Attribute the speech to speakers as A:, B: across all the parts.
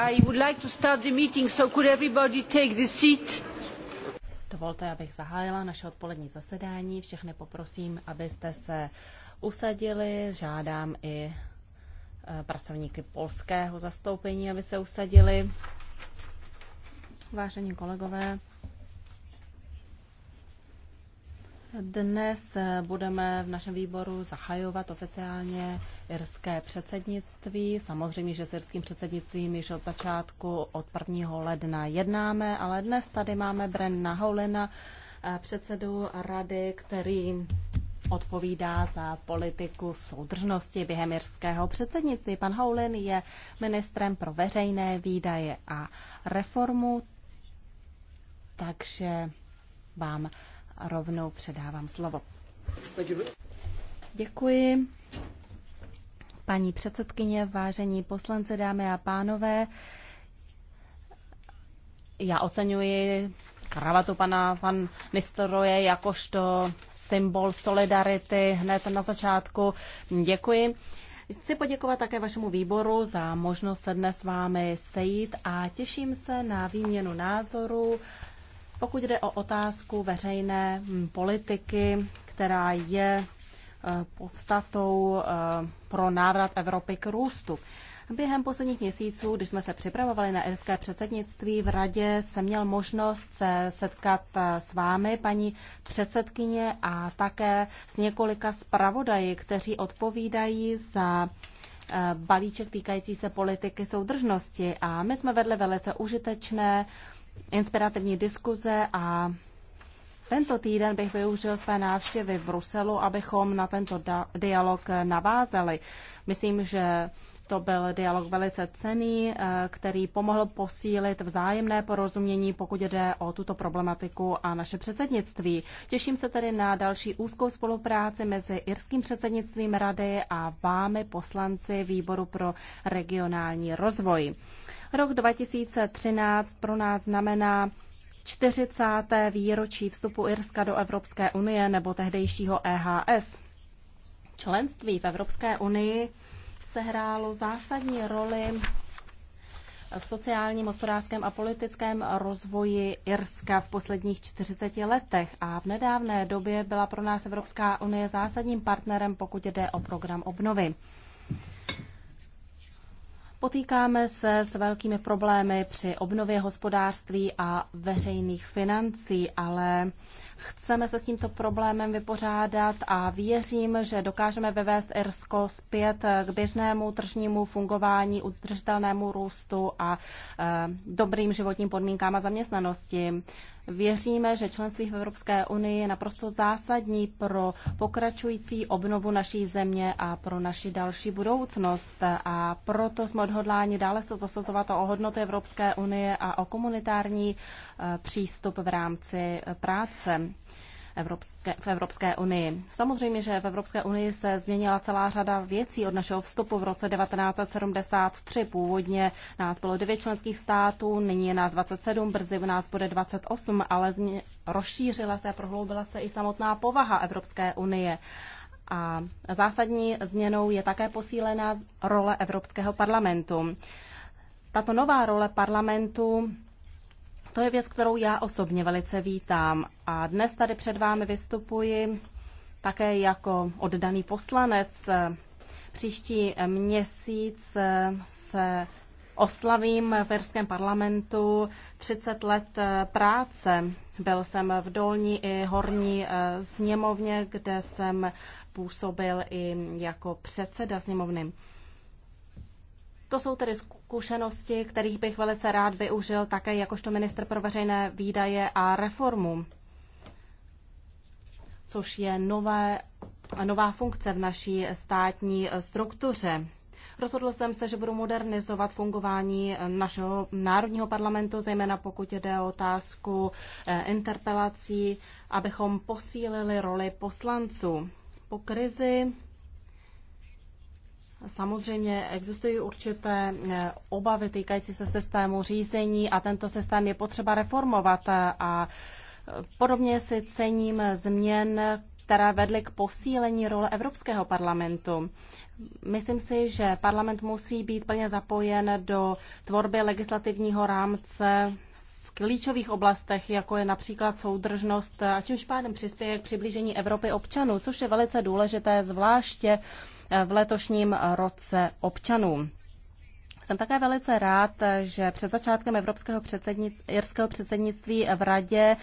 A: I would like to start the meeting, so could everybody take the seat? Dovolte, abych zahájila naše odpolední zasedání. Všechny poprosím, abyste se usadili. Žádám i e, pracovníky polského zastoupení, aby se usadili. Vážení kolegové, Dnes eh, budeme v našem výboru zahajovat oficiálně irské předsednictví. Samozřejmě, že s irským předsednictvím již od začátku, od 1. ledna jednáme, ale dnes tady máme Brenna Holina, eh, předsedu rady, který odpovídá za politiku soudržnosti během irského předsednictví. Pan Howlin je ministrem pro veřejné výdaje a reformu, takže vám rovnou předávám slovo. Děkuji. Paní předsedkyně, vážení poslance, dámy a pánové, já oceňuji kravatu pana Van Nistelroje jakožto symbol solidarity hned na začátku. Děkuji. Chci poděkovat také vašemu výboru za možnost se dnes s vámi sejít a těším se na výměnu názorů pokud jde o otázku veřejné hm, politiky, která je eh, podstatou eh, pro návrat Evropy k růstu. Během posledních měsíců, když jsme se připravovali na irské předsednictví, v radě jsem měl možnost se setkat eh, s vámi, paní předsedkyně, a také s několika zpravodaji, kteří odpovídají za balíček týkající se politiky soudržnosti. A my jsme vedli velice užitečné uh, inspirativní diskuze a tento týden bych využil své návštěvy v Bruselu, abychom na tento dialog navázeli. Myslím, že to byl dialog velice cený, eh, který pomohl posílit vzájemné porozumění, pokud jde o tuto problematiku a naše předsednictví. Těším se tedy na další úzkou spolupráci mezi irským předsednictvím rady a vámi, poslanci výboru pro regionální rozvoj. Rok 2013 pro nás znamená 40. výročí vstupu Irska do Evropské unie nebo tehdejšího EHS. Členství v Evropské unii sehrálo zásadní roli v sociálním, hospodářském a politickém rozvoji Irska v posledních 40 letech a v nedávné době byla pro nás Evropská unie zásadním partnerem, pokud jde o program obnovy. Potýkáme se s velkými problémy při obnově hospodářství a veřejných financí, ale chceme se s tímto problémem vypořádat a věřím, že dokážeme vyvést Irsko zpět k běžnému tržnímu fungování, udržitelnému růstu a eh, dobrým životním podmínkám a zaměstnanosti. Věříme, že členství v Evropské unii je naprosto zásadní pro pokračující obnovu naší země a pro naši další budoucnost. A proto jsme odhodláni dále se zasazovat o hodnoty Evropské unie a o komunitární eh, přístup v rámci eh, práce. Evropské, v Evropské unii. Samozřejmě, že v Evropské unii se změnila celá řada věcí od našeho vstupu v roce 1973. Původně nás bylo 9 členských států, nyní je nás 27, brzy v nás bude 28, ale změ, rozšířila se a prohloubila se i samotná povaha Evropské unie. A zásadní změnou je také posílená role Evropského parlamentu. Tato nová role parlamentu to je věc, kterou já osobně velice vítám. A dnes tady před vámi vystupuji také jako oddaný poslanec. Příští měsíc se oslavím v Irském parlamentu 30 let práce. Byl jsem v dolní i horní sněmovně, kde jsem působil i jako předseda sněmovny. To jsou tedy zkušenosti, kterých bych velice rád využil také jakožto minister pro veřejné výdaje a reformu, což je nové, nová funkce v naší státní struktuře. Rozhodl jsem se, že budu modernizovat fungování našeho národního parlamentu, zejména pokud jde o otázku eh, interpelací, abychom posílili roli poslanců. Po krizi Samozřejmě existují určité eh, obavy týkající se systému řízení a tento systém je potřeba reformovat a podobně si cením změn, které vedly k posílení role Evropského parlamentu. Myslím si, že parlament musí být plně zapojen do tvorby legislativního rámce v klíčových oblastech, jako je například soudržnost, a čímž pádem přispěje k přiblížení Evropy občanů, což je velice důležité, zvláště v letošním roce občanů. Jsem také velice rád, že před začátkem evropského předsednictví, irského předsednictví v radě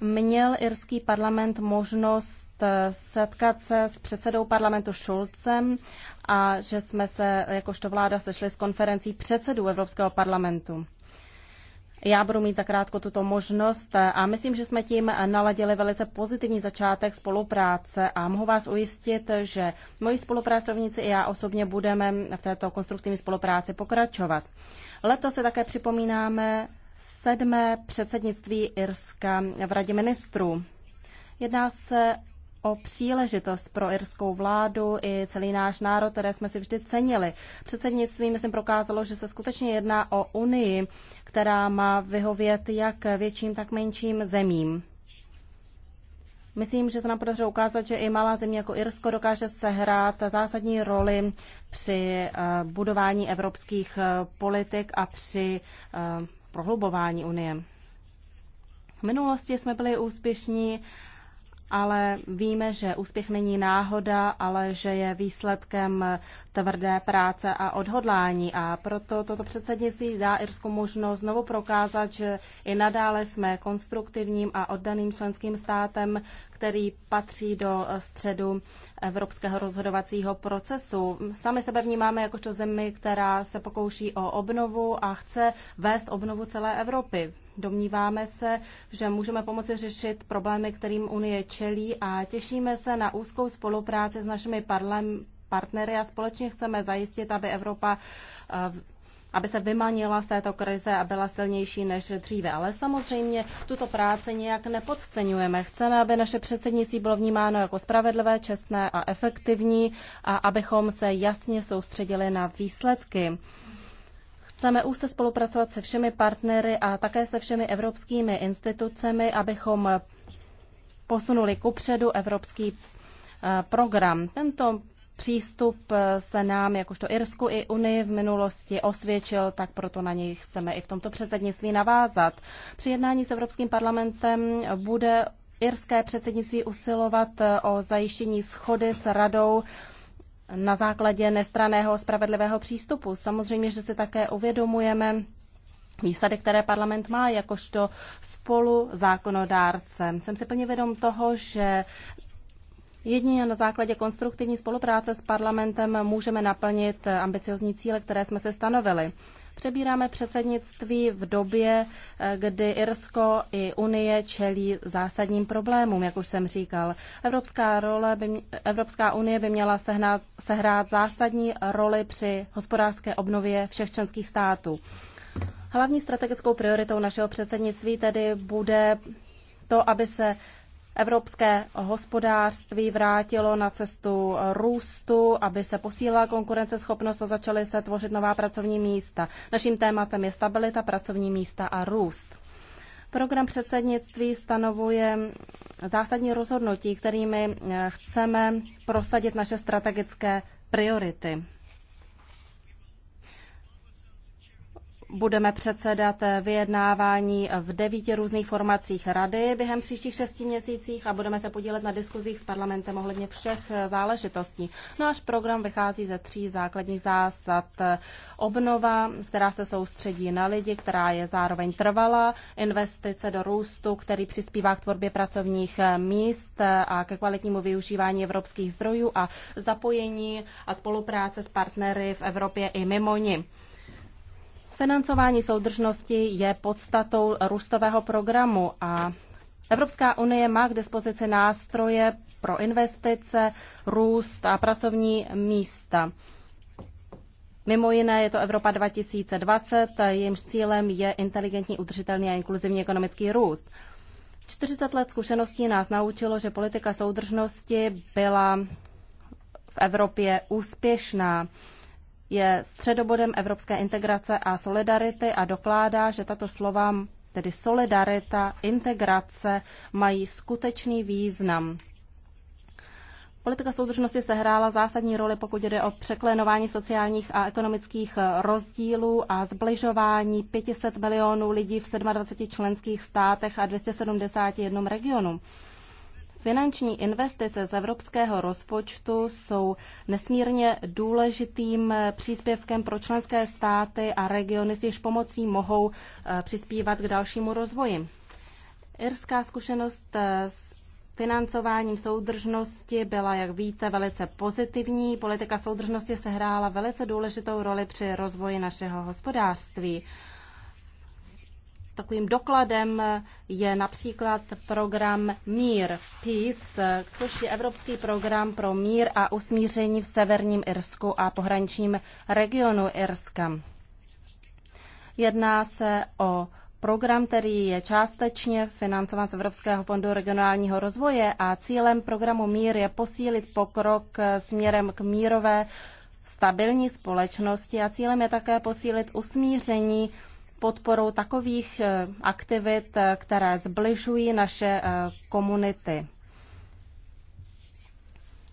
A: měl irský parlament možnost setkat se s předsedou parlamentu Šulcem a že jsme se jakožto vláda sešli s konferencí předsedů Evropského parlamentu. Já budu mít zakrátko tuto možnost eh, a myslím, že jsme tím eh, naladili velice pozitivní začátek spolupráce a mohu vás ujistit, že moji spolupracovníci i já osobně budeme v této konstruktivní spolupráci pokračovat. Letos se také připomínáme sedmé předsednictví Irska v Radě ministrů. Jedná se o příležitost pro irskou vládu i celý náš národ, které jsme si vždy cenili. Předsednictví, myslím, prokázalo, že se skutečně jedná o Unii, která má vyhovět jak větším, tak menším zemím. Myslím, že se nám podařilo ukázat, že i malá země jako Irsko dokáže sehrát zásadní roli při eh, budování evropských eh, politik a při eh, prohlubování Unie. V minulosti jsme byli úspěšní ale víme, že úspěch není náhoda, ale že je výsledkem tvrdé práce a odhodlání. A proto toto předsednictví dá Irsku možnost znovu prokázat, že i nadále jsme konstruktivním a oddaným členským státem, který patří do středu evropského rozhodovacího procesu. Sami sebe vnímáme jakožto zemi, která se pokouší o obnovu a chce vést obnovu celé Evropy. Domníváme se, že můžeme pomoci řešit problémy, kterým Unie čelí a těšíme se na úzkou spolupráci s našimi parlamenty partnery a společně chceme zajistit, aby Evropa eh, aby se vymanila z této krize a byla silnější než dříve. Ale samozřejmě tuto práci nějak nepodceňujeme. Chceme, aby naše předsednictví bylo vnímáno jako spravedlivé, čestné a efektivní a abychom se jasně soustředili na výsledky. Chceme úzce spolupracovat se všemi partnery a také se všemi evropskými institucemi, abychom posunuli kupředu evropský eh, program. Tento přístup eh, se nám, jakožto Irsku i Unii v minulosti osvědčil, tak proto na něj chceme i v tomto předsednictví navázat. Při jednání s Evropským parlamentem bude irské předsednictví usilovat eh, o zajištění schody s radou na základě nestraného spravedlivého přístupu. Samozřejmě, že si také uvědomujeme, výsady, které parlament má jakožto spolu zákonodárce. Jsem si plně vědom toho, že Jedině na základě konstruktivní spolupráce s parlamentem můžeme naplnit ambiciozní cíle, které jsme se stanovili. Přebíráme předsednictví v době, kdy Irsko i Unie čelí zásadním problémům, jak už jsem říkal. Evropská, role by, Evropská unie by měla sehnat, sehrát zásadní roli při hospodářské obnově všech členských států. Hlavní strategickou prioritou našeho předsednictví tedy bude to, aby se evropské hospodářství vrátilo na cestu růstu, aby se posílila konkurenceschopnost a začaly se tvořit nová pracovní místa. Naším tématem je stabilita, pracovní místa a růst. Program předsednictví stanovuje zásadní rozhodnutí, kterými chceme prosadit naše strategické priority. budeme předsedat vyjednávání v devíti různých formacích rady během příštích šesti měsících a budeme se podílet na diskuzích s parlamentem ohledně všech záležitostí. Náš no program vychází ze tří základních zásad. Obnova, která se soustředí na lidi, která je zároveň trvalá, investice do růstu, který přispívá k tvorbě pracovních míst a ke kvalitnímu využívání evropských zdrojů a zapojení a spolupráce s partnery v Evropě i mimo ní. Financování soudržnosti je podstatou růstového programu a Evropská unie má k dispozici nástroje pro investice, růst a pracovní místa. Mimo jiné je to Evropa 2020, jejímž cílem je inteligentní, udržitelný a inkluzivní ekonomický růst. 40 let zkušeností nás naučilo, že politika soudržnosti byla v Evropě úspěšná je středobodem evropské integrace a solidarity a dokládá, že tato slova, tedy solidarita, integrace, mají skutečný význam. Politika soudržnosti sehrála zásadní roli, pokud jde o překlenování sociálních a ekonomických rozdílů a zbližování 500 milionů lidí v 27 členských státech a 271 regionu. Finanční investice z evropského rozpočtu jsou nesmírně důležitým eh, příspěvkem pro členské státy a regiony, s jejichž pomocí mohou eh, přispívat k dalšímu rozvoji. Irská zkušenost eh, s financováním soudržnosti byla, jak víte, velice pozitivní. Politika soudržnosti sehrála velice důležitou roli při rozvoji našeho hospodářství. Takovým dokladem je například program Mír, Peace, což je evropský program pro mír a usmíření v severním Irsku a pohraničním regionu Irska. Jedná se o program, který je částečně financován z Evropského fondu regionálního rozvoje a cílem programu Mír je posílit pokrok směrem k mírové stabilní společnosti a cílem je také posílit usmíření podporou takových eh, aktivit, eh, které zbližují naše eh, komunity.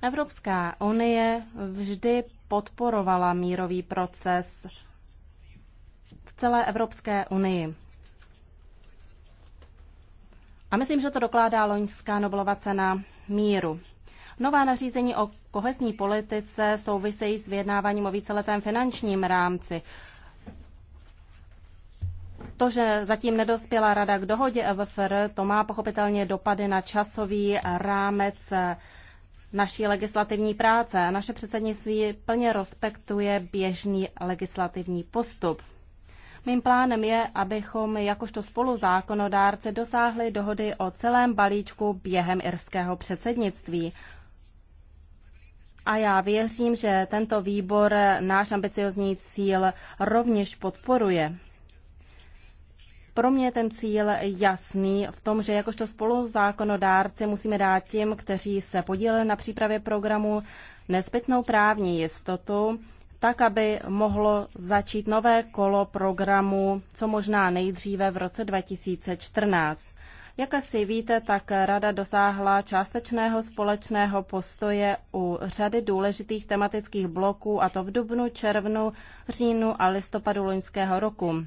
A: Evropská unie vždy podporovala mírový proces v celé Evropské unii. A myslím, že to dokládá loňská Nobelova cena míru. Nová nařízení o kohezní politice souvisejí s vyjednáváním o víceletém finančním rámci. To, že zatím nedospěla rada k dohodě EVFR, to má pochopitelně dopady na časový rámec naší legislativní práce. Naše předsednictví plně respektuje běžný legislativní postup. Mým plánem je, abychom jakožto zákonodárce dosáhli dohody o celém balíčku během irského předsednictví. A já věřím, že tento výbor náš ambiciozní cíl rovněž podporuje. Pro mě ten cíl jasný v tom, že jakožto zákonodárci musíme dát těm, kteří se podíleli na přípravě programu, nezbytnou právní jistotu, tak, aby mohlo začít nové kolo programu co možná nejdříve v roce 2014. Jak asi víte, tak Rada dosáhla částečného společného postoje u řady důležitých tematických bloků, a to v dubnu, červnu, říjnu a listopadu loňského roku.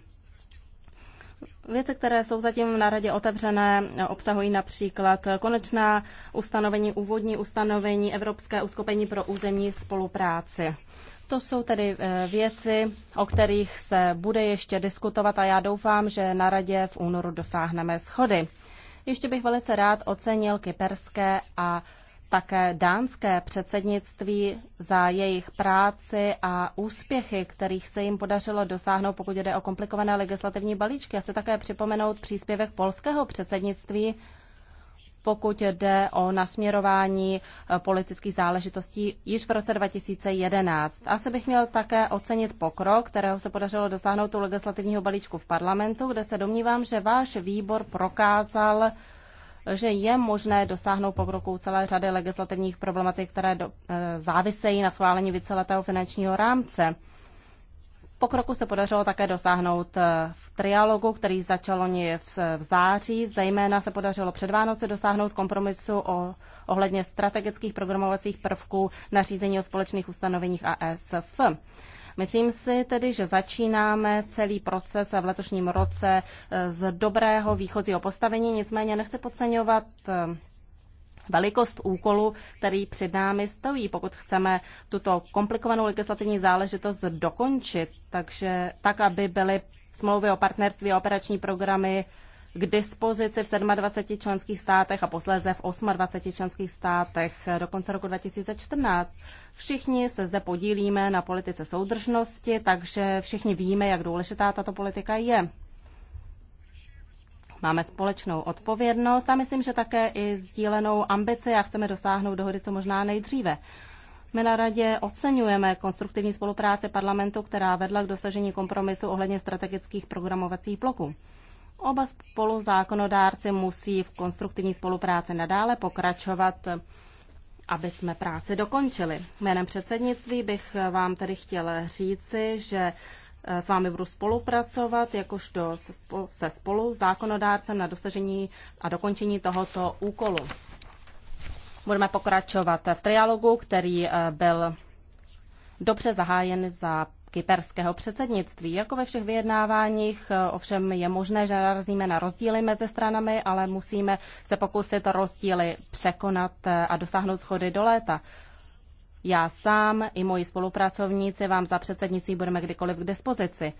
A: Věci, které jsou zatím na radě otevřené, obsahují například konečná ustanovení, úvodní ustanovení Evropské uskupení pro územní spolupráci. To jsou tedy eh, věci, o kterých se bude ještě diskutovat a já doufám, že na radě v únoru dosáhneme schody. Ještě bych velice rád ocenil kyperské a také dánské předsednictví za jejich práci a úspěchy, kterých se jim podařilo dosáhnout, pokud jde o komplikované legislativní balíčky. Já chci také připomenout příspěvek polského předsednictví, pokud jde o nasměrování eh, politických záležitostí již v roce 2011. Asi bych měl také ocenit pokrok, kterého se podařilo dosáhnout u legislativního balíčku v parlamentu, kde se domnívám, že váš výbor prokázal že je možné dosáhnout pokroku celé řady legislativních problematik, které do, e, závisejí na schválení víceletého finančního rámce. Pokroku se podařilo také dosáhnout e, v trialogu, který začal oni v, v září. Zejména se podařilo před Vánoce dosáhnout kompromisu o, ohledně strategických programovacích prvků nařízení o společných ustanoveních ASF. E Myslím si tedy, že začínáme celý proces v letošním roce eh, z dobrého výchozího postavení, nicméně nechci podceňovat eh, velikost úkolu, který před námi stojí, pokud chceme tuto komplikovanou legislativní záležitost dokončit, takže tak, aby byly smlouvy o partnerství a operační programy k dispozici v 27 členských státech a posléze v 28 členských státech do konce roku 2014. Všichni se zde podílíme na politice soudržnosti, takže všichni víme, jak důležitá tato politika je. Máme společnou odpovědnost a myslím, že také i sdílenou ambici a chceme dosáhnout dohody co možná nejdříve. My na radě oceňujeme konstruktivní spolupráci parlamentu, která vedla k dosažení kompromisu ohledně strategických programovacích bloků. Oba spoluzákonodárci musí v konstruktivní spolupráci nadále pokračovat, aby jsme práci dokončili. Jménem předsednictví bych vám tedy chtěl říci, že eh, s vámi budu spolupracovat jakožto se spolu zákonodárcem na dosažení a dokončení tohoto úkolu. Budeme pokračovat v trialogu, který eh, byl dobře zahájen za kyperského předsednictví. Jako ve všech vyjednáváních, eh, ovšem je možné, že narazíme na rozdíly mezi stranami, ale musíme se pokusit rozdíly překonat eh, a dosáhnout schody do léta. Já sám i moji spolupracovníci vám za předsednictví budeme kdykoliv k dispozici.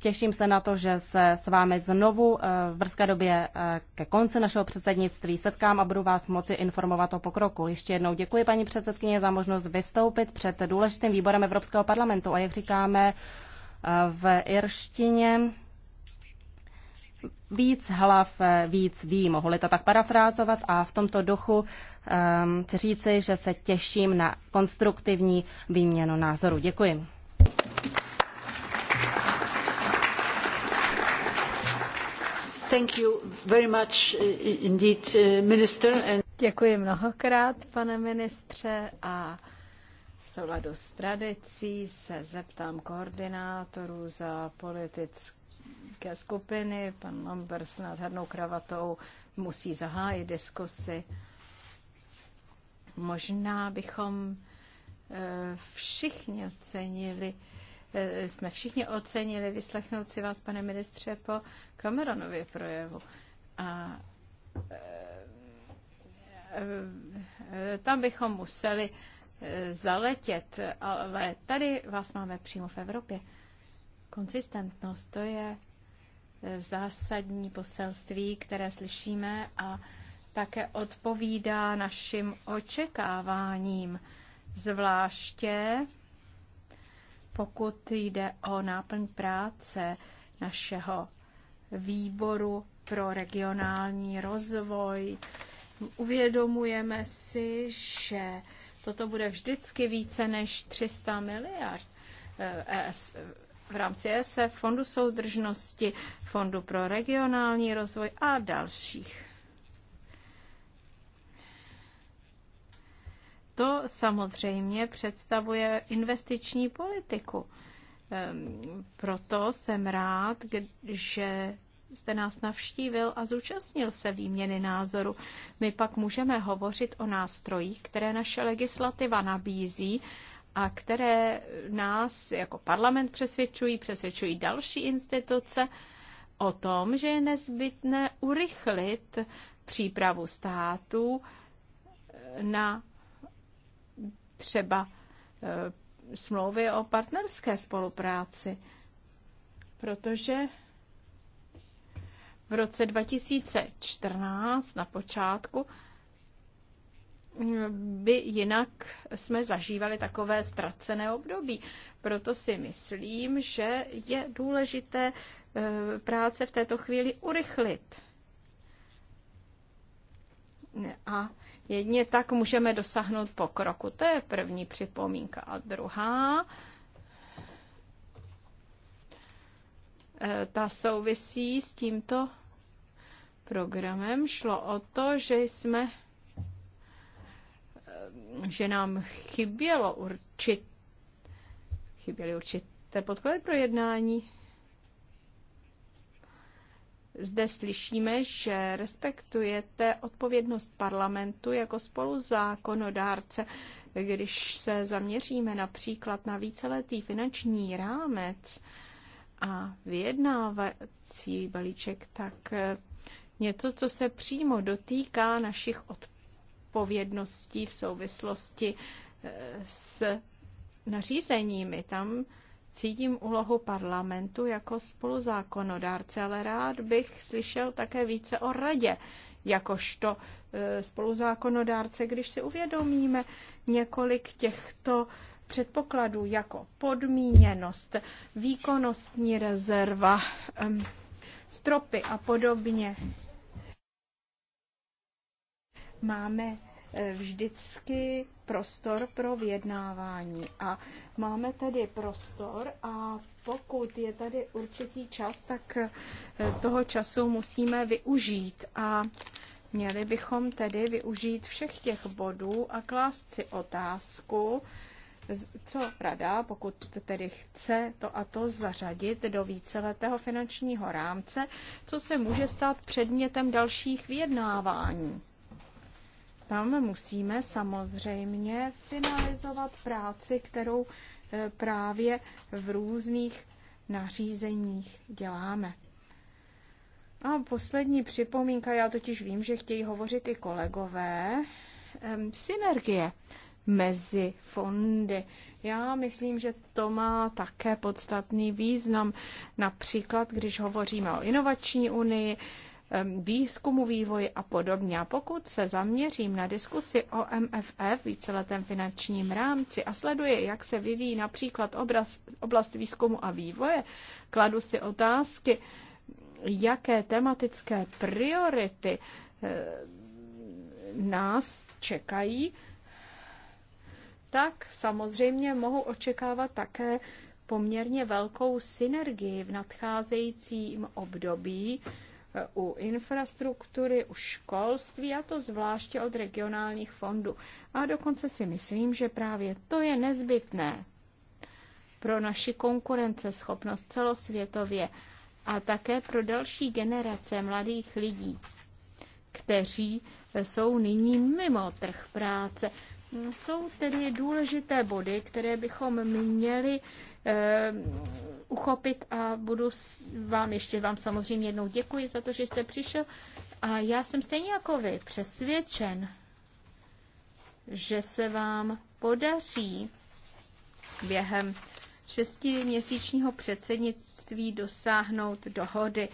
A: Těším se na to, že se s vámi znovu eh, v brzké době eh, ke konci našeho předsednictví setkám a budu vás moci informovat o pokroku. Ještě jednou děkuji paní předsedkyně za možnost vystoupit před důležitým výborem Evropského parlamentu a jak říkáme eh, v irštině víc hlav, víc ví, mohli to tak parafrázovat a v tomto duchu um, chci říci, že se těším na konstruktivní výměnu názoru.
B: Děkuji. Uh, uh, Děkuji
C: mnohokrát, pane ministře, a v souladu s tradicí se zeptám koordinátorů za politické skupiny. Pan Lambert s nádhernou kravatou musí zahájit diskusy. Možná bychom eh, všichni ocenili Eh, jsme všichni ocenili vyslechnout si vás, pane ministře, po Cameronově projevu. A eh, tam bychom museli eh, zaletět, ale tady vás máme přímo v Evropě. Konsistentnost to je zásadní poselství, které slyšíme a také odpovídá našim očekáváním, zvláště pokud jde o náplň práce našeho výboru pro regionální rozvoj. Uvědomujeme si, že toto bude vždycky více než 300 miliard eh, v rámci ESF, Fondu soudržnosti, Fondu pro regionální rozvoj a dalších. to samozřejmě představuje investiční politiku. Ehm, proto jsem rád, že jste nás navštívil a zúčastnil se výměny názoru. My pak můžeme hovořit o nástrojích, které naše legislativa nabízí a které nás jako parlament přesvědčují, přesvědčují další instituce o tom, že je nezbytné urychlit přípravu států na třeba e, smlouvy o partnerské spolupráci, protože v roce 2014 na počátku mm, by jinak jsme zažívali takové ztracené období. Proto si myslím, že je důležité e, práce v této chvíli urychlit. A Jedně tak můžeme dosáhnout pokroku. To je první připomínka. A druhá, eh, ta souvisí s tímto programem. Šlo o to, že jsme eh, že nám chybělo určit, chyběly určité podklady pro jednání zde slyšíme, že respektujete odpovědnost parlamentu jako zákonodárce. Když se zaměříme například na víceletý finanční rámec a vyjednávací balíček, tak eh, něco, co se přímo dotýká našich odpovědností v souvislosti eh, s nařízeními. Tam cítím úlohu parlamentu jako spoluzákonodárce, ale rád bych slyšel také více o radě, jakožto e, spoluzákonodárce, když si uvědomíme několik těchto předpokladů jako podmíněnost, výkonnostní rezerva, stropy a podobně. Máme vždycky prostor pro vyjednávání. A máme tady prostor a pokud je tady určitý čas, tak eh, toho času musíme využít. A měli bychom tedy využít všech těch bodů a klást si otázku, co rada, pokud tedy chce to a to zařadit do víceletého finančního rámce, co se může stát předmětem dalších vyjednávání. Tam musíme samozřejmě finalizovat práci, kterou eh, právě v různých nařízeních děláme. A poslední připomínka, já totiž vím, že chtějí hovořit i kolegové, ehm, synergie mezi fondy. Já myslím, že to má také podstatný význam. Například, když hovoříme o inovační unii, výzkumu, vývoji a podobně. A pokud se zaměřím na diskusi o MFF, víceletém finančním rámci, a sleduji, jak se vyvíjí například obraz, oblast výzkumu a vývoje, kladu si otázky, jaké tematické priority eh, nás čekají, tak samozřejmě mohu očekávat také poměrně velkou synergii v nadcházejícím období u infrastruktury, u školství a to zvláště od regionálních fondů. A dokonce si myslím, že právě to je nezbytné pro naši konkurenceschopnost celosvětově a také pro další generace mladých lidí, kteří jsou nyní mimo trh práce. Jsou tedy důležité body, které bychom měli eh, uchopit a budu vám ještě vám samozřejmě jednou děkuji za to, že jste přišel. A já jsem stejně jako vy přesvědčen, že se vám podaří během šestiměsíčního předsednictví dosáhnout dohody.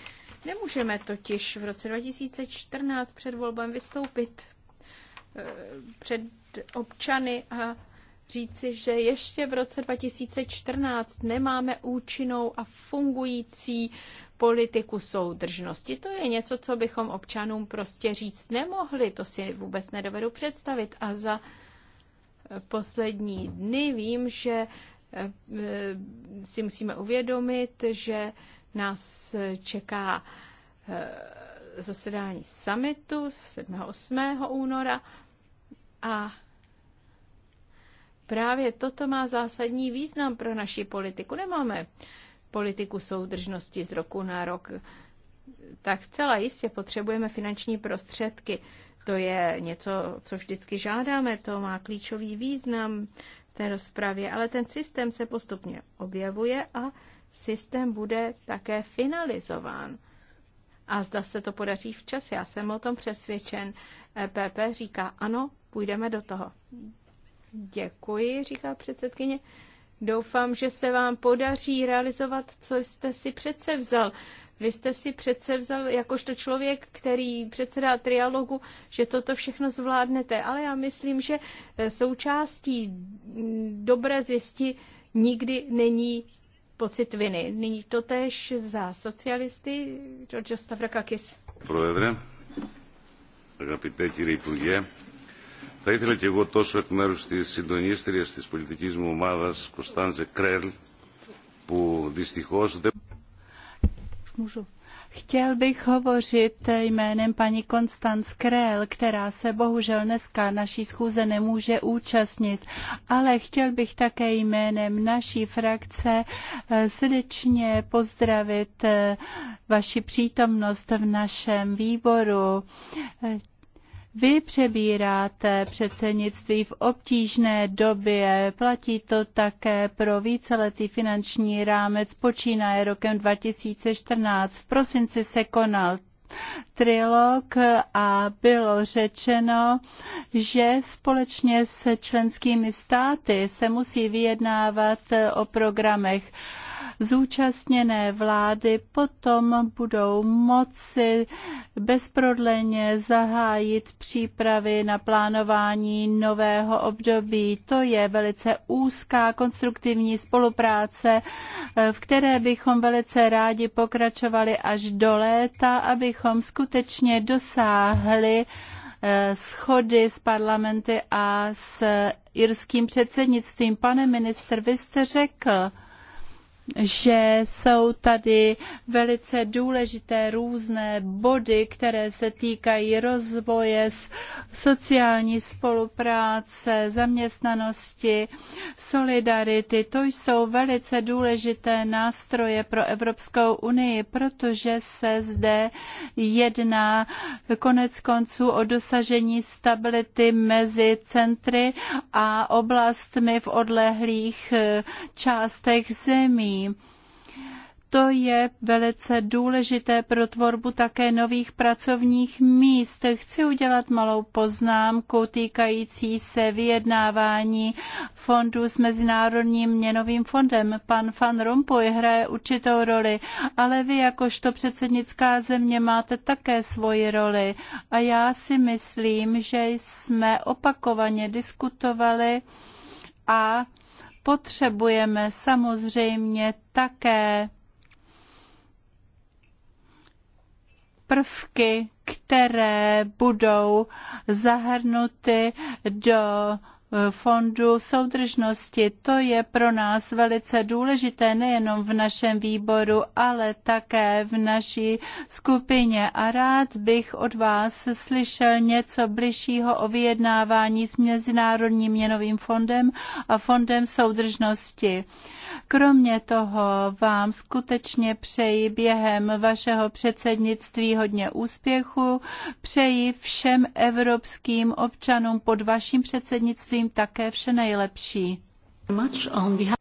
C: Nemůžeme totiž v roce 2014 před volbem vystoupit eh, před občany a říci, že ještě v roce 2014 nemáme účinnou a fungující politiku soudržnosti. To je něco, co bychom občanům prostě říct nemohli, to si vůbec nedovedu představit. A za eh, poslední dny vím, že eh, eh, si musíme uvědomit, že nás čeká zasedání summitu 7. 8. února a Právě toto má zásadní význam pro naši politiku. Nemáme politiku soudržnosti z roku na rok. Tak celá jistě potřebujeme finanční prostředky. To je něco, co vždycky žádáme, to má klíčový význam v té rozpravě, ale ten systém se postupně objevuje a systém bude také finalizován. A zda se to podaří včas, já jsem o tom přesvědčen. PP e říká, ano, půjdeme do toho. Děkuji, říká předsedkyně. Doufám, že se vám podaří realizovat, co jste si přece vzal. Vy jste si přece vzal, jakožto člověk, který předsedá trialogu, že toto všechno zvládnete. Ale já myslím, že eh, součástí mm, dobré zjistí nikdy není pocit viny. Nyní to tež za socialisty George Stavrakakis.
B: Pro Evre, agapité, kýrie Θα ήθελα και εγώ τόσο εκ μέρους της συντονίστριας της πολιτικής μου ομάδας, Κωνσταντζε Κρέλ, που dystýchos... δεν... Chtěl bych hovořit jménem paní Konstanz Krell, která se bohužel dneska naší schůze nemůže účastnit, ale chtěl bych také jménem naší frakce eh, srdečně pozdravit eh, vaši přítomnost v našem výboru. Eh, vy přebíráte předsednictví v obtížné době, platí to také pro víceletý finanční rámec, počínaje rokem 2014. V prosinci se konal trilog a bylo řečeno, že společně s členskými státy se musí vyjednávat o programech zúčastněné vlády potom budou moci bezprodleně zahájit přípravy na plánování nového období. To je velice úzká konstruktivní spolupráce, v které bychom velice rádi pokračovali až do léta, abychom skutečně dosáhli eh, schody s parlamenty a s irským předsednictvím. Pane minister, vy jste řekl, že jsou tady velice důležité různé body, které se týkají rozvoje, sociální spolupráce, zaměstnanosti, solidarity. To jsou velice důležité nástroje pro Evropskou unii, protože se zde jedná konec konců o dosažení stability mezi centry a oblastmi v odlehlých částech zemí to je velice důležité pro tvorbu také nových pracovních míst. Chci udělat malou poznámku týkající se vyjednávání fondů s Mezinárodním měnovým fondem. Pan Van Rompuy hraje určitou roli, ale vy jakožto předsednická země máte také svoji roli. A já si myslím, že jsme opakovaně diskutovali a potřebujeme samozřejmě také prvky, které budou zahrnuty do fondu soudržnosti. To je pro nás velice důležité nejenom v našem výboru, ale také v naší skupině. A rád bych od vás slyšel něco bližšího o vyjednávání s Mezinárodním měnovým fondem a fondem soudržnosti. Kromě toho vám skutečně přeji během vašeho předsednictví hodně úspěchu. Přeji všem evropským občanům pod vaším předsednictvím také vše nejlepší.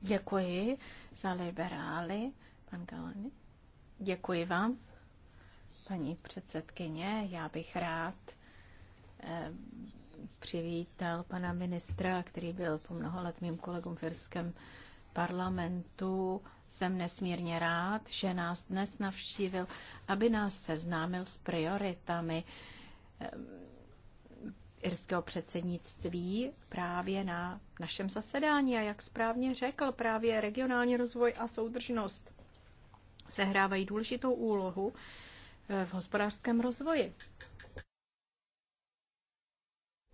B: Děkuji
C: za liberály, pan Galani. Děkuji vám, paní předsedkyně. Já bych rád eh, přivítal pana ministra, který byl po mnoho let mým kolegům v Irskem parlamentu. Jsem nesmírně rád, že nás dnes navštívil, aby nás seznámil s prioritami eh, irského předsednictví právě na našem zasedání. A jak správně řekl, právě regionální rozvoj a soudržnost sehrávají důležitou úlohu eh, v hospodářském rozvoji.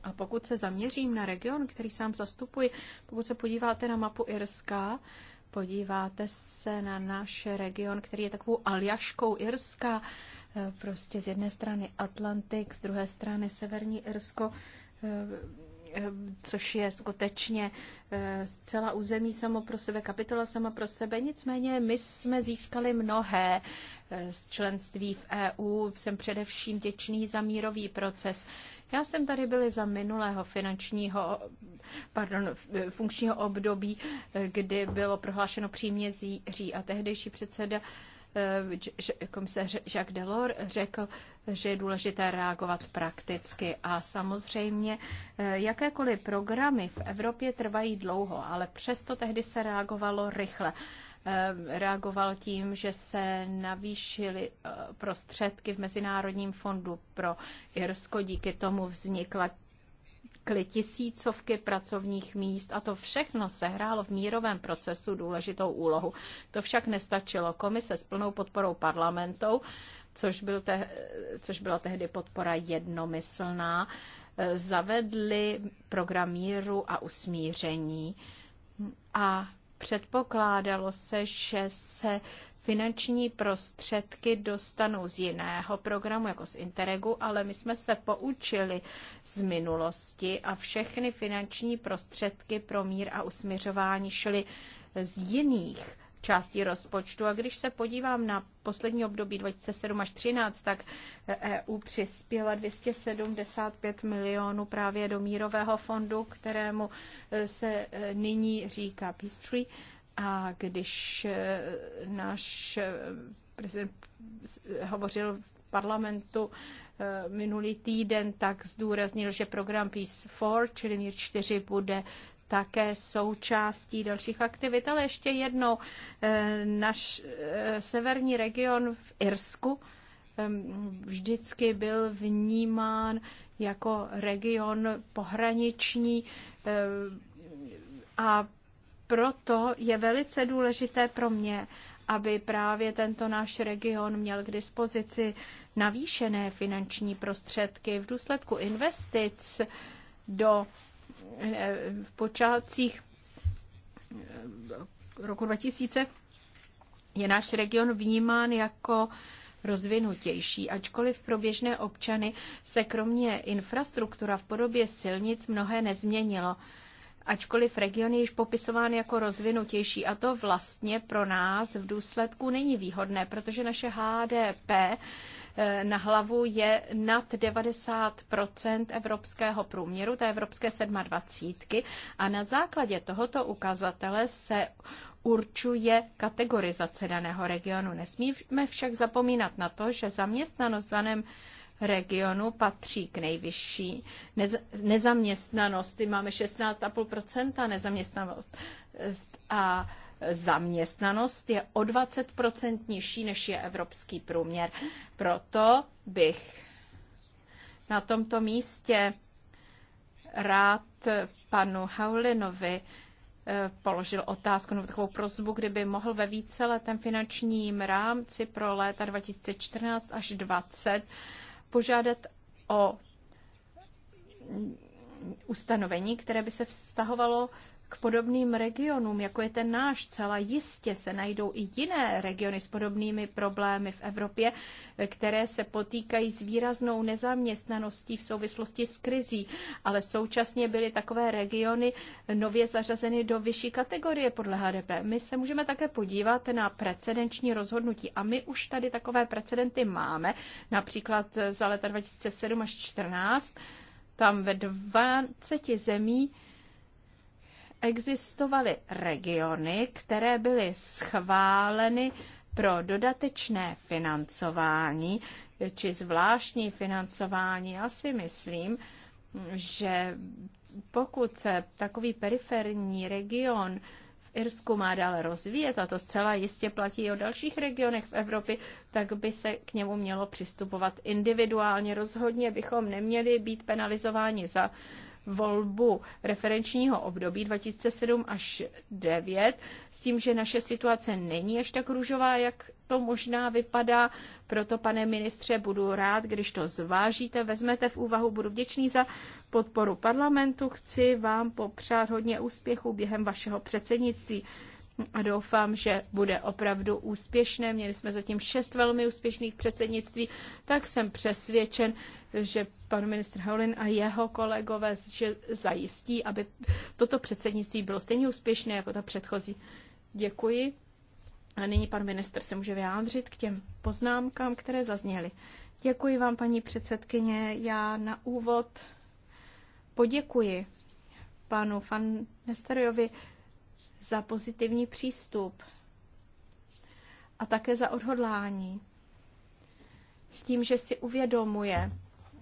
C: A pokud se zaměřím na region, který sám zastupuji, pokud se podíváte na mapu Irska, podíváte se na náš region, který je takovou aljaškou Irska, eh, prostě z jedné strany Atlantik, z druhé strany Severní Irsko, eh, což je skutečně eh, zcela území samo pro sebe, kapitola sama pro sebe. Nicméně my jsme získali mnohé eh, z členství v EU. Jsem především těčný za mírový proces. Já jsem tady byl za minulého finančního, pardon, funkčního období, eh, kdy bylo prohlášeno příměří a tehdejší předseda Eh, komisař Jacques Delors řekl, že je důležité reagovat prakticky. A samozřejmě eh, jakékoliv programy v Evropě trvají dlouho, ale přesto tehdy se reagovalo rychle eh, reagoval tím, že se navýšily prostředky v Mezinárodním fondu pro Irsko. Díky tomu vznikla vznikly tisícovky pracovních míst a to všechno sehrálo v mírovém procesu důležitou úlohu. To však nestačilo. Komise s plnou podporou parlamentu, což, byl te, což byla tehdy podpora jednomyslná, zavedly program míru a usmíření. A předpokládalo se, že se finanční prostředky dostanou z jiného programu, jako z Interregu, ale my jsme se poučili z minulosti a všechny finanční prostředky pro mír a usměřování šly z jiných částí rozpočtu. A když se podívám na poslední období 2007 až 2013, tak EU přispěla 275 milionů právě do mírového fondu, kterému se e, nyní říká Peace Tree a když eh, náš eh, prezident hovořil v parlamentu eh, minulý týden, tak zdůraznil, že program Peace 4, čili mír 4, bude také součástí dalších aktivit. Ale ještě jednou, náš severní region v Irsku vždycky byl vnímán jako region pohraniční a proto je velice důležité pro mě, aby právě tento náš region měl k dispozici navýšené finanční prostředky v důsledku investic do eh, v počátcích eh, roku 2000 je náš region vnímán jako rozvinutější, ačkoliv pro běžné občany se kromě infrastruktura v podobě silnic mnohé nezměnilo ačkoliv region je již popisován jako rozvinutější a to vlastně pro nás v důsledku není výhodné, protože naše HDP eh, na hlavu je nad 90 evropského průměru, té evropské 27. A na základě tohoto ukazatele se určuje kategorizace daného regionu. Nesmíme však zapomínat na to, že zaměstnanost v daném regionu patří k nejvyšší nez- nezaměstnanosti. Máme 16,5% nezaměstnanost a zaměstnanost je o 20% nižší, než je evropský průměr. Proto bych na tomto místě rád panu Haulinovi eh, položil otázku nebo takovou prozbu, kdyby mohl ve víceletém finančním rámci pro léta 2014 až 2020 požádat o ustanovení, které by se vztahovalo k podobným regionům, jako je ten náš. Celá jistě se najdou i jiné regiony s podobnými problémy v Evropě, které se potýkají s výraznou nezaměstnaností v souvislosti s krizí, ale současně byly takové regiony nově zařazeny do vyšší kategorie podle HDP. My se můžeme také podívat na precedenční rozhodnutí a my už tady takové precedenty máme, například za leta 2007 až 2014, tam ve 20 zemí existovaly regiony, které byly schváleny pro dodatečné financování či zvláštní financování. Já si myslím, že pokud se takový periferní region v Irsku má dále rozvíjet, a to zcela jistě platí i o dalších regionech v Evropě, tak by se k němu mělo přistupovat individuálně. Rozhodně bychom neměli být penalizováni za volbu referenčního období 2007 až 2009 s tím, že naše situace není až tak růžová, jak to možná vypadá. Proto, pane ministře, budu rád, když to zvážíte, vezmete v úvahu, budu vděčný za podporu parlamentu. Chci vám popřát hodně úspěchů během vašeho předsednictví a doufám, že bude opravdu úspěšné. Měli jsme zatím šest velmi úspěšných předsednictví, tak jsem přesvědčen, že pan ministr Haulin a jeho kolegové že zajistí, aby toto předsednictví bylo stejně úspěšné jako ta předchozí. Děkuji. A nyní pan minister se může vyjádřit k těm poznámkám, které zazněly. Děkuji vám, paní předsedkyně. Já na úvod poděkuji panu Van za pozitivní přístup a také za odhodlání. S tím, že si uvědomuje,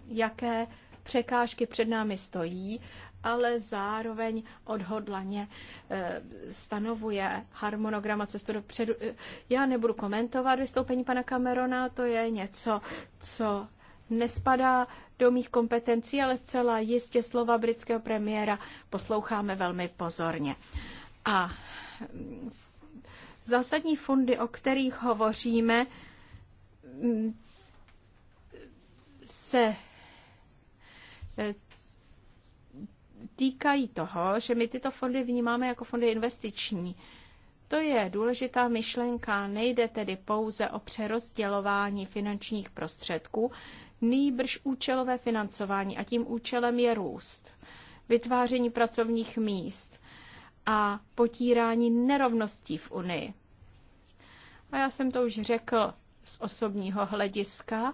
C: jaké překážky před námi stojí, ale zároveň odhodlaně eh, stanovuje harmonogram a cestu dopředu. Eh, já nebudu komentovat vystoupení pana Camerona, to je něco, co nespadá do mých kompetencí, ale zcela jistě slova britského premiéra posloucháme velmi pozorně. A zásadní fondy, o kterých hovoříme, se eh, týkají toho, že my tyto fondy vnímáme jako fondy investiční. To je důležitá myšlenka. Nejde tedy pouze o přerozdělování finančních prostředků, nýbrž účelové financování a tím účelem je růst, vytváření pracovních míst – a potírání nerovností v Unii. A já jsem to už řekl z osobního hlediska,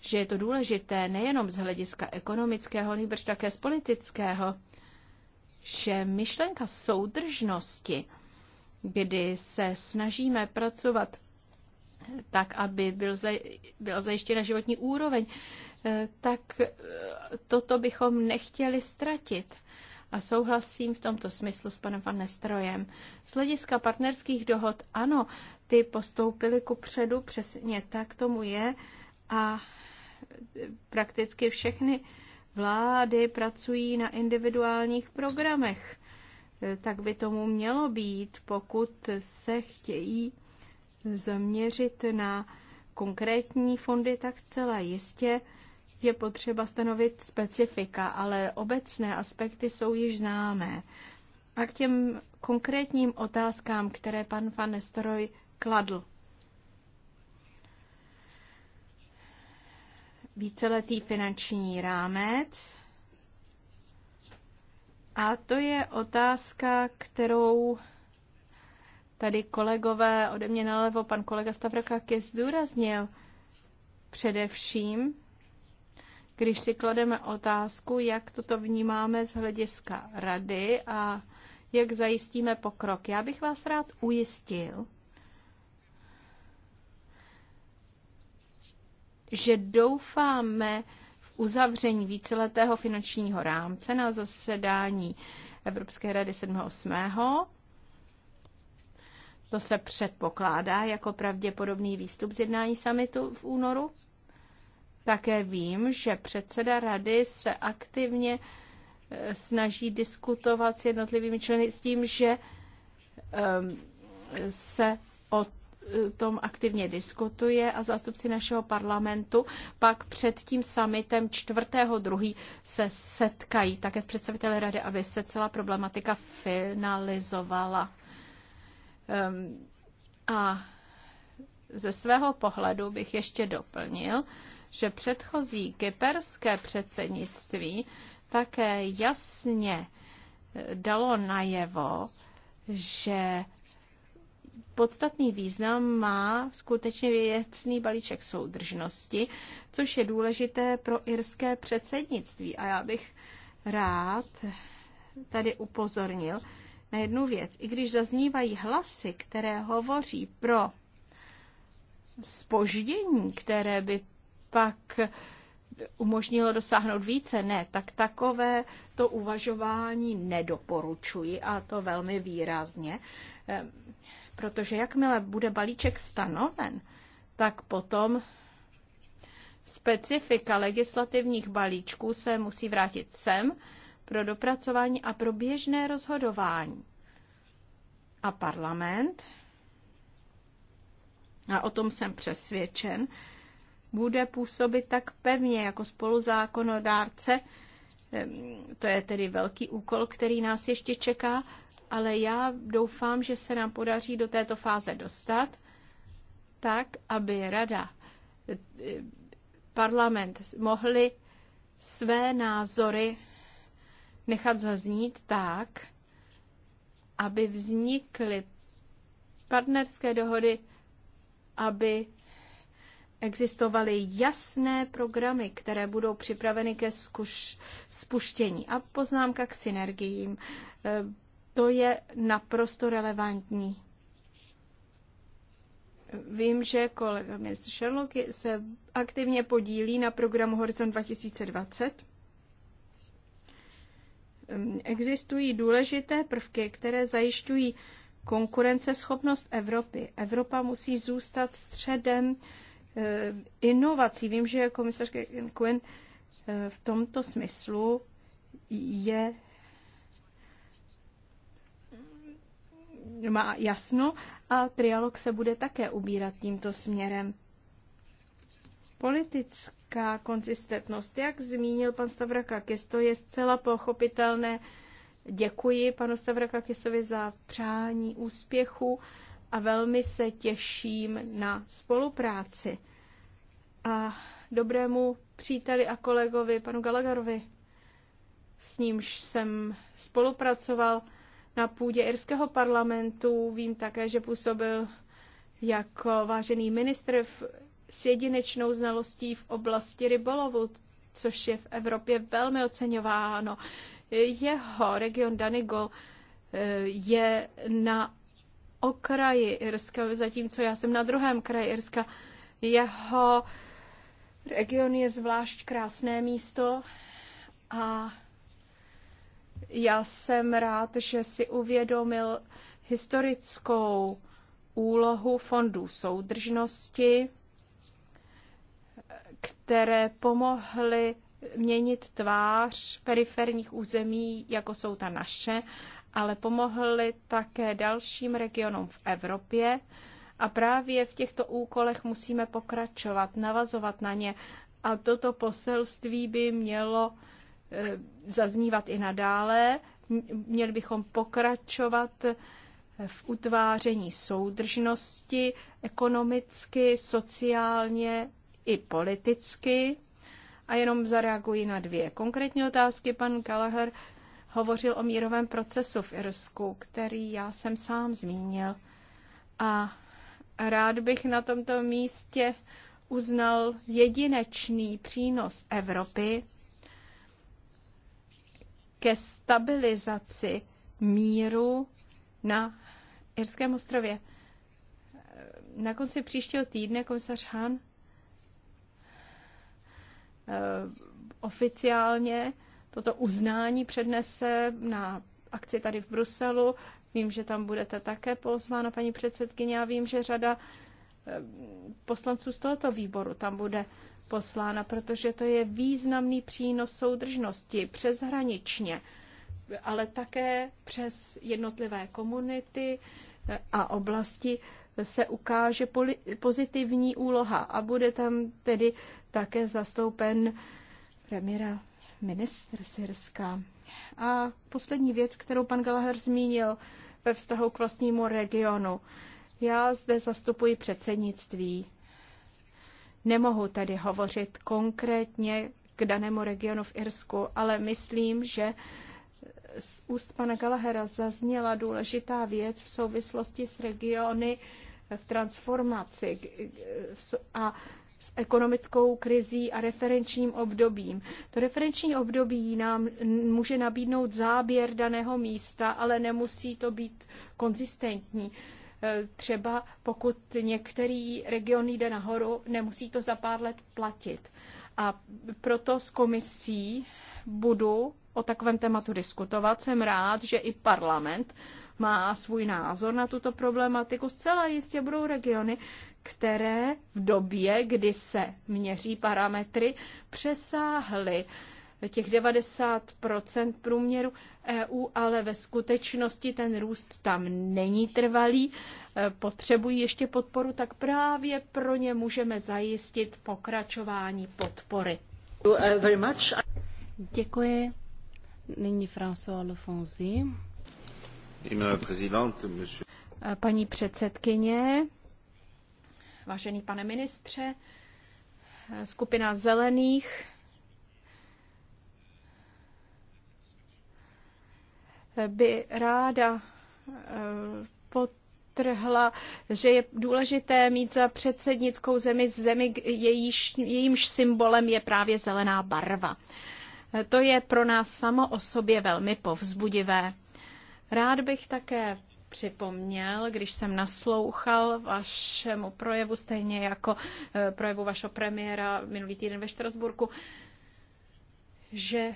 C: že je to důležité nejenom z hlediska ekonomického, nejbrž také z politického, že myšlenka soudržnosti, kdy se snažíme pracovat tak, aby byl zaj, byla zajištěna životní úroveň, eh, tak eh, toto bychom nechtěli ztratit a souhlasím v tomto smyslu s panem Van Nestrojem. Z hlediska partnerských dohod, ano, ty postoupily ku předu, přesně tak tomu je a prakticky všechny vlády pracují na individuálních programech. Tak by tomu mělo být, pokud se chtějí zaměřit na konkrétní fondy, tak zcela jistě je potřeba stanovit specifika, ale obecné aspekty jsou již známé. A k těm konkrétním otázkám, které pan Van Nestoroj kladl. Víceletý finanční rámec. A to je otázka, kterou tady kolegové ode mě nalevo, pan kolega Stavraka, zdůraznil. Především když si klademe otázku, jak toto vnímáme z hlediska rady a jak zajistíme pokrok. Já bych vás rád ujistil, že doufáme v uzavření víceletého finančního rámce na zasedání Evropské rady 7.8. To se předpokládá jako pravděpodobný výstup z jednání samitu v únoru. Také vím, že předseda rady se aktivně e, snaží diskutovat s jednotlivými členy s tím, že se o e, tom aktivně diskutuje a zástupci našeho parlamentu pak před tím summitem 4.2. se setkají také s představiteli rady, aby se celá problematika finalizovala. A ze svého pohledu bych ještě doplnil, že předchozí kyperské předsednictví také jasně eh, dalo najevo, že podstatný význam má skutečně věcný balíček soudržnosti, což je důležité pro irské předsednictví. A já bych rád tady upozornil na jednu věc. I když zaznívají hlasy, které hovoří pro spoždění, které by pak umožnilo dosáhnout více. Ne, tak takové to uvažování nedoporučuji a to velmi výrazně, eh, protože jakmile bude balíček stanoven, tak potom specifika legislativních balíčků se musí vrátit sem pro dopracování a pro běžné rozhodování. A parlament, a o tom jsem přesvědčen, bude působit tak pevně jako spoluzákonodárce. To je tedy velký úkol, který nás ještě čeká, ale já doufám, že se nám podaří do této fáze dostat, tak, aby rada, parlament mohli své názory nechat zaznít tak, aby vznikly partnerské dohody, aby existovaly jasné programy, které budou připraveny ke zkuš- spuštění. A poznámka k synergiím. E, to je naprosto relevantní. Vím, že kolega ministr Sherlock se aktivně podílí na programu Horizon 2020. Ehm, existují důležité prvky, které zajišťují konkurenceschopnost Evropy. Evropa musí zůstat středem uh, Eh, inovací. Vím, že komisař Quinn eh, v tomto smyslu je má jasno a trialog se bude také ubírat tímto směrem. Politická konzistentnost, jak zmínil pan Stavraka to je zcela pochopitelné. Děkuji panu Stavrakakisovi za přání úspěchu a velmi se těším na spolupráci. A dobrému příteli a kolegovi, panu Galagarovi, s nímž jsem spolupracoval na půdě irského parlamentu. Vím také, že působil jako vážený ministr v, s jedinečnou znalostí v oblasti rybolovu, což je v Evropě velmi oceňováno. Jeho region Danigol eh, je na okraji Irska, zatímco já jsem na druhém kraji Irska. Jeho region je zvlášť krásné místo a já jsem rád, že si uvědomil historickou úlohu fondů soudržnosti, které pomohly měnit tvář periferních území, jako jsou ta naše, ale pomohly také dalším regionům v Evropě. A právě v těchto úkolech musíme pokračovat, navazovat na ně. A toto poselství by mělo eh, zaznívat i nadále. Měli bychom pokračovat eh, v utváření soudržnosti ekonomicky, sociálně i politicky. A jenom zareaguji na dvě konkrétní otázky. Pan Kalaher hovořil o mírovém procesu v Irsku, který já jsem sám zmínil. A rád bych na tomto místě uznal jedinečný přínos Evropy ke stabilizaci míru na Irském ostrově. Na konci příštího týdne komisař Han eh, oficiálně toto uznání přednese na akci tady v Bruselu. Vím, že tam budete také pozvána, paní předsedkyně, a vím, že řada eh, poslanců z tohoto výboru tam bude poslána, protože to je významný přínos soudržnosti přeshraničně, ale také přes jednotlivé komunity eh, a oblasti se ukáže pozitivní úloha a bude tam tedy také zastoupen premiéra ministr Syrska. A poslední věc, kterou pan Gallagher zmínil ve vztahu k vlastnímu regionu. Já zde zastupuji předsednictví. Nemohu tedy hovořit konkrétně k danému regionu v Irsku, ale myslím, že z úst pana Galahera zazněla důležitá věc v souvislosti s regiony v transformaci. A s ekonomickou krizí a referenčním obdobím. To referenční období nám může nabídnout záběr daného místa, ale nemusí to být konzistentní. E, třeba pokud některý region jde nahoru, nemusí to za pár let platit. A proto s komisí budu o takovém tématu diskutovat. Jsem rád, že i parlament má svůj názor na tuto problematiku. Zcela jistě budou regiony, které v době, kdy se měří parametry, přesáhly těch 90 průměru EU, ale ve skutečnosti ten růst tam není trvalý, e, potřebují ještě podporu, tak právě pro ně můžeme zajistit pokračování
A: podpory. Děkuji. Nyní François Lefonzi. Paní předsedkyně,
C: Vážený pane ministře, skupina zelených by ráda eh, potrhla, že je důležité mít za předsednickou zemi zemi, jejíž, jejímž symbolem je právě zelená barva. To je pro nás samo o sobě velmi povzbudivé. Rád bych také připomněl, když jsem naslouchal vašemu projevu, stejně jako eh, projevu vašeho premiéra minulý týden ve Štrasburku, že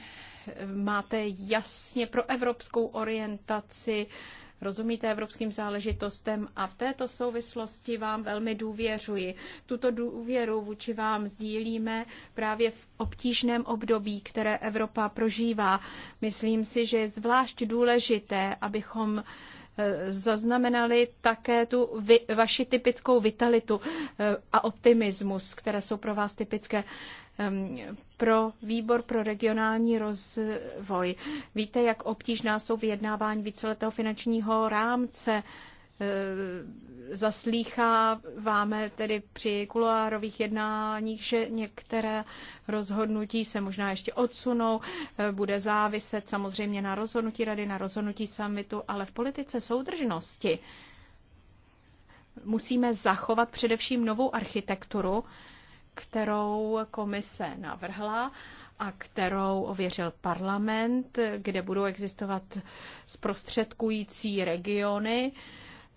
C: eh, máte jasně pro evropskou orientaci, rozumíte evropským záležitostem a v této souvislosti vám velmi důvěřuji. Tuto důvěru vůči vám sdílíme právě v obtížném období, které Evropa prožívá. Myslím si, že je zvlášť důležité, abychom zaznamenali také tu vy, vaši typickou vitalitu eh, a optimismus, které jsou pro vás typické ehm, pro výbor pro regionální rozvoj. Víte, jak obtížná jsou vyjednávání víceletého finančního rámce Eh, zaslýcháváme tedy při kuloárových jednáních, že některé rozhodnutí se možná ještě odsunou, eh, bude záviset samozřejmě na rozhodnutí rady, na rozhodnutí samitu, ale v politice soudržnosti musíme zachovat především novou architekturu, kterou komise navrhla a kterou ověřil parlament, kde budou existovat zprostředkující regiony,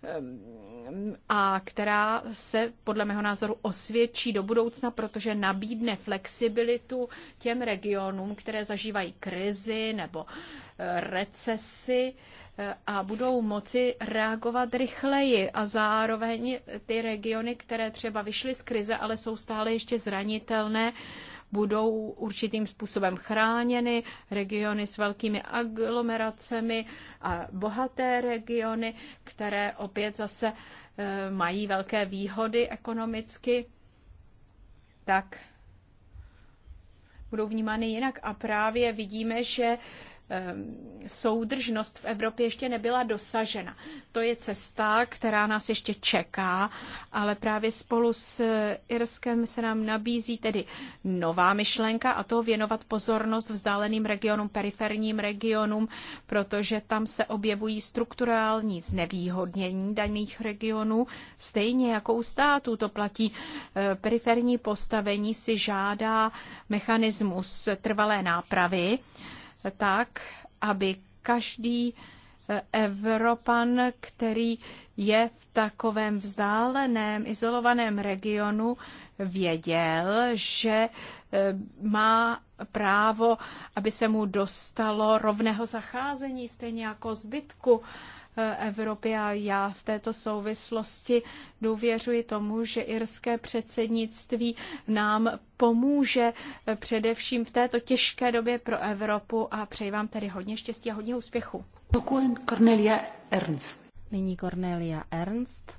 C: Ehm, a která se podle mého názoru osvědčí do budoucna, protože nabídne flexibilitu těm regionům, které zažívají krizi nebo eh, recesy eh, a budou moci reagovat rychleji a zároveň ty regiony, které třeba vyšly z krize, ale jsou stále ještě zranitelné, budou určitým způsobem chráněny, regiony s velkými aglomeracemi a bohaté regiony, které opět zase e, mají velké výhody ekonomicky, tak budou vnímány jinak. A právě vidíme, že Ehm, soudržnost v Evropě ještě nebyla dosažena. To je cesta, která nás ještě čeká, ale právě spolu s Irskem se nám nabízí tedy nová myšlenka a to věnovat pozornost vzdáleným regionům, periferním regionům, protože tam se objevují strukturální znevýhodnění daných regionů, stejně jako u států. To platí eh, periferní postavení si žádá mechanismus trvalé nápravy, tak, aby každý eh, Evropan, který je v takovém vzdáleném, izolovaném regionu, věděl, že eh, má právo, aby se mu dostalo rovného zacházení, stejně jako zbytku Evropy a já v této souvislosti důvěřuji tomu, že irské předsednictví nám pomůže eh, především v této těžké době pro Evropu a přeji vám tedy hodně štěstí a hodně úspěchu.
B: Cornelia Ernst. Nyní Cornelia Ernst.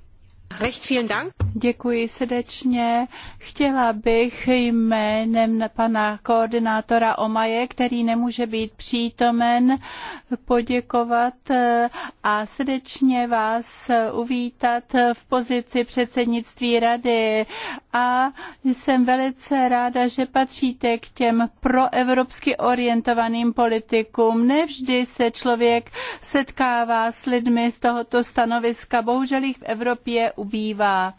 B: Děkuji srdečně. Chtěla bych jménem pana koordinátora Omaje, který nemůže být přítomen, poděkovat eh, a srdečně vás uvítat v pozici předsednictví rady. A jsem velice ráda, že patříte k těm proevropsky orientovaným politikům. Nevždy se člověk setkává s lidmi z tohoto stanoviska. Bohužel jich v Evropě ubývá.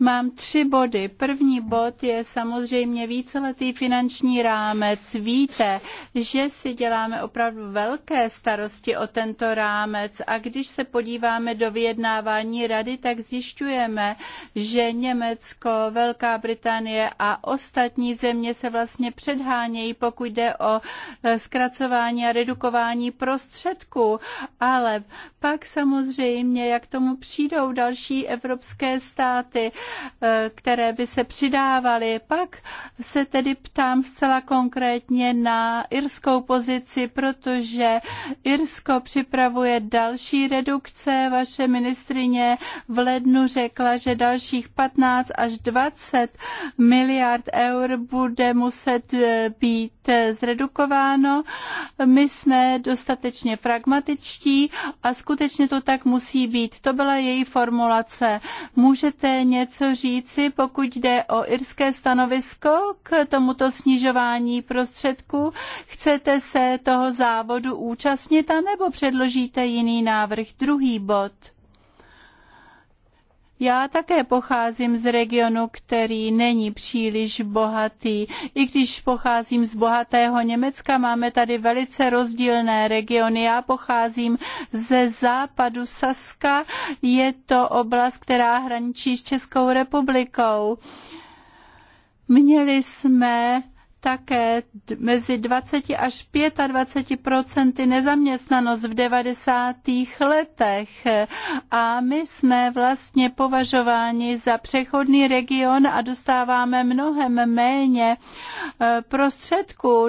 B: Mám tři body. První bod je samozřejmě víceletý finanční rámec. Víte, že si děláme opravdu velké starosti o tento rámec a když se podíváme do vyjednávání rady, tak zjišťujeme, že Německo, Velká Británie a ostatní země se vlastně předhánějí, pokud jde o eh, zkracování a redukování prostředků, ale pak samozřejmě, jak tomu přijdou další evropské státy, eh, které by se přidávaly. Pak se tedy ptám zcela konkrétně na irskou pozici, protože Irsko připravuje další redukce. Vaše ministrině v lednu řekla, že dalších 15 až 20 miliard eur bude muset eh, být eh, zredukováno. My jsme dostatečně pragmatičtí a skutečně skutečně to tak musí být. To byla její formulace. Můžete něco říci, pokud jde o irské stanovisko k tomuto snižování prostředků? Chcete se toho závodu účastnit a nebo předložíte jiný návrh? Druhý bod. Já také pocházím z regionu, který není příliš bohatý. I když pocházím z bohatého Německa, máme tady velice rozdílné regiony. Já pocházím ze západu Saska. Je to oblast, která hraničí s Českou republikou. Měli jsme také mezi 20 až 25 nezaměstnanost v 90. letech a my jsme vlastně považováni za přechodný region a dostáváme mnohem méně e, prostředků,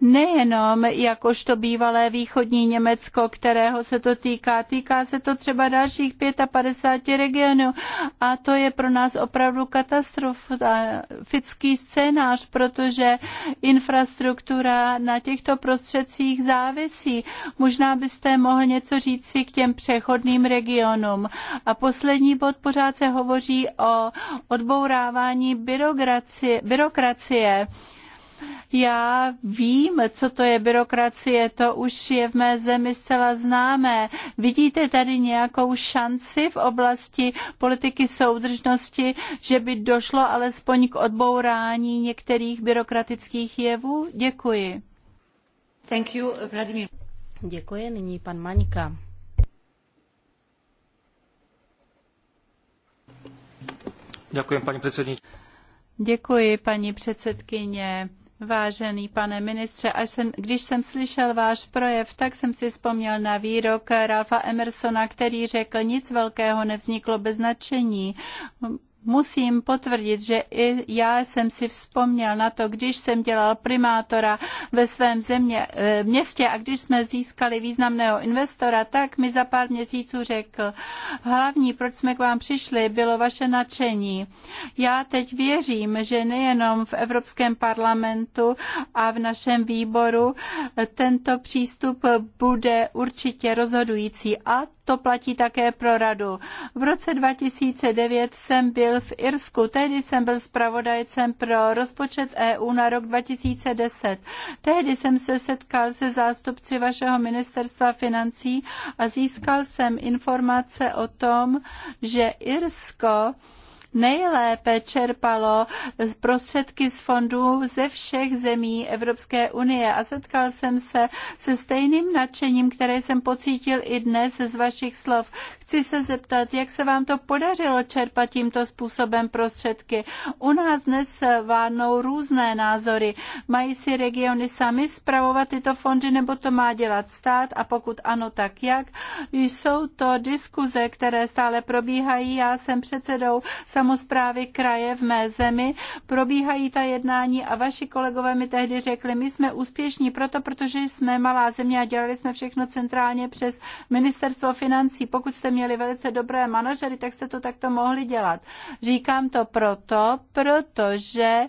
B: nejenom jakožto bývalé východní Německo, kterého se to týká. Týká se to třeba dalších 55 regionů a to je pro nás opravdu katastrofický scénář, protože infrastruktura na těchto prostředcích závisí. Možná byste mohl něco říci k těm přechodným regionům. A poslední bod pořád se hovoří o odbourávání byrokracie. byrokracie. Já vím, co to je byrokracie, to už je v mé zemi zcela známé. Vidíte tady nějakou šanci v oblasti politiky soudržnosti, že by došlo alespoň k odbourání některých byrokratických jevů? Děkuji. Thank you, Vladimir. Děkuji, nyní pan Maňka.
A: Děkuji, paní předsedkyně.
B: Děkuji, paní předsedkyně. Vážený pane ministře, až jsem, když jsem slyšel váš projev, tak jsem si vzpomněl na výrok Ralfa Emersona, který řekl, nic velkého nevzniklo bez nadšení musím potvrdit, že i já jsem si vzpomněl na to, když jsem dělal primátora ve svém země, eh, městě a když jsme získali významného investora, tak mi za pár měsíců řekl, hlavní, proč jsme k vám přišli, bylo vaše nadšení. Já teď věřím, že nejenom v Evropském parlamentu a v našem výboru eh, tento přístup bude určitě rozhodující a to platí také pro radu. V roce 2009 jsem byl byl v Irsku. Tehdy jsem byl zpravodajcem pro rozpočet EU na rok 2010. Tehdy jsem se setkal se zástupci vašeho ministerstva financí a získal jsem informace o tom, že Irsko nejlépe čerpalo prostředky z fondů ze všech zemí Evropské unie a setkal jsem se se stejným nadšením, které jsem pocítil i dnes z vašich slov. Chci se zeptat, jak se vám to podařilo čerpat tímto způsobem prostředky. U nás dnes vádnou různé názory. Mají si regiony sami spravovat tyto fondy, nebo to má dělat stát a pokud ano, tak jak? Jsou to diskuze, které stále probíhají. Já jsem předsedou samozřejmě samozprávy kraje v mé zemi. Probíhají ta jednání a vaši kolegové mi tehdy řekli, my jsme úspěšní proto, protože jsme malá země a dělali jsme všechno centrálně přes ministerstvo financí. Pokud jste měli velice dobré manažery, tak jste to takto mohli dělat. Říkám to proto, protože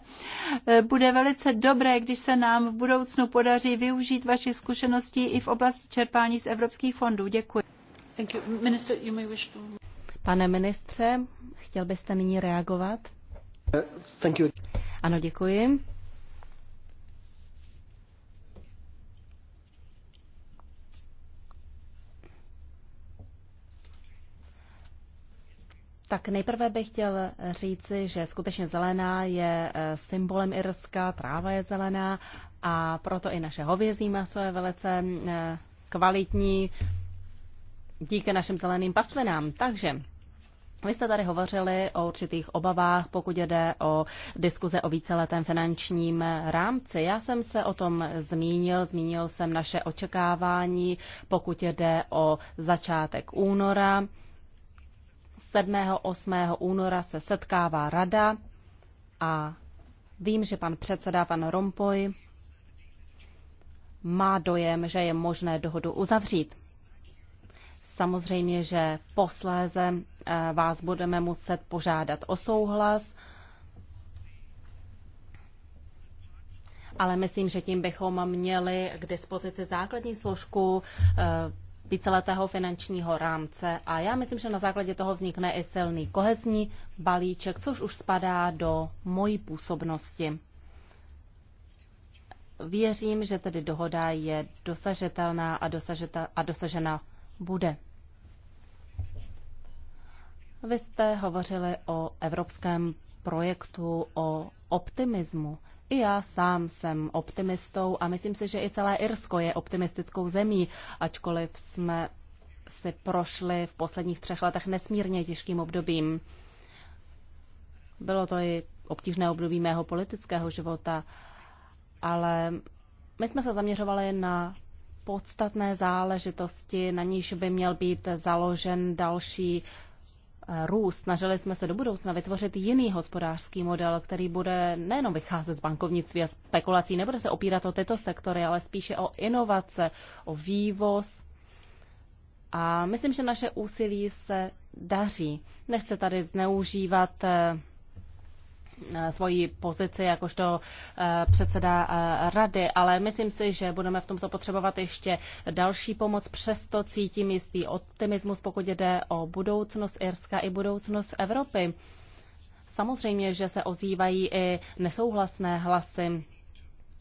B: e, bude velice dobré, když se nám v budoucnu podaří využít vašich zkušeností i v oblasti čerpání z evropských fondů. Děkuji. Minister, to... Pane ministře,
A: Chtěl byste nyní reagovat? Thank you. Ano, děkuji. Tak nejprve bych chtěl říci, že skutečně zelená je eh, symbolem Irska, tráva je zelená a proto i naše hovězí maso je velice eh, kvalitní díky našim zeleným pastvinám. Takže vy jste tady hovořili o určitých obavách, pokud jde o diskuze o víceletém finančním rámci. Já jsem se o tom zmínil, zmínil jsem naše očekávání, pokud jde o začátek února. 7. 8. února se setkává rada a vím, že pan předseda, pan Rompoy, má dojem, že je možné dohodu uzavřít. Samozřejmě, že posléze eh, vás budeme muset požádat o souhlas, ale myslím, že tím bychom měli k dispozici základní složku eh, víceletého finančního rámce a já myslím, že na základě toho vznikne i silný kohezní balíček, což už spadá do mojí působnosti. Věřím, že tedy dohoda je dosažitelná a, dosažeta, a dosažena bude. Vy jste hovořili o evropském projektu, o optimismu. I já sám jsem optimistou a myslím si, že i celé Irsko je optimistickou zemí, ačkoliv jsme si prošli v posledních třech letech nesmírně těžkým obdobím. Bylo to i obtížné období mého politického života, ale my jsme se zaměřovali na podstatné záležitosti, na níž by měl být založen další eh, růst. Snažili jsme se do budoucna vytvořit jiný hospodářský model, který bude nejenom vycházet z bankovnictví a spekulací, nebude se opírat o tyto sektory, ale spíše o inovace, o vývoz. A myslím, že naše úsilí se daří. Nechce tady zneužívat eh, Eh, svoji pozici jakožto eh, předseda eh, rady, ale myslím si, že budeme v tomto potřebovat ještě další pomoc. Přesto cítím jistý optimismus, pokud jde o budoucnost Irska i budoucnost Evropy. Samozřejmě, že se ozývají i nesouhlasné hlasy,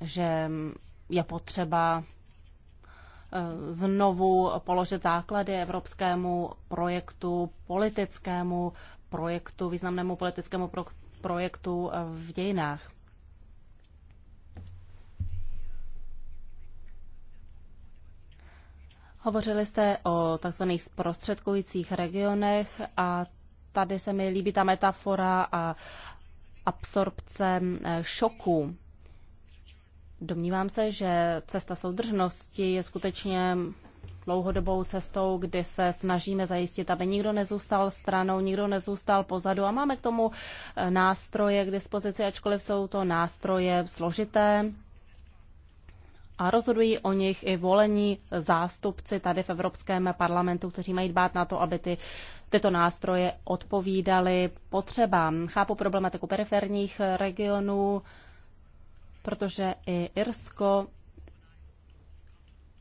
A: že je potřeba znovu položit základy evropskému projektu, politickému projektu, významnému politickému projektu projektů eh, v dějinách. Hovořili jste o tzv. zprostředkujících regionech a tady se mi líbí ta metafora a absorpce eh, šoku. Domnívám se, že cesta soudržnosti je skutečně dlouhodobou cestou, kdy se snažíme zajistit, aby nikdo nezůstal stranou, nikdo nezůstal pozadu a máme k tomu eh, nástroje k dispozici, ačkoliv jsou to nástroje složité, a rozhodují o nich i volení zástupci tady v Evropském parlamentu, kteří mají dbát na to, aby ty, tyto nástroje odpovídaly potřebám. Chápu problematiku periferních regionů, protože i Irsko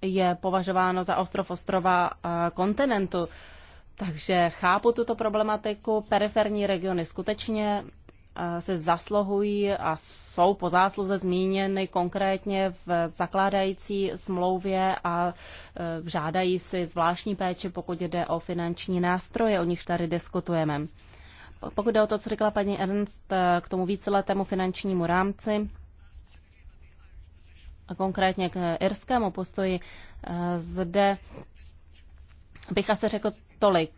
A: je považováno za ostrov ostrova eh, kontinentu. Takže chápu tuto problematiku. Periferní regiony skutečně eh, se zasluhují a jsou po zásluze zmíněny konkrétně v zakládající smlouvě a eh, žádají si zvláštní péči, pokud jde o finanční nástroje, o nichž tady diskutujeme. Pokud jde o to, co řekla paní Ernst k tomu víceletému finančnímu rámci, a konkrétně k irskému postoji, eh, zde bych asi řekl tolik.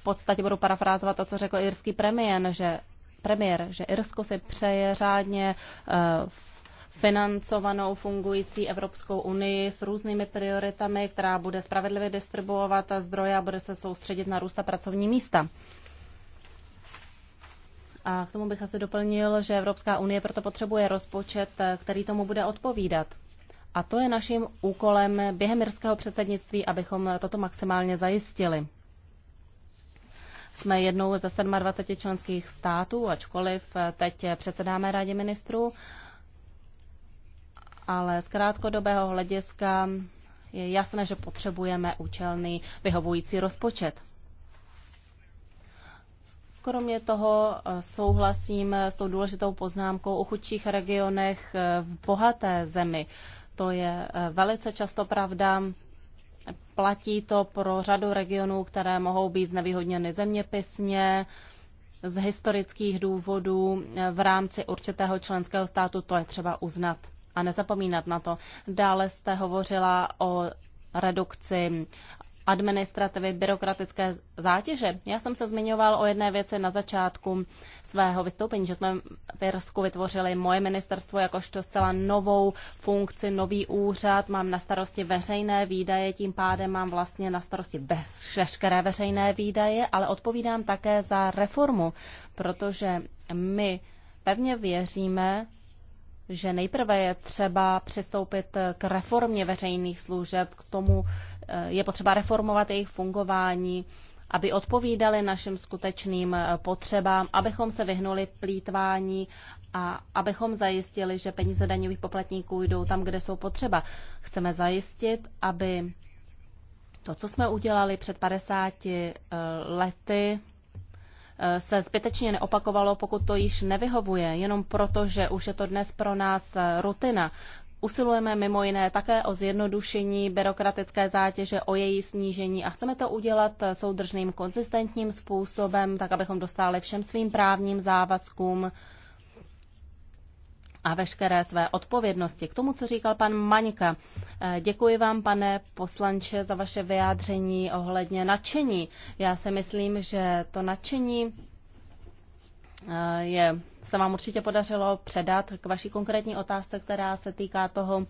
A: V podstatě budu parafrázovat to, co řekl irský premiér, že, premiér, že Irsko si přeje řádně eh, financovanou fungující Evropskou unii s různými prioritami, která bude spravedlivě distribuovat a zdroje a bude se soustředit na růst a pracovní místa. A k tomu bych asi doplnil, že Evropská unie proto potřebuje rozpočet, eh, který tomu bude odpovídat. A to je naším úkolem během irského předsednictví, abychom toto maximálně zajistili. Jsme jednou ze 27 členských států, ačkoliv eh, teď předsedáme Radě ministrů, ale z krátkodobého hlediska je jasné, že potřebujeme účelný vyhovující rozpočet. Kromě toho eh, souhlasím s tou důležitou poznámkou o chudších regionech eh, v bohaté zemi. To je eh, velice často pravda. Platí to pro řadu regionů, které mohou být znevýhodněny zeměpisně, z historických důvodů v rámci určitého členského státu. To je třeba uznat a nezapomínat na to. Dále jste hovořila o redukci administrativy, byrokratické zátěže. Já jsem se zmiňoval o jedné věci na začátku svého vystoupení, že jsme v Irsku vytvořili moje ministerstvo jakožto zcela novou funkci, nový úřad, mám na starosti veřejné výdaje, tím pádem mám vlastně na starosti veškeré veřejné výdaje, ale odpovídám také za reformu, protože my pevně věříme, že nejprve je třeba přistoupit k reformě veřejných služeb, k tomu, Eh, je potřeba reformovat jejich fungování, aby odpovídali našim skutečným eh, potřebám, abychom se vyhnuli plítvání a abychom zajistili, že peníze daňových poplatníků jdou tam, kde jsou potřeba. Chceme zajistit, aby to, co jsme udělali před 50 eh, lety, se zbytečně neopakovalo, pokud to již nevyhovuje, jenom proto, že už je to dnes pro nás rutina. Usilujeme mimo jiné také o zjednodušení byrokratické zátěže, o její snížení a chceme to udělat soudržným, konzistentním způsobem, tak abychom dostali všem svým právním závazkům a veškeré své odpovědnosti. K tomu, co říkal pan Maňka, eh, děkuji vám, pane poslanče, za vaše vyjádření ohledně nadšení. Já si myslím, že to nadšení Eh, je, se vám určitě podařilo předat k vaší konkrétní otázce, která se týká toho,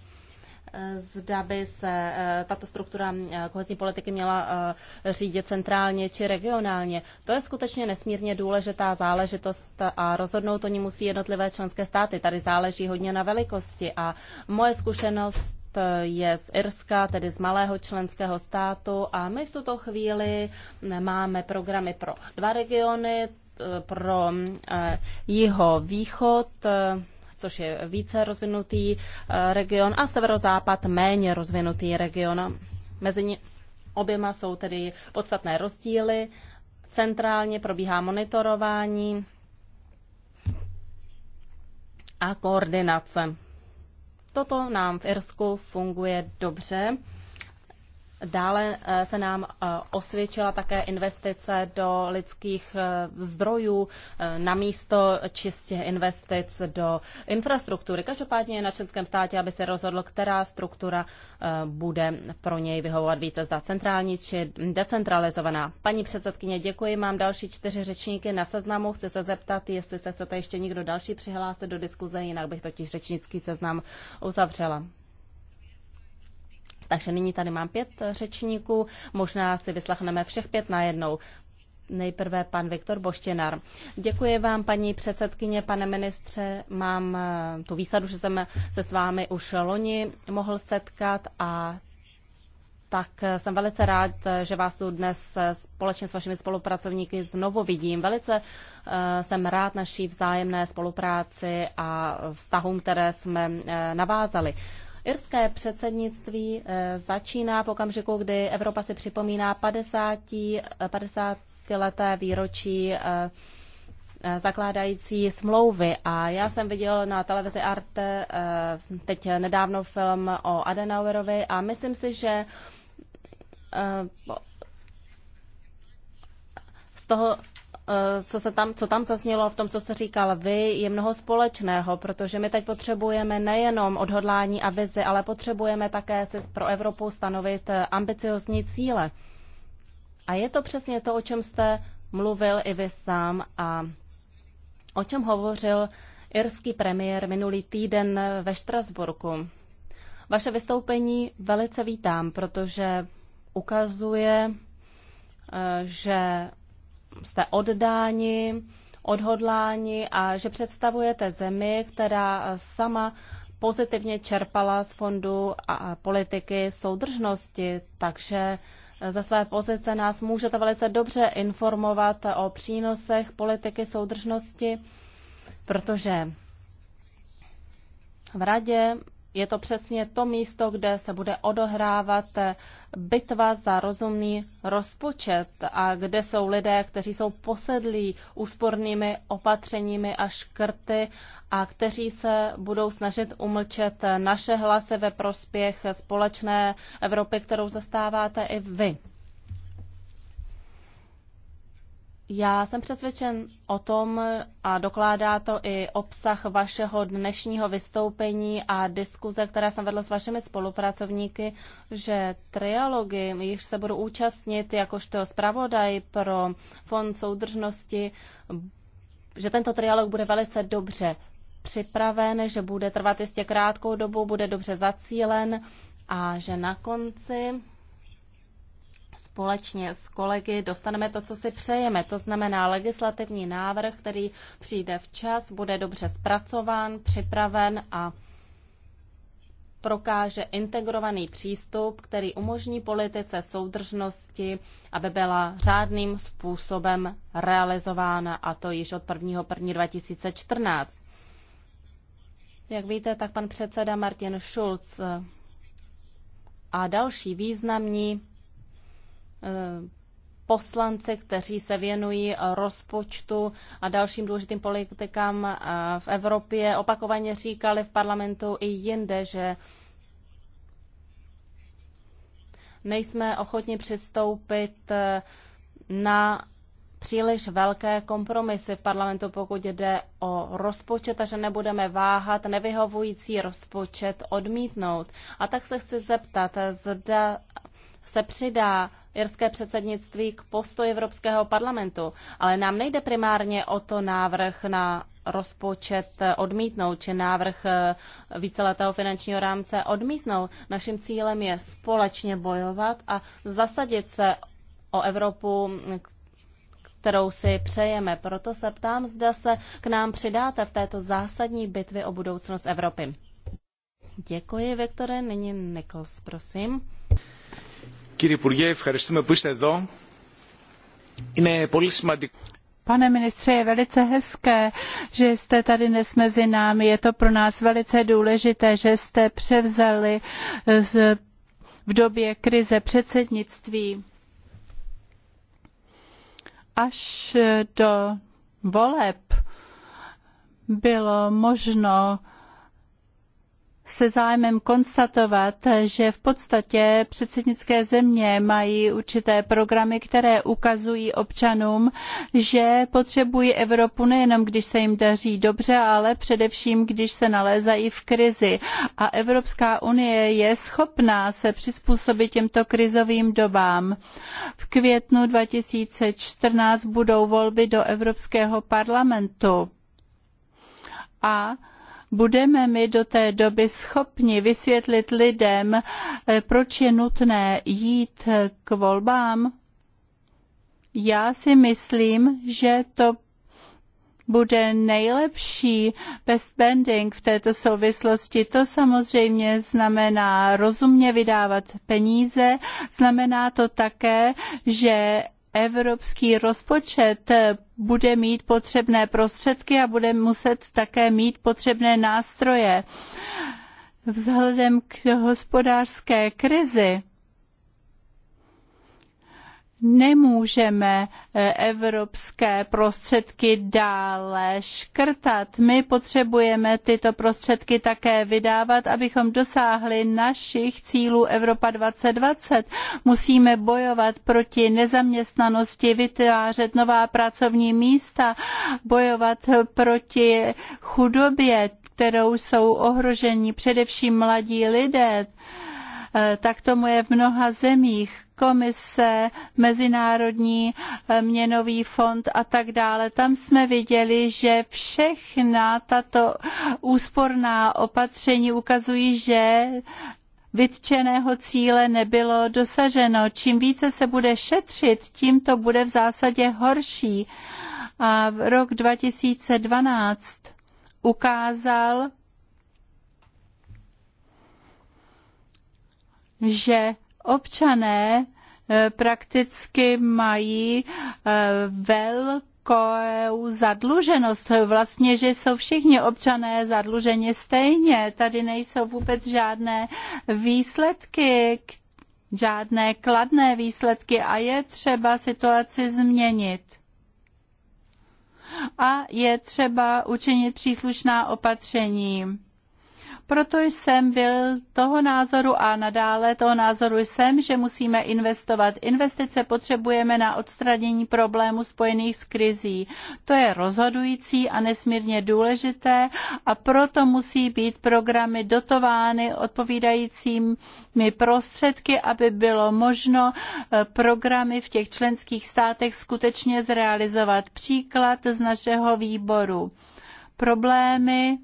A: eh, zda by se eh, tato struktura kohezní politiky měla řídit centrálně či regionálně. To je skutečně nesmírně důležitá záležitost a rozhodnout o ní musí jednotlivé členské státy. Tady záleží hodně na velikosti a moje zkušenost je z Irska, tedy z malého členského státu a my v tuto chvíli máme programy pro dva regiony, pro eh, jeho východ, eh, což je více rozvinutý eh, region, a severozápad méně rozvinutý region. Mezi oběma jsou tedy podstatné rozdíly. Centrálně probíhá monitorování a koordinace. Toto nám v Irsku funguje dobře. Dále eh, se nám eh, osvědčila také investice do lidských eh, zdrojů na místo čistě investic do infrastruktury. Každopádně je na českém státě, aby se rozhodl, která struktura bude pro něj vyhovovat více, zda centrální či decentralizovaná. Paní předsedkyně, děkuji. Mám další čtyři řečníky na seznamu. Chci se zeptat, jestli se chcete ještě někdo další přihlásit do diskuze, jinak bych totiž řečnický seznam uzavřela. Takže nyní tady mám pět řečníků, možná si vyslechneme všech pět najednou. Nejprve pan Viktor Boštěnar. Děkuji vám, paní předsedkyně, pane ministře. Mám eh, tu výsadu, že jsem se s vámi už loni mohl setkat a tak eh, jsem velice rád, eh, že vás tu dnes společně s vašimi spolupracovníky znovu vidím. Velice jsem rád naší vzájemné spolupráci a vztahům, které jsme navázali. Irské předsednictví eh, začíná v okamžiku, kdy Evropa si připomíná 50, 50 leté výročí eh, eh, zakládající smlouvy. A já jsem viděl na televizi Arte teď nedávno film o Adenauerovi a myslím si, že z toho Eh, co, se tam, co tam zaznělo v tom, co jste říkal vy, je mnoho společného, protože my teď potřebujeme nejenom odhodlání a vizi, ale potřebujeme také si pro Evropu stanovit eh, ambiciozní cíle. A je to přesně to, o čem jste mluvil i vy sám a o čem hovořil irský premiér minulý týden eh, ve Štrasburku. Vaše vystoupení velice vítám, protože ukazuje, že jste oddáni, odhodláni a že představujete zemi, která sama pozitivně čerpala z fondu a politiky soudržnosti, takže ze své pozice nás můžete velice dobře informovat o přínosech politiky soudržnosti, protože v radě je to přesně to místo, kde se bude odohrávat bitva za rozumný rozpočet a kde jsou lidé, kteří jsou posedlí úspornými opatřeními a škrty a kteří se budou snažit umlčet naše hlasy ve prospěch společné Evropy, kterou zastáváte i vy. Já jsem přesvědčen o tom, a dokládá to i obsah vašeho dnešního vystoupení a diskuze, která jsem vedla s vašimi spolupracovníky, že trialogy, jichž se budu účastnit jakožto zpravodaj pro Fond soudržnosti, že tento trialog bude velice dobře připraven, že bude trvat jistě krátkou dobu, bude dobře zacílen a že na konci společně s kolegy dostaneme to, co si přejeme. To znamená legislativní návrh, který přijde včas, bude dobře zpracován, připraven a prokáže integrovaný přístup, který umožní politice soudržnosti, aby byla řádným způsobem realizována, a to již od 1. 1. 2014. Jak víte, tak pan předseda Martin Schulz eh, a další významní Eh, poslanci, kteří se věnují rozpočtu a dalším důležitým politikám eh, v Evropě, opakovaně říkali v parlamentu i jinde, že nejsme ochotni přistoupit eh, na příliš velké kompromisy v parlamentu, pokud jde o rozpočet a že nebudeme váhat nevyhovující rozpočet odmítnout. A tak se chci zeptat, zda se přidá jirské předsednictví k postoji Evropského parlamentu. Ale nám nejde primárně o to návrh na rozpočet odmítnout, či návrh eh, víceletého finančního rámce odmítnout. Naším cílem je společně bojovat a zasadit se o Evropu, kterou si přejeme. Proto se ptám, zda se k nám přidáte v této zásadní bitvě o budoucnost Evropy. Děkuji, Viktore. Nyní Nichols, prosím.
B: Pane ministře, je velice hezké, že jste tady dnes mezi námi. Je to pro nás velice důležité, že jste převzali eh, v době krize předsednictví až eh, do voleb bylo možno se zájmem konstatovat, že v podstatě předsednické země mají určité programy, které ukazují občanům, že potřebují Evropu nejenom, když se jim daří dobře, ale především, když se nalézají v krizi. A Evropská unie je schopná se přizpůsobit těmto krizovým dobám. V květnu 2014 budou volby do Evropského parlamentu. A budeme my do té doby schopni vysvětlit lidem, eh, proč je nutné jít eh, k volbám? Já si myslím, že to bude nejlepší best banding v této souvislosti. To samozřejmě znamená rozumně vydávat peníze, znamená to také, že evropský rozpočet bude mít potřebné prostředky a bude muset také mít potřebné nástroje. Vzhledem k hospodářské krizi nemůžeme eh, evropské prostředky dále škrtat. My potřebujeme tyto prostředky také vydávat, abychom dosáhli našich cílů Evropa 2020. Musíme bojovat proti nezaměstnanosti, vytvářet nová pracovní místa, bojovat proti chudobě, kterou jsou ohroženi především mladí lidé. Eh, tak tomu je v mnoha zemích. Komise, Mezinárodní eh, měnový fond a tak dále. Tam jsme viděli, že všechna tato úsporná opatření ukazují, že vytčeného cíle nebylo dosaženo. Čím více se bude šetřit, tím to bude v zásadě horší. A v rok 2012 ukázal, že občané eh, prakticky mají eh, velkou zadluženost. Vlastně, že jsou všichni občané zadluženi stejně. Tady nejsou vůbec žádné výsledky, žádné kladné výsledky a je třeba situaci změnit. A je třeba učinit příslušná opatření proto jsem byl toho názoru a nadále toho názoru jsem, že musíme investovat. Investice potřebujeme na odstranění problémů spojených s krizí. To je rozhodující a nesmírně důležité a proto musí být programy dotovány odpovídajícími prostředky, aby bylo možno eh, programy v těch členských státech skutečně zrealizovat. Příklad z našeho výboru. Problémy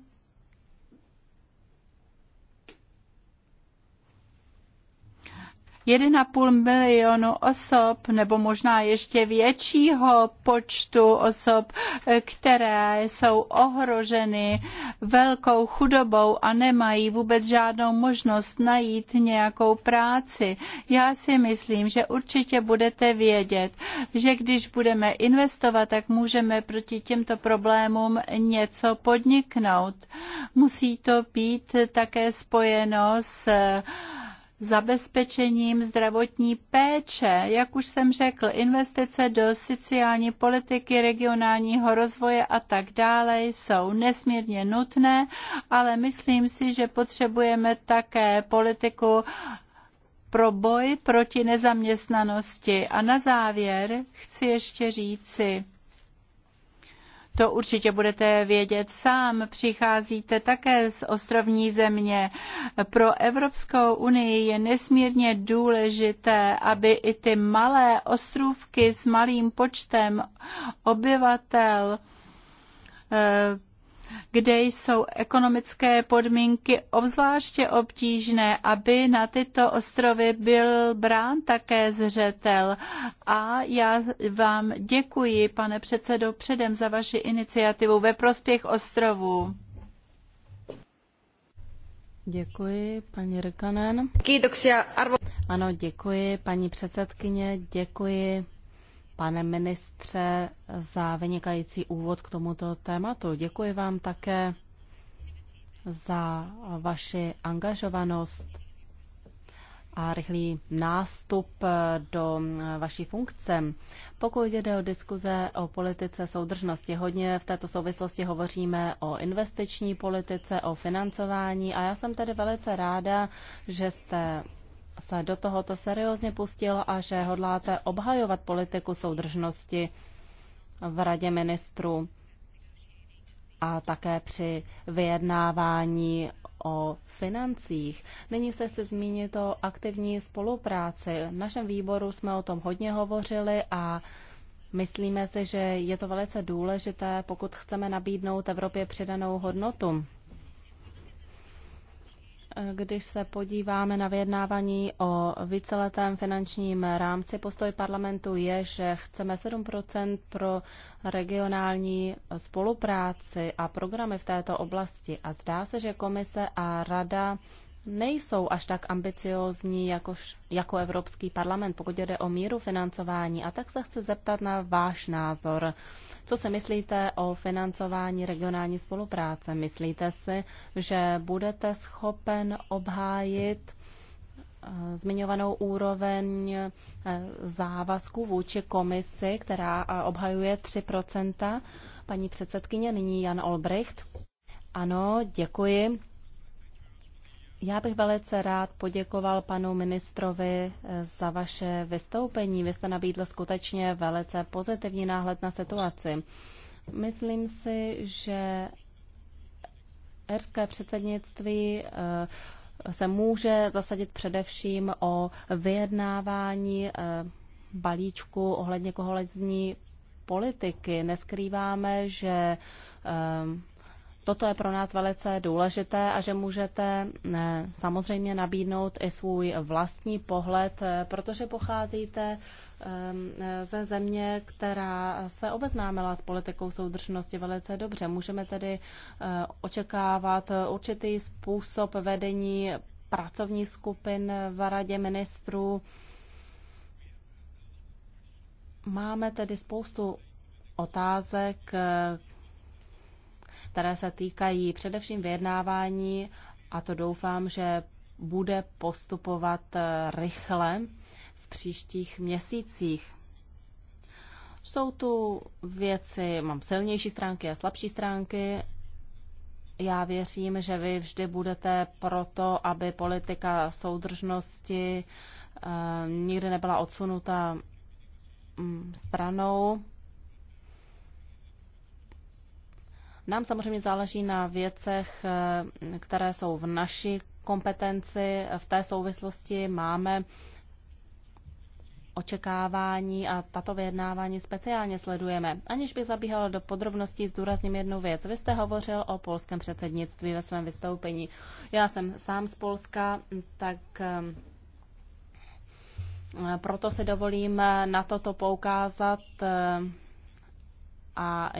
B: 1,5 milionu osob nebo možná ještě většího počtu osob, které jsou ohroženy velkou chudobou a nemají vůbec žádnou možnost najít nějakou práci. Já si myslím, že určitě budete vědět, že když budeme investovat, tak můžeme proti těmto problémům něco podniknout. Musí to být také spojeno s zabezpečením zdravotní péče. Jak už jsem řekl, investice do sociální politiky, regionálního rozvoje a tak dále jsou nesmírně nutné, ale myslím si, že potřebujeme také politiku pro boj proti nezaměstnanosti. A na závěr chci ještě říci, to určitě budete vědět sám. Přicházíte také z ostrovní země. Pro Evropskou unii je nesmírně důležité, aby i ty malé ostrůvky s malým počtem obyvatel eh, kde jsou ekonomické podmínky obzvláště obtížné, aby na tyto ostrovy byl brán také zřetel. A já vám děkuji, pane předsedo, předem za vaši iniciativu ve prospěch ostrovů.
A: Děkuji, paní Rekanen. Ano, děkuji, paní předsedkyně, děkuji pane ministře, za vynikající úvod k tomuto tématu. Děkuji vám také za vaši angažovanost a rychlý nástup do vaší funkce. Pokud jde o diskuze o politice soudržnosti, hodně v této souvislosti hovoříme o investiční politice, o financování a já jsem tedy velice ráda, že jste se do tohoto seriózně pustil a že hodláte obhajovat politiku soudržnosti v Radě ministrů a také při vyjednávání o financích. Nyní se chci zmínit o aktivní spolupráci. V našem výboru jsme o tom hodně hovořili a myslíme si, že je to velice důležité, pokud chceme nabídnout Evropě přidanou hodnotu. Když se podíváme na vyjednávání o víceletém finančním rámci, postoj parlamentu je, že chceme 7 pro regionální spolupráci a programy v této oblasti. A zdá se, že komise a rada nejsou až tak ambiciózní jako, jako Evropský parlament, pokud jde o míru financování. A tak se chci zeptat na váš názor. Co si myslíte o financování regionální spolupráce? Myslíte si, že budete schopen obhájit eh, zmiňovanou úroveň eh, závazku vůči komisi, která eh, obhajuje 3 Paní předsedkyně, nyní Jan Olbricht. Ano, děkuji. Já bych velice rád poděkoval panu ministrovi eh, za vaše vystoupení. Vy jste nabídl skutečně velice pozitivní náhled na situaci. Myslím si, že erské předsednictví eh, se může zasadit především o vyjednávání eh, balíčku ohledně kohezní politiky. Neskrýváme, že toto je pro nás velice důležité a že můžete eh, samozřejmě nabídnout i svůj vlastní pohled, eh, protože pocházíte ehm, eh, ze země, která se obeznámila s politikou soudržnosti velice dobře. Můžeme tedy očekávat určitý způsob vedení pracovní skupin v Radě ministrů. Máme tedy spoustu otázek, které se týkají především vyjednávání a to doufám, že bude postupovat eh, rychle v příštích měsících. Jsou tu věci, mám silnější stránky a slabší stránky. Já věřím, že vy vždy budete proto, aby politika soudržnosti eh, nikdy nebyla odsunuta mm, stranou. Nám samozřejmě záleží na věcech, eh, které jsou v naší kompetenci. V té souvislosti máme očekávání a tato vyjednávání speciálně sledujeme. Aniž bych zabíhala do podrobností, zdůrazním jednu věc. Vy jste hovořil o polském předsednictví ve svém vystoupení. Já jsem sám z Polska, tak eh, proto si dovolím eh, na toto poukázat a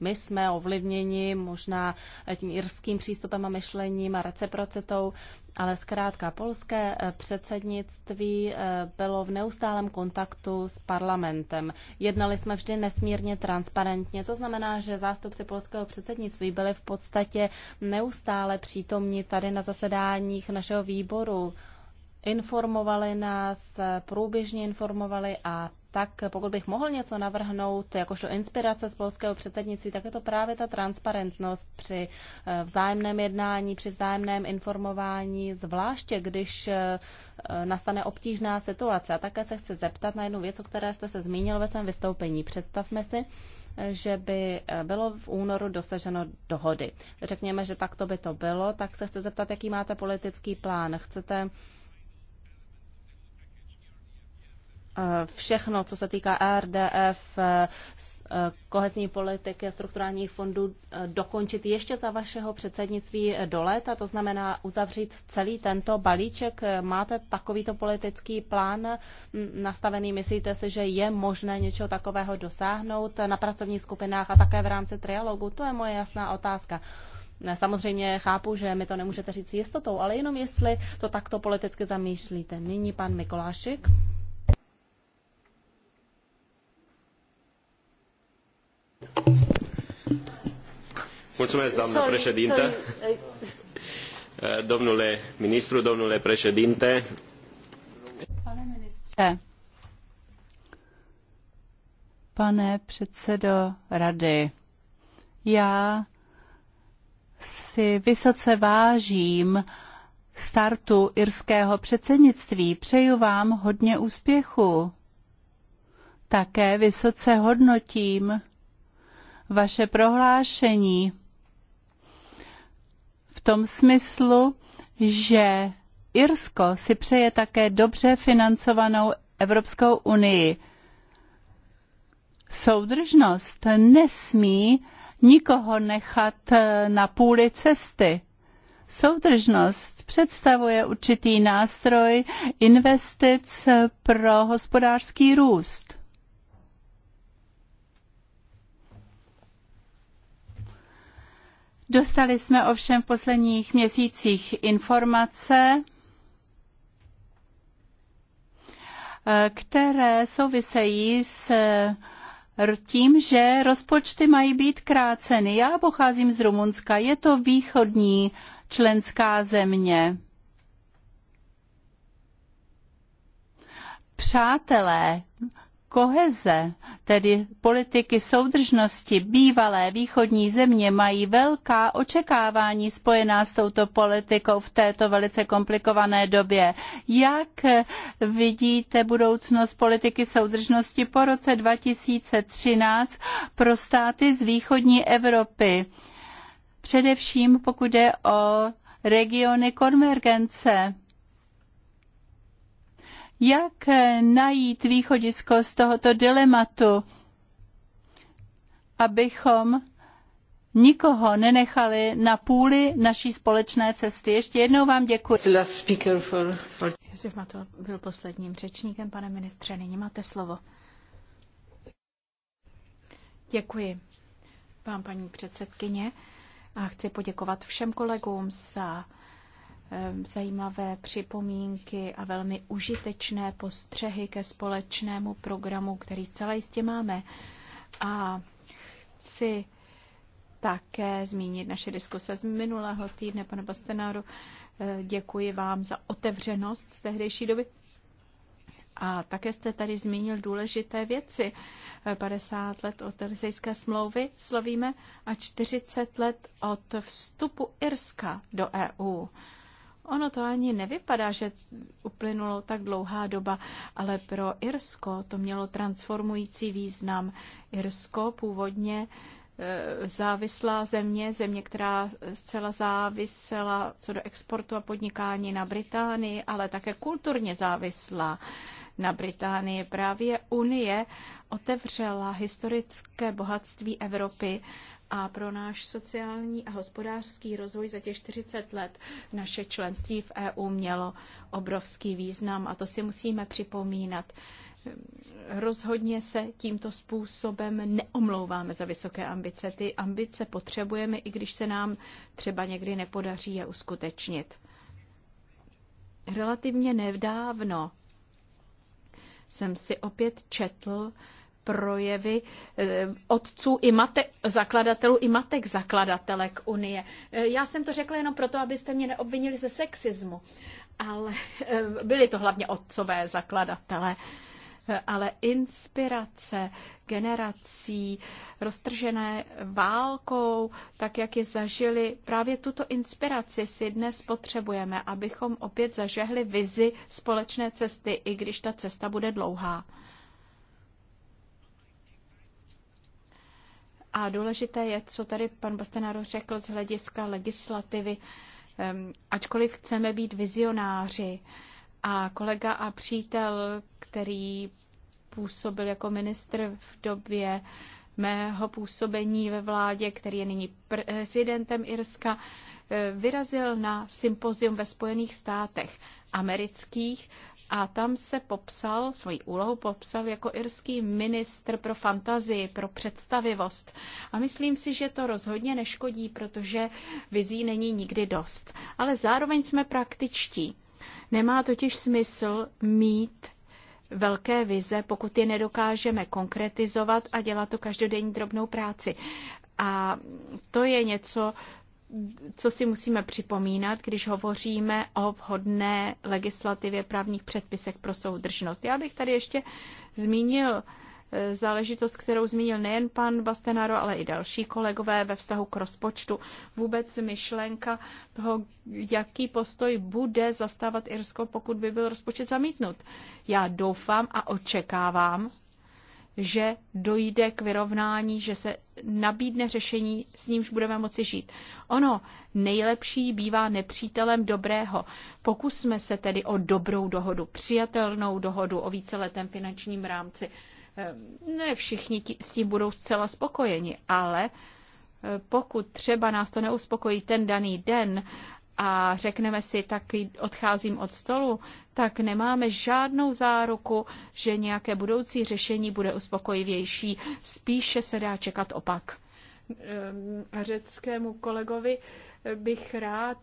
A: my jsme ovlivněni možná tím irským přístupem a myšlením a reciprocitou, ale zkrátka polské eh, předsednictví eh, bylo v neustálém kontaktu s parlamentem. Jednali jsme vždy nesmírně transparentně, to znamená, že zástupci polského předsednictví byli v podstatě neustále přítomni tady na zasedáních našeho výboru informovali nás, eh, průběžně informovali a tak pokud bych mohl něco navrhnout jakožto inspirace z polského předsednictví, tak je to právě ta transparentnost při eh, vzájemném jednání, při vzájemném informování, zvláště když eh, nastane obtížná situace. A také se chci zeptat na jednu věc, o které jste se zmínil ve svém vystoupení. Představme si, že by eh, bylo v únoru dosaženo dohody. Řekněme, že takto by to bylo, tak se chci zeptat, jaký máte politický plán. Chcete všechno, co se týká RDF, eh, eh, kohezní politiky, strukturálních fondů, eh, dokončit ještě za vašeho předsednictví do léta, to znamená uzavřít celý tento balíček. Máte takovýto politický plán nastavený? Myslíte si, že je možné něčeho takového dosáhnout na pracovních skupinách a také v rámci trialogu? To je moje jasná otázka. Samozřejmě chápu, že mi to nemůžete říct s jistotou, ale jenom jestli to takto politicky zamýšlíte. Nyní pan Mikolášik. Mulțumesc, doamnă președintă. Eh,
C: domnule ministru, domnule președinte.
B: Pane předsedo rady, já si vysoce vážím startu irského předsednictví. Přeju vám hodně úspěchu. Také vysoce hodnotím vaše prohlášení v tom smyslu, že Irsko si přeje také dobře financovanou Evropskou unii. Soudržnost nesmí nikoho nechat na půli cesty. Soudržnost představuje určitý nástroj investic pro hospodářský růst. Dostali jsme ovšem v posledních měsících informace, které souvisejí s tím, že rozpočty mají být kráceny. Já pocházím z Rumunska, je to východní členská země. Přátelé, koheze, tedy politiky soudržnosti, bývalé východní země mají velká očekávání spojená s touto politikou v této velice komplikované době. Jak vidíte budoucnost politiky soudržnosti po roce 2013 pro státy z východní Evropy? Především pokud jde o regiony konvergence jak eh, najít východisko z tohoto dilematu, abychom nikoho nenechali na půli naší společné cesty. Ještě jednou vám děkuji. Josef Matl byl posledním řečníkem, pane ministře,
C: nyní máte slovo. Děkuji vám, paní předsedkyně, a chci poděkovat všem kolegům za Ehm, zajímavé připomínky a velmi užitečné postřehy ke společnému programu, který zcela jistě máme. A chci také zmínit naše diskuse z minulého týdne, pane Bastenáru. Ehm, děkuji vám za otevřenost z tehdejší doby. A také jste tady zmínil důležité věci. 50 ehm, let od Elizejské smlouvy slovíme a 40 let od vstupu Irska do EU. Ono to ani nevypadá, že uplynulo tak dlouhá doba, ale pro Irsko to mělo transformující význam. Irsko původně e, závislá země, země, která zcela závisela co do exportu a podnikání na Británii, ale také kulturně závislá na Británii. Právě Unie otevřela historické bohatství Evropy a pro náš sociální a hospodářský rozvoj za těch 40 let naše členství v EU mělo obrovský význam a to si musíme připomínat. Rozhodně se tímto způsobem neomlouváme za vysoké ambice. Ty ambice potřebujeme, i když se nám třeba někdy nepodaří je uskutečnit. Relativně nedávno jsem si opět četl projevy eh, otců i matek, zakladatelů i matek zakladatelek Unie. Eh, já jsem to řekla jenom proto, abyste mě neobvinili ze sexismu, ale eh, byli to hlavně otcové zakladatele. Ale inspirace generací roztržené válkou, tak jak ji zažili, právě tuto inspiraci si dnes potřebujeme, abychom opět zažehli vizi společné cesty, i když ta cesta bude dlouhá. A důležité je, co tady pan Bastenaro řekl z hlediska legislativy. Ehm, ačkoliv chceme být vizionáři, a kolega a přítel, který působil jako ministr v době mého působení ve vládě, který je nyní prezidentem Irska, eh, vyrazil na sympozium ve Spojených státech amerických, a tam se popsal, svoji úlohu popsal jako irský ministr pro fantazii, pro představivost. A myslím si, že to rozhodně neškodí, protože vizí není nikdy dost. Ale zároveň jsme praktičtí. Nemá totiž smysl mít velké vize, pokud je nedokážeme konkretizovat a dělat to každodenní drobnou práci. A to je něco, co si musíme připomínat, když hovoříme o vhodné legislativě právních předpisech pro soudržnost. Já bych tady ještě zmínil eh, záležitost, kterou zmínil nejen pan Bastenaro, ale i další kolegové ve vztahu k rozpočtu. Vůbec myšlenka toho, jaký postoj bude zastávat Irsko, pokud by byl rozpočet zamítnut. Já doufám a očekávám, že dojde k vyrovnání, že se nabídne řešení, s nímž budeme moci žít. Ono nejlepší bývá nepřítelem dobrého. Pokusme se tedy o dobrou dohodu, přijatelnou dohodu o víceletém finančním rámci. Ehm, ne všichni s tím budou zcela spokojeni, ale eh, pokud třeba nás to neuspokojí ten daný den a řekneme si, tak odcházím od stolu, tak nemáme žádnou záruku, že nějaké budoucí řešení bude uspokojivější. Spíše se dá čekat opak. Ehm, řeckému kolegovi bych rád,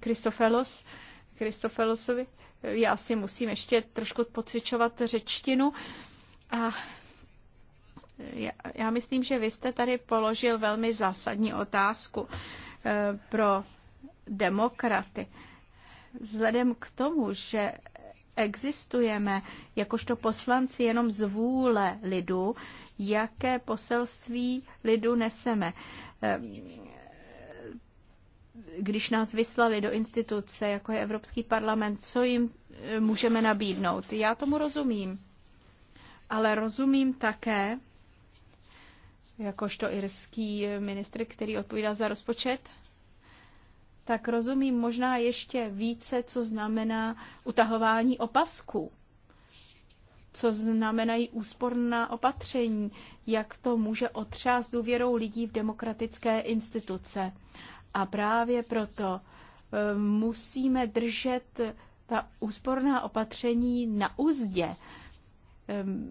C: Kristofelos, Kristofelosovi, já si musím ještě trošku pocvičovat řečtinu a já, já myslím, že vy jste tady položil velmi zásadní otázku eh, pro demokraty. Vzhledem k tomu, že existujeme jakožto poslanci jenom z vůle lidu, jaké poselství lidu neseme. Ehm, když nás vyslali do instituce, jako je Evropský parlament, co jim e, můžeme nabídnout? Já tomu rozumím. Ale rozumím také, jakožto irský ministr, který odpovídá za rozpočet, tak rozumím možná ještě více, co znamená utahování opasků, co znamenají úsporná opatření, jak to může otřást důvěrou lidí v demokratické instituce. A právě proto e, musíme držet ta úsporná opatření na úzdě. E,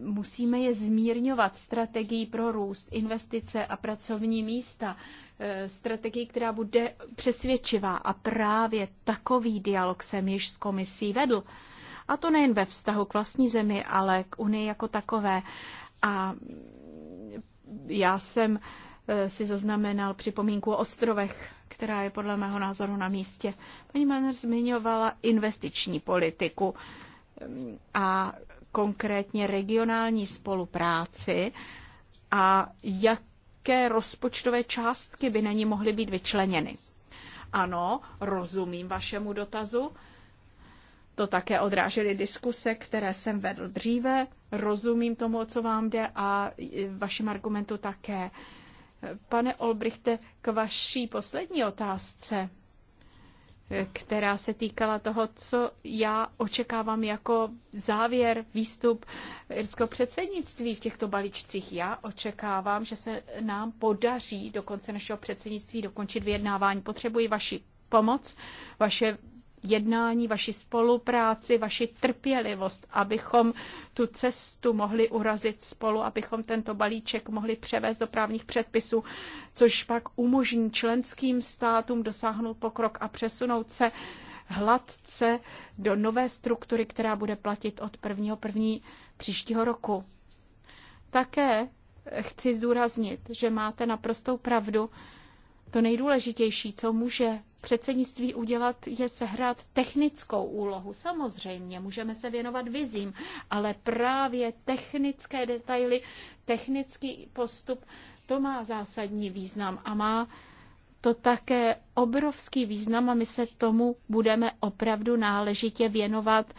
C: musíme je zmírňovat strategií pro růst, investice a pracovní místa. Eh, strategii, která bude přesvědčivá a právě takový dialog jsem již s komisí vedl. A to nejen ve vztahu k vlastní zemi, ale k Unii jako takové. A já jsem eh, si zaznamenal připomínku o ostrovech, která je podle mého názoru na místě. Paní Manner zmiňovala investiční politiku eh, a konkrétně regionální spolupráci a jak jaké rozpočtové částky by na ní mohly být vyčleněny. Ano, rozumím vašemu dotazu. To také odrážely diskuse, které jsem vedl dříve. Rozumím tomu, o co vám jde a vašim argumentu také. Pane Olbrichte, k vaší poslední otázce která se týkala toho, co já očekávám jako závěr, výstup irského předsednictví v těchto balíčcích. Já očekávám, že se nám podaří do konce našeho předsednictví dokončit vyjednávání. Potřebuji vaši pomoc, vaše jednání, vaši spolupráci, vaši trpělivost, abychom tu cestu mohli urazit spolu, abychom tento balíček mohli převést do právních předpisů, což pak umožní členským státům dosáhnout pokrok a přesunout se hladce do nové struktury, která bude platit od 1. 1. příštího roku. Také chci zdůraznit, že máte naprostou pravdu, to nejdůležitější, co může předsednictví udělat, je sehrát technickou úlohu. Samozřejmě můžeme se věnovat vizím, ale právě technické detaily, technický postup, to má zásadní význam a má to také obrovský význam a my se tomu budeme opravdu náležitě věnovat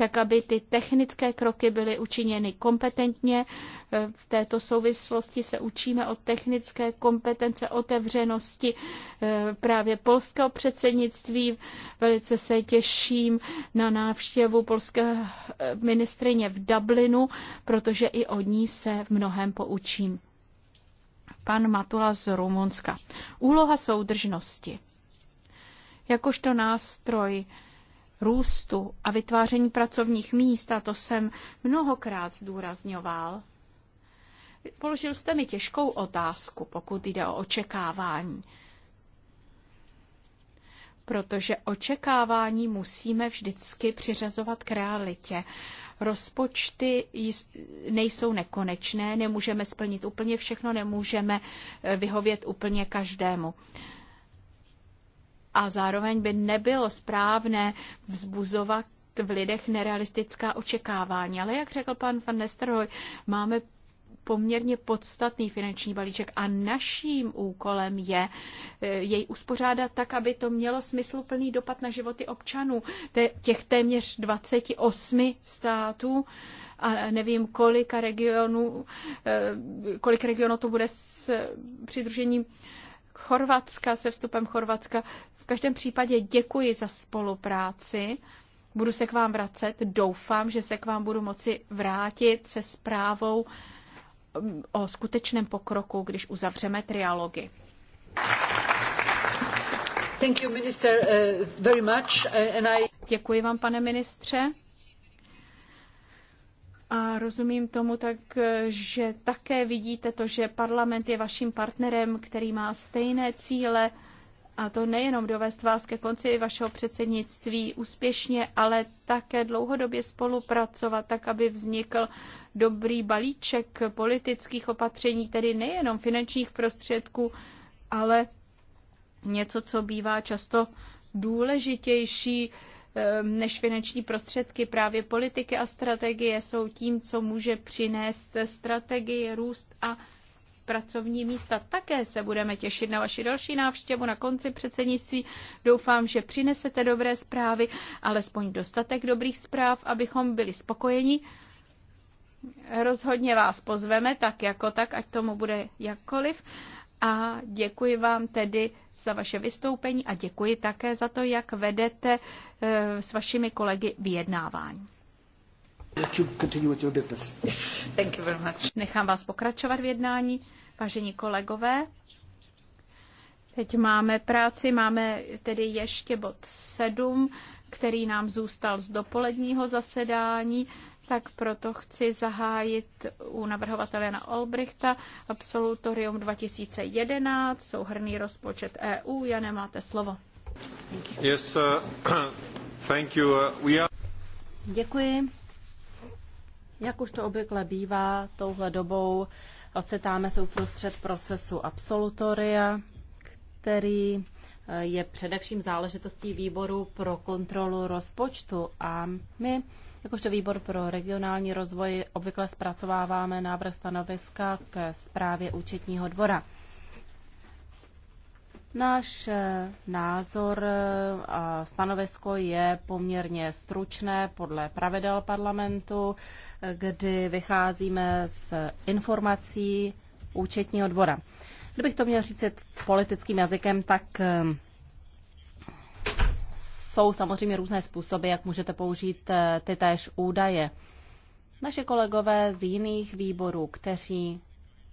C: tak aby ty technické kroky byly učiněny kompetentně. E, v této souvislosti se učíme o technické kompetence otevřenosti e, právě polského předsednictví. Velice se těším na návštěvu polské e, ministrině v Dublinu, protože i od ní se v mnohem poučím. Pan Matula z Rumunska. Úloha soudržnosti. Jakožto nástroj růstu a vytváření pracovních míst, a to jsem mnohokrát zdůrazňoval, položil jste mi těžkou otázku, pokud jde o očekávání. Protože očekávání musíme vždycky přiřazovat k realitě rozpočty nejsou nekonečné, nemůžeme splnit úplně všechno, nemůžeme eh, vyhovět úplně každému a zároveň by nebylo správné vzbuzovat v lidech nerealistická očekávání. Ale jak řekl pan van Nesterhoj, máme poměrně podstatný finanční balíček a naším úkolem je eh, jej uspořádat tak, aby to mělo smysluplný dopad na životy občanů těch téměř 28 států a nevím, kolika regionů, eh, kolik regionů to bude s eh, přidružením Chorvatska, se vstupem Chorvatska. V každém případě děkuji za spolupráci. Budu se k vám vracet. Doufám, že se k vám budu moci vrátit se zprávou um, o skutečném pokroku, když uzavřeme trialogy.
B: Thank you, minister, uh, very much,
C: uh, and I... Děkuji vám, pane ministře. A rozumím tomu tak, že také vidíte to, že parlament je vaším partnerem, který má stejné cíle, a to nejenom dovést vás ke konci vašeho předsednictví úspěšně, ale také dlouhodobě spolupracovat, tak aby vznikl dobrý balíček politických opatření, tedy nejenom finančních prostředků, ale něco, co bývá často důležitější Ehm, než finanční prostředky. Právě politiky a strategie jsou tím, co může přinést strategii, růst a pracovní místa. Také se budeme těšit na vaši další návštěvu na konci předsednictví. Doufám, že přinesete dobré zprávy, alespoň dostatek dobrých zpráv, abychom byli spokojeni. Rozhodně vás pozveme, tak jako tak, ať tomu bude jakkoliv. A děkuji vám tedy za vaše vystoupení a děkuji také za to, jak vedete eh, s vašimi kolegy vyjednávání. Nechám vás pokračovat v jednání, vážení kolegové. Teď máme práci, máme tedy ještě bod 7, který nám zůstal z dopoledního zasedání tak proto chci zahájit u navrhovatele na Olbrichta absolutorium 2011, souhrný rozpočet EU. Já máte slovo.
B: Yes, uh, thank you. Uh, we are...
A: Děkuji. Jak už to obvykle bývá, touhle dobou ocitáme se uprostřed procesu absolutoria, který eh, je především záležitostí výboru pro kontrolu rozpočtu a my Jakožto výbor pro regionální rozvoj obvykle zpracováváme návrh stanoviska k zprávě účetního dvora. Náš eh, názor eh, a stanovisko je poměrně stručné podle pravidel parlamentu, eh, kdy vycházíme z informací účetního dvora. Kdybych to měl říct politickým jazykem, tak jsou samozřejmě různé způsoby, jak můžete použít eh, ty též údaje. Naše kolegové z jiných výborů, kteří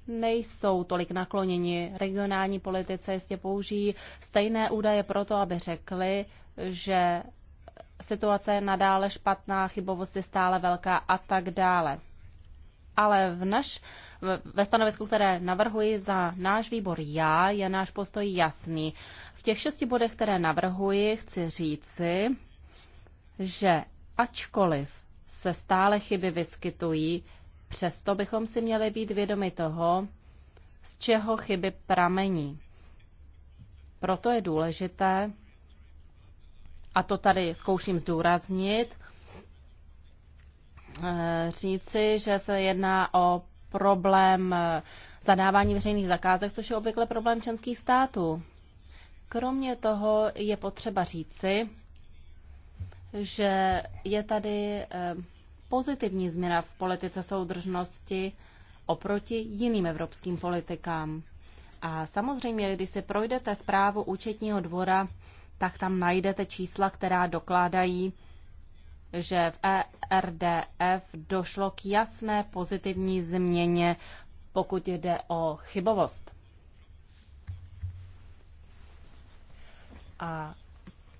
A: nejsou tolik nakloněni regionální politice, jistě použijí stejné údaje pro to, aby řekli, že situace je nadále špatná, chybovost je stále velká a tak dále. Ale v naš, ve stanovisku, které navrhuji za náš výbor já, je náš postoj jasný těch šesti bodech, které navrhuji, chci říci, že ačkoliv se stále chyby vyskytují, přesto bychom si měli být vědomi toho, z čeho chyby pramení. Proto je důležité, a to tady zkouším zdůraznit, eh, říci, že se jedná o problém eh, zadávání veřejných zakázek, což je obvykle problém členských států. Kromě toho je potřeba říci, že je tady eh, pozitivní změna v politice soudržnosti oproti jiným evropským politikám. A samozřejmě, když si projdete zprávu účetního dvora, tak tam najdete čísla, která dokládají, že v ERDF došlo k jasné pozitivní změně, pokud jde o chybovost. A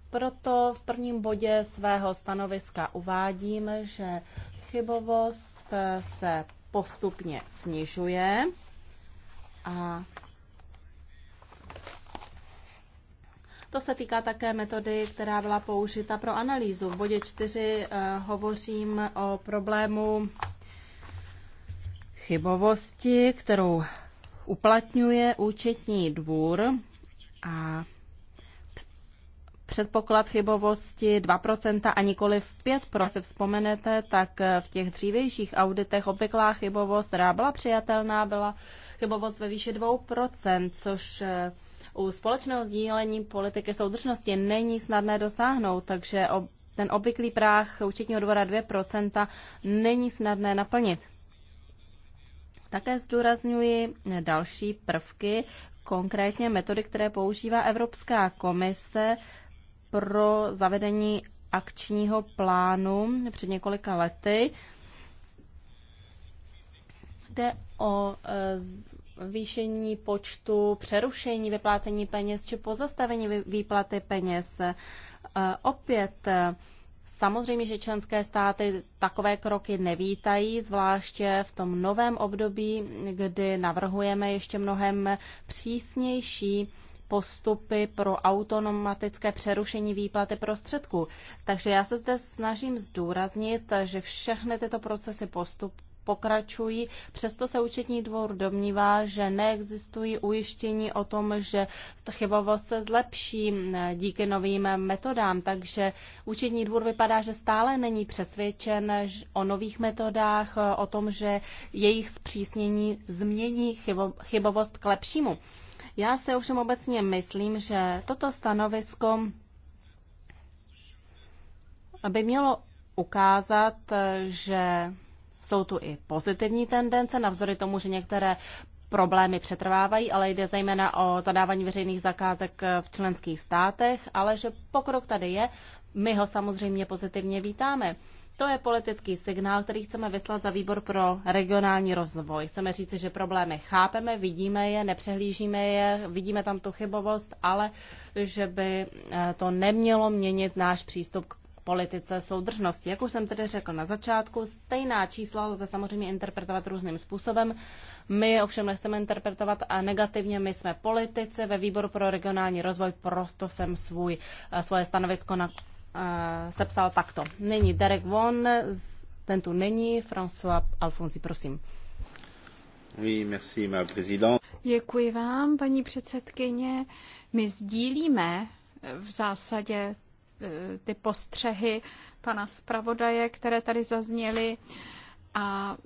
A: proto v prvním bodě svého stanoviska uvádím, že chybovost eh, se postupně snižuje a To se týká také metody, která byla použita pro analýzu. V bodě 4 eh, hovořím o problému chybovosti, kterou uplatňuje účetní dvůr a předpoklad chybovosti 2% a nikoli v 5%. Se vzpomenete, tak eh, v těch dřívejších auditech obvyklá chybovost, která byla přijatelná, byla chybovost ve výši 2%, což eh, u společného sdílení politiky soudržnosti není snadné dosáhnout, takže ten obvyklý práh účetního dvora 2% není snadné naplnit. Také zdůrazňuji další prvky, konkrétně metody, které používá Evropská komise pro zavedení akčního plánu před několika lety. Jde o e, zvýšení počtu přerušení vyplácení peněz či pozastavení výplaty peněz. E, opět e, Samozřejmě, že členské státy takové kroky nevítají, zvláště v tom novém období, kdy navrhujeme ještě mnohem přísnější postupy pro automatické přerušení výplaty prostředků. Takže já se zde snažím zdůraznit, že všechny tyto procesy postup pokračují. Přesto se účetní dvor domnívá, že neexistují ujištění o tom, že chybovost se zlepší eh, díky novým metodám. Takže účetní dvor vypadá, že stále není přesvědčen o nových metodách, eh, o tom, že jejich zpřísnění změní chybovost k lepšímu. Já se ovšem obecně myslím, že toto stanovisko by mělo ukázat, že jsou tu i pozitivní tendence, navzdory tomu, že některé problémy přetrvávají, ale jde zejména o zadávání veřejných zakázek v členských státech, ale že pokrok tady je, my ho samozřejmě pozitivně vítáme. To je politický signál, který chceme vyslat za výbor pro regionální rozvoj. Chceme říci, že problémy chápeme, vidíme je, nepřehlížíme je, vidíme tam tu chybovost, ale že by eh, to nemělo měnit náš přístup k politice soudržnosti. Jak už jsem tedy řekl na začátku, stejná čísla lze samozřejmě interpretovat různým způsobem. My ovšem nechceme interpretovat a negativně. My jsme politici ve výboru pro regionální rozvoj, prosto jsem svůj, eh, svoje stanovisko na sepsal takto. Není Derek Von, ten tu není, François Alfonsi, prosím.
B: Oui, merci, ma président.
A: Děkuji vám, paní
C: předsedkyně. My sdílíme eh, v zásadě eh, ty postřehy pana zpravodaje, které tady zazněly a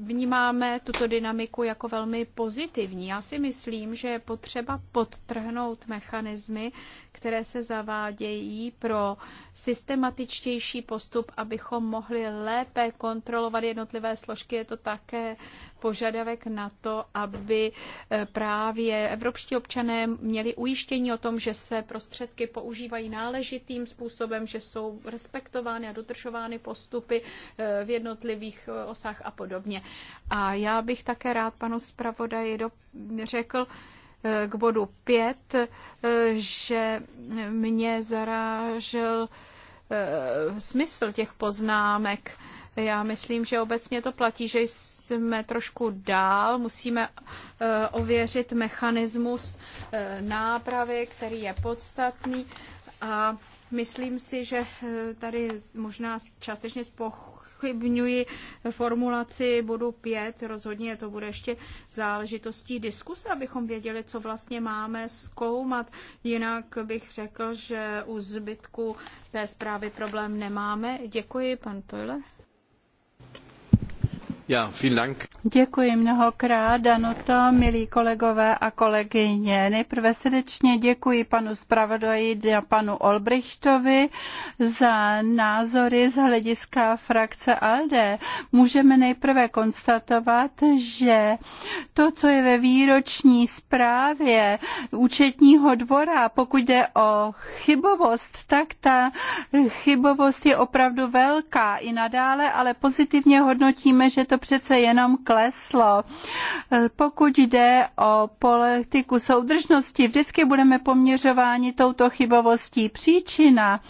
C: vnímáme tuto dynamiku jako velmi pozitivní. Já si myslím, že je potřeba podtrhnout mechanismy, které se zavádějí pro systematičtější postup, abychom mohli lépe kontrolovat jednotlivé složky. Je to také požadavek na to, aby eh, právě evropští občané měli ujištění o tom, že se prostředky používají náležitým způsobem, že jsou respektovány a dodržovány postupy eh, v jednotlivých eh, osách a podobně. A já bych také rád panu zpravodaji do, řekl eh, k bodu 5, eh, že mě zarážel eh, smysl těch poznámek. Já myslím, že obecně to platí, že jsme trošku dál, musíme ověřit mechanismus nápravy, který je podstatný a myslím si, že tady možná částečně spochu nespochybňuji formulaci bodu 5. Rozhodně to bude ještě záležitostí diskuse, abychom věděli, co vlastně máme zkoumat. Jinak bych řekl, že u zbytku té zprávy problém
B: nemáme. Děkuji, pan Toiler. Děkuji mnohokrát, Danuto, milí kolegové a kolegyně. Nejprve srdečně děkuji panu zpravodaji a panu Olbrichtovi za názory z hlediska frakce ALDE. Můžeme nejprve konstatovat, že to, co je ve výroční zprávě účetního dvora, pokud jde o chybovost, tak ta chybovost je opravdu velká i nadále, ale pozitivně hodnotíme, že to přece jenom kleslo. Pokud jde o politiku soudržnosti, vždycky budeme poměřováni touto chybovostí. Příčina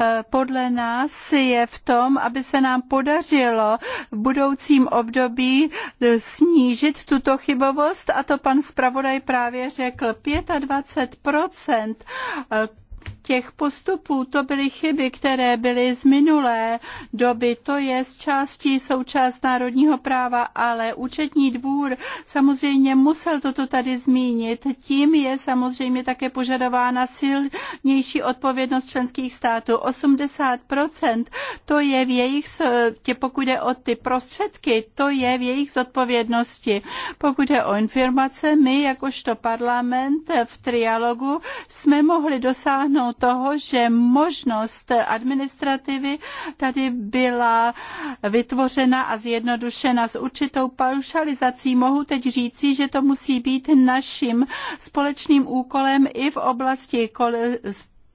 B: eh, podle nás je v tom, aby se nám podařilo v budoucím období eh, snížit tuto chybovost a to pan zpravodaj právě řekl 25 těch postupů, to byly chyby, které byly z minulé doby. To je z částí součást národního práva, ale účetní dvůr samozřejmě musel toto tady zmínit. Tím je samozřejmě také požadována silnější odpovědnost členských států. 80% to je v jejich, tě pokud jde o ty prostředky, to je v jejich zodpovědnosti. Pokud jde o informace, my jakožto parlament v trialogu jsme mohli dosáhnout toho, že možnost administrativy tady byla vytvořena a zjednodušena s určitou paušalizací. Mohu teď říci, že to musí být naším společným úkolem i v oblasti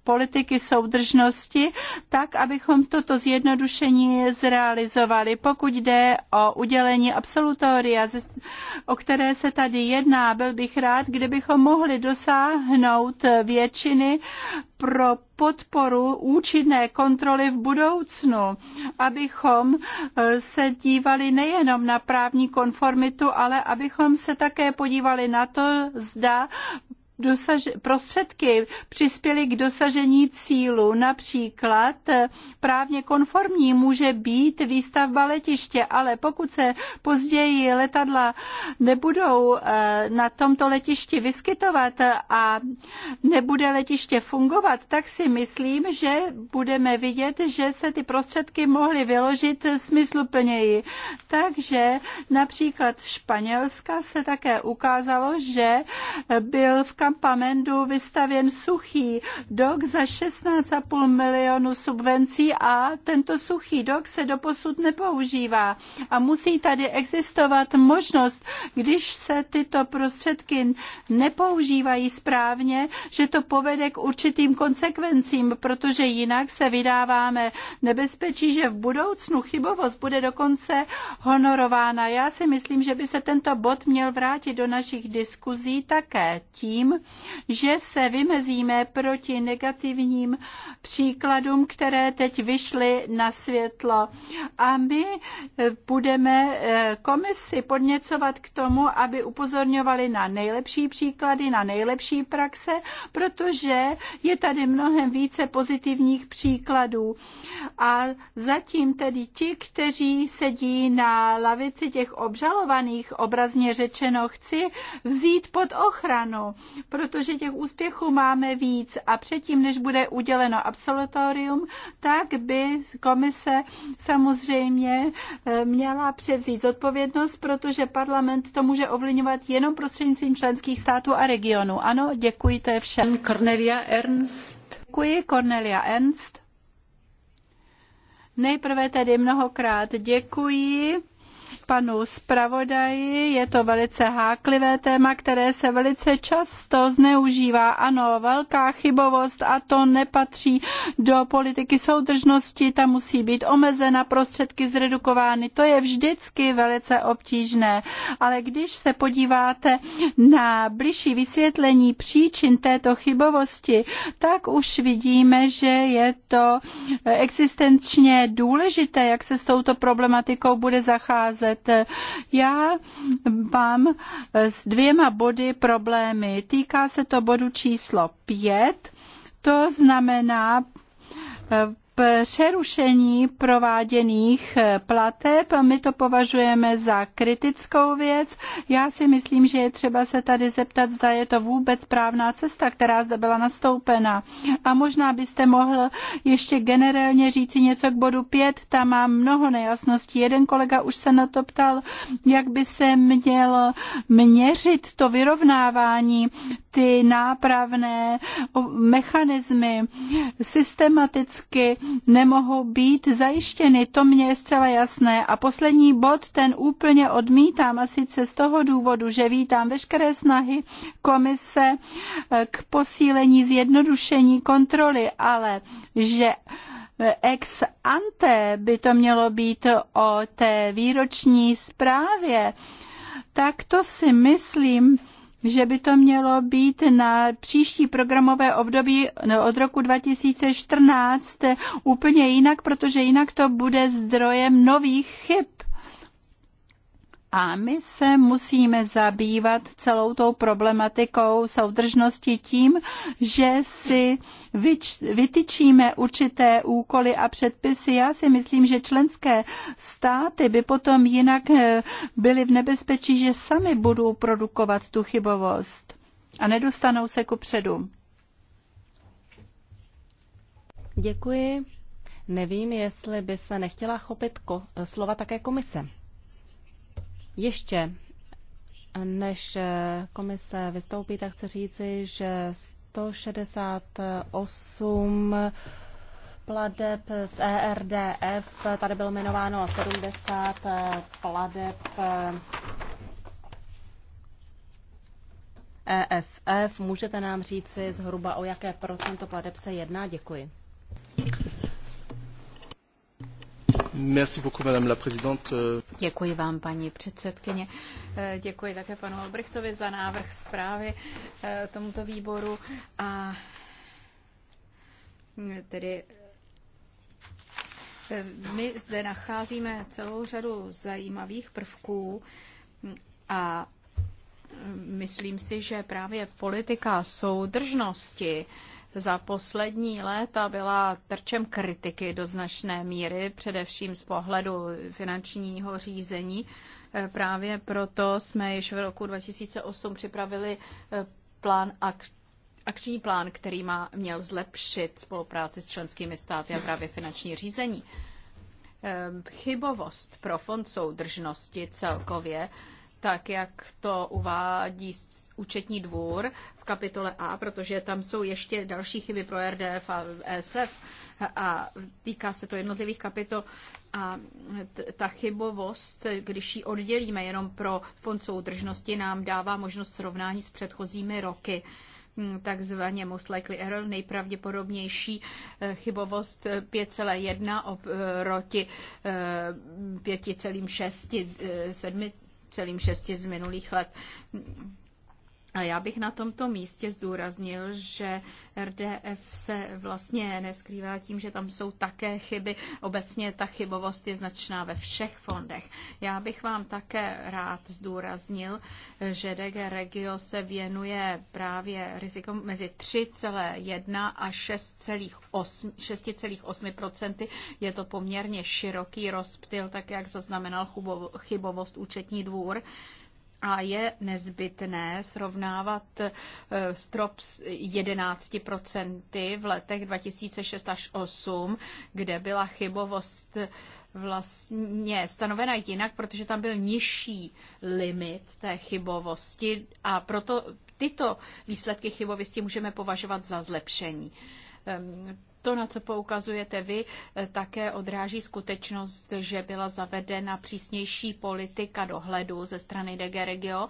B: politiky soudržnosti, tak abychom toto zjednodušení zrealizovali. Pokud jde o udělení absolutoria, o které se tady jedná, byl bych rád, kdybychom mohli dosáhnout většiny pro podporu účinné kontroly v budoucnu, abychom eh, se dívali nejenom na právní konformitu, ale abychom se také podívali na to, zda dosaž- prostředky přispěly k dosažení cílu. Například eh, právně konformní může být výstavba letiště, ale pokud se později letadla nebudou eh, na tomto letišti vyskytovat a nebude letiště fungovat, tak si myslím, že budeme vidět, že se ty prostředky mohly vyložit smysluplněji. Takže například Španělska se také ukázalo, že eh, byl v kam kampamendu vystavěn suchý dok za 16,5 milionu subvencí a tento suchý dok se doposud nepoužívá. A musí tady existovat možnost, když se tyto prostředky nepoužívají správně, že to povede k určitým konsekvencím, protože jinak se vydáváme nebezpečí, že v budoucnu chybovost bude dokonce honorována. Já si myslím, že by se tento bod měl vrátit do našich diskuzí také tím, že se vymezíme proti negativním příkladům, které teď vyšly na světlo. A my eh, budeme eh, komisi podněcovat k tomu, aby upozorňovali na nejlepší příklady, na nejlepší praxe, protože je tady mnohem více pozitivních příkladů. A zatím tedy ti, kteří sedí na lavici těch obžalovaných, obrazně řečeno, chci vzít pod ochranu protože těch úspěchů máme víc a předtím, než bude uděleno absolutorium, tak by komise samozřejmě eh, měla převzít odpovědnost, protože parlament to může ovlivňovat jenom prostřednictvím členských států a regionů. Ano, děkuji, to je vše. Cornelia Ernst. Děkuji, Cornelia Ernst. Nejprve tedy mnohokrát děkuji panu zpravodaji. Je to velice háklivé téma, které se velice často zneužívá. Ano, velká chybovost a to nepatří do politiky soudržnosti. Ta musí být omezena, prostředky zredukovány. To je vždycky velice obtížné. Ale když se podíváte na bližší vysvětlení příčin této chybovosti, tak už vidíme, že je to existenčně důležité, jak se s touto problematikou bude zacházet 2020. Já mám s dvěma body problémy. Týká se to bodu číslo 5, to znamená eh, přerušení prováděných eh, plateb. My to považujeme za kritickou věc. Já si myslím, že je třeba se tady zeptat, zda je to vůbec správná cesta, která zde byla nastoupena. A možná byste mohl ještě generálně říci něco k bodu 5. Tam mám mnoho nejasností. Jeden kolega už se na to ptal, jak by se měl měřit to vyrovnávání, ty nápravné mechanismy systematicky nemohou být zajištěny. To mně je zcela jasné. A poslední bod, ten úplně odmítám a sice z toho důvodu, že vítám veškeré snahy komise eh, k posílení zjednodušení kontroly, ale že eh, ex ante by to mělo být o té výroční zprávě, tak to si myslím, že by to mělo být na příští programové období no, od roku 2014 úplně jinak, protože jinak to bude zdrojem nových chyb. A my se musíme zabývat celou tou problematikou soudržnosti tím, že si vytyčíme určité úkoly a předpisy. Já si myslím, že členské státy by potom jinak eh, byly v nebezpečí, že sami budou produkovat tu chybovost a nedostanou se ku předu.
A: Děkuji. Nevím, jestli by se nechtěla chopit ko- slova také komise. Ještě než eh, komise vystoupí, tak chci říci, že 168 pladeb z ERDF, tady bylo jmenováno 70 eh, pladeb ESF. Eh, e Můžete nám říci zhruba, o jaké procento pladeb se jedná? Děkuji. Děkuji vám, paní
C: předsedkyně. Eh, děkuji také panu Albrechtovi za návrh zprávy eh, tomuto výboru a eh, tedy my zde nacházíme celou řadu zajímavých prvků a myslím si, že právě politika soudržnosti za poslední léta byla terčem kritiky do značné míry, především z pohledu finančního řízení. E, právě proto jsme již v roku 2008 připravili e, plán ak- akční plán, který má, měl zlepšit spolupráci s členskými státy a právě finanční řízení. E, chybovost pro fond soudržnosti celkově tak jak to uvádí účetní dvůr v kapitole A, protože tam jsou ještě další chyby pro RDF a ESF a týká se to jednotlivých kapitol. A ta chybovost, když ji oddělíme jenom pro fond soudržnosti, nám dává možnost srovnání s předchozími roky hmm, takzvaně most likely error, nejpravděpodobnější eh, chybovost 5,1 oproti 5,6, 7 celým šesti z minulých let. A já bych na tomto místě zdůraznil, že RDF se vlastně neskrývá tím, že tam jsou také chyby. Obecně ta chybovost je značná ve všech fondech. Já bych vám také rád zdůraznil, že DG Regio se věnuje právě rizikom mezi 3,1 a 6,8 Je to poměrně široký rozptyl, tak jak zaznamenal chybovost účetní dvůr a je nezbytné srovnávat eh, strop s 11% v letech 2006 až 2008, kde byla chybovost eh, vlastně stanovena jinak, protože tam byl nižší limit té chybovosti a proto tyto výsledky chybovosti můžeme považovat za zlepšení ehm, to, na co poukazujete vy, eh, také odráží skutečnost, že byla zavedena přísnější politika dohledu ze strany DG Regio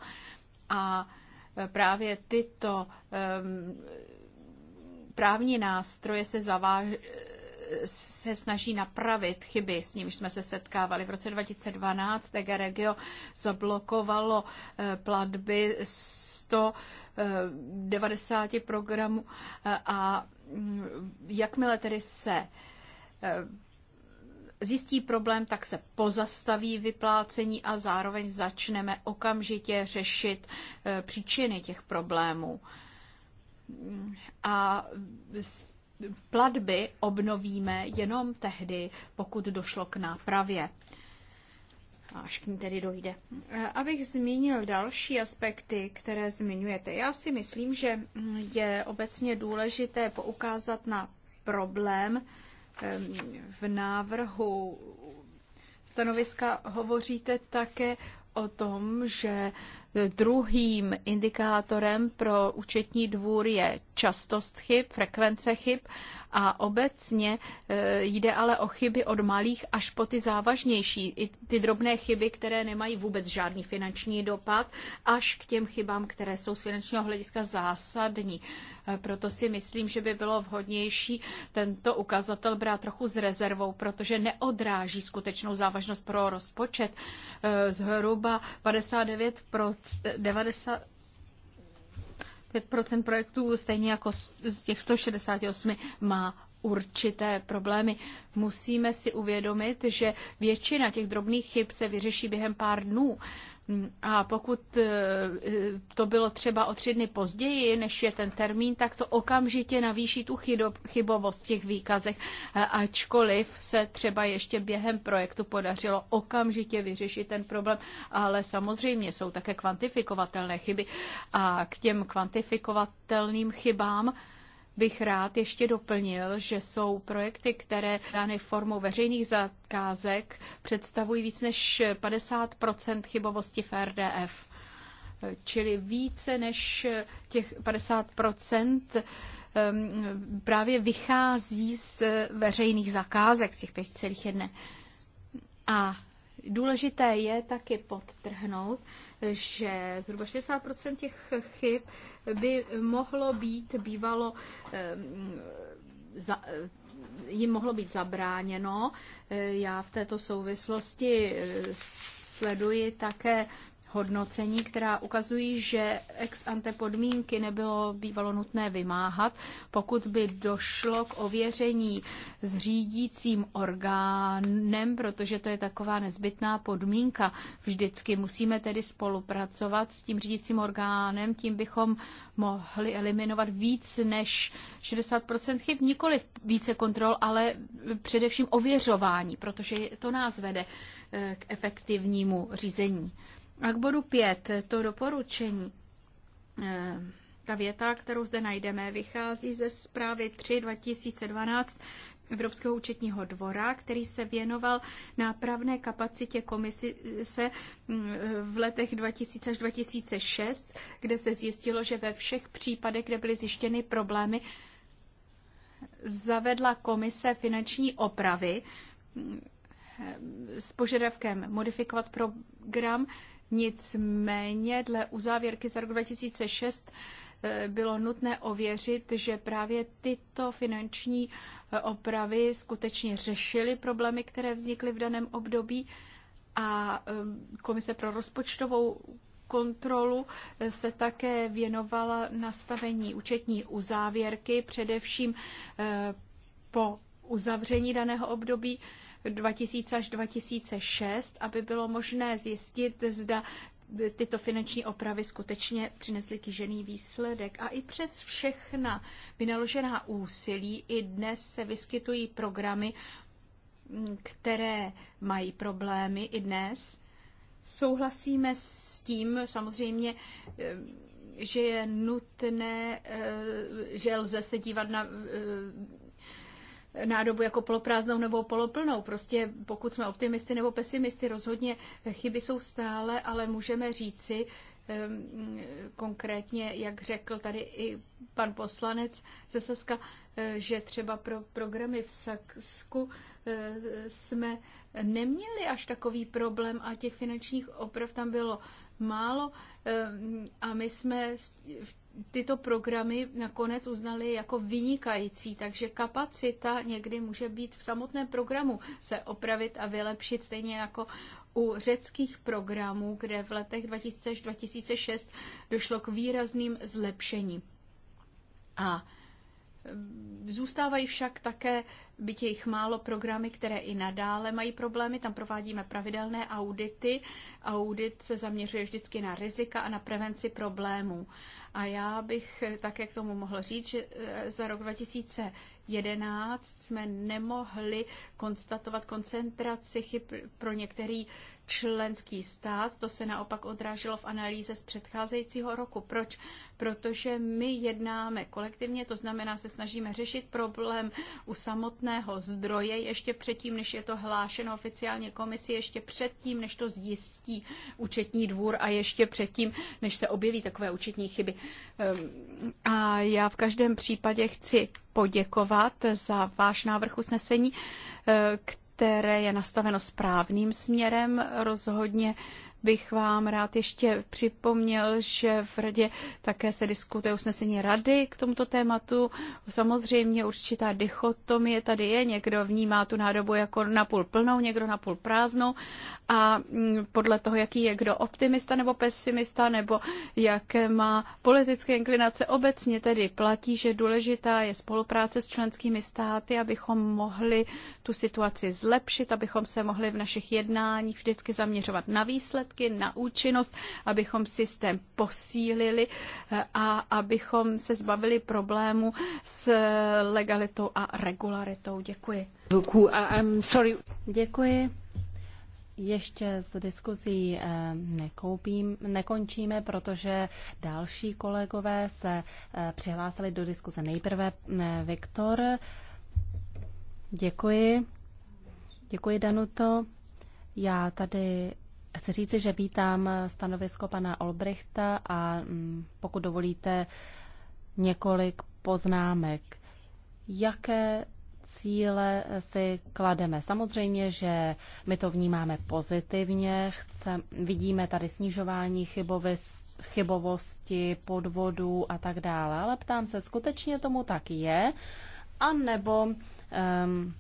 C: a eh, právě tyto ehm, právní nástroje se zaváží se snaží napravit chyby, s nimiž jsme se setkávali. V roce 2012 DG Regio zablokovalo eh, platby 190 programů a jakmile tedy se eh, zjistí problém, tak se pozastaví vyplácení a zároveň začneme okamžitě řešit eh, příčiny těch problémů. A platby obnovíme jenom tehdy, pokud došlo k nápravě až k ní tedy dojde. E, abych zmínil další aspekty, které zmiňujete. Já si myslím, že je obecně důležité poukázat na problém v návrhu stanoviska hovoříte také o tom, že Druhým indikátorem pro účetní dvůr je častost chyb, frekvence chyb a obecně e, jde ale o chyby od malých až po ty závažnější, i ty drobné chyby, které nemají vůbec žádný finanční dopad, až k těm chybám, které jsou z finančního hlediska zásadní. E, proto si myslím, že by bylo vhodnější tento ukazatel brát trochu s rezervou, protože neodráží skutečnou závažnost pro rozpočet. E, zhruba 59 95 projektů, stejně jako z těch 168, má určité problémy. Musíme si uvědomit, že většina těch drobných chyb se vyřeší během pár dnů. Uh, a pokud e, e, to bylo třeba o tři dny později, než je ten termín, tak to okamžitě navýší tu chybovost v těch výkazech, e, ačkoliv se třeba ještě během projektu podařilo okamžitě vyřešit ten problém. Ale samozřejmě jsou také kvantifikovatelné chyby. A k těm kvantifikovatelným chybám bych rád ještě doplnil, že jsou projekty, které dány formou veřejných zakázek představují víc než 50 chybovosti v RDF. Čili více než těch 50 ehm, právě vychází z veřejných zakázek, z těch 5,1. A důležité je taky podtrhnout, že zhruba 60 těch chyb by mohlo být bývalo ehm, za, eh, jim mohlo být zabráněno. Eh, já v této souvislosti eh, sleduji také hodnocení, která ukazují, že ex ante podmínky nebylo bývalo nutné vymáhat, pokud by došlo k ověření s řídícím orgánem, protože to je taková nezbytná podmínka. Vždycky musíme tedy spolupracovat s tím řídícím orgánem, tím bychom mohli eliminovat víc než 60% chyb, nikoli více kontrol, ale především ověřování, protože to nás vede eh, k efektivnímu řízení. A k bodu pět to doporučení. Eh, ta věta, kterou zde najdeme, vychází ze zprávy 3 2012 Evropského účetního dvora, který se věnoval nápravné kapacitě komise mm, v letech 2000 až 2006, kde se zjistilo, že ve všech případech, kde byly zjištěny problémy, zavedla komise finanční opravy mm, s požadavkem modifikovat program Nicméně dle uzávěrky z roku 2006 bylo nutné ověřit, že právě tyto finanční eh, opravy skutečně řešily problémy, které vznikly v daném období a eh, Komise pro rozpočtovou kontrolu eh, se také věnovala nastavení účetní uzávěrky, především po uzavření daného období 2000 až 2006, aby bylo možné zjistit, zda tyto finanční opravy skutečně přinesly kýžený výsledek. A i přes všechna vynaložená úsilí i dnes se vyskytují programy, které mají problémy i dnes. Souhlasíme s tím samozřejmě, eh, že je nutné, eh, že lze se dívat na eh, nádobu jako poloprázdnou nebo poloplnou. Prostě pokud jsme optimisty nebo pesimisty, rozhodně chyby jsou stále, ale můžeme říci konkrétně, jak řekl tady i pan poslanec ze Saska, eh, že třeba pro programy v Saksku eh, jsme neměli až takový problém a těch finančních oprav tam bylo málo eh, a my jsme tyto programy nakonec uznali jako vynikající, takže kapacita někdy může být v samotném programu se opravit a vylepšit, stejně jako u řeckých programů, kde v letech 2000 2006 došlo k výrazným zlepšením. A Zůstávají však také, byť jejich málo, programy, které i nadále mají problémy. Tam provádíme pravidelné audity. Audit se zaměřuje vždycky na rizika a na prevenci problémů. A já bych také k tomu mohl říct, že eh, za rok 2011 jsme nemohli konstatovat koncentraci chyb pro některý členský stát. To se naopak odráželo v analýze z předcházejícího roku. Proč? Protože my jednáme kolektivně, to znamená, se snažíme řešit problém u samotného zdroje ještě předtím, než je to hlášeno oficiálně komisi, ještě předtím, než to zjistí účetní dvůr a ještě předtím, než se objeví takové účetní chyby. Ehm, a já v každém případě chci poděkovat za váš návrh usnesení, který eh, které je nastaveno správným směrem, rozhodně bych vám rád ještě připomněl, že v radě také se diskutuje usnesení rady k tomuto tématu. Samozřejmě určitá dichotomie tady je. Někdo vnímá tu nádobu jako napůl plnou, někdo napůl prázdnou a mm, podle toho, jaký je kdo optimista nebo pesimista, nebo jaké má politické inklinace obecně tedy platí, že důležitá je spolupráce s členskými státy, abychom mohli tu situaci zlepšit, abychom se mohli v našich jednáních vždycky zaměřovat na výsledky prostředky na účinnost, abychom systém posílili eh, a abychom se zbavili problému s legalitou a regularitou. Děkuji.
A: Děkuji. Ještě s diskuzí eh, nekoupím, nekončíme, protože další kolegové se eh, přihlásili do diskuze. Nejprve Viktor. Děkuji. Děkuji, Danuto. Já tady Chci říci, že vítám stanovisko pana Olbrichta a mm, pokud dovolíte několik poznámek. Jaké cíle si klademe. Samozřejmě, že my to vnímáme pozitivně, chce, vidíme tady snižování chybovosti, chybovosti, podvodů a tak dále, ale ptám se, skutečně tomu tak je? A nebo um,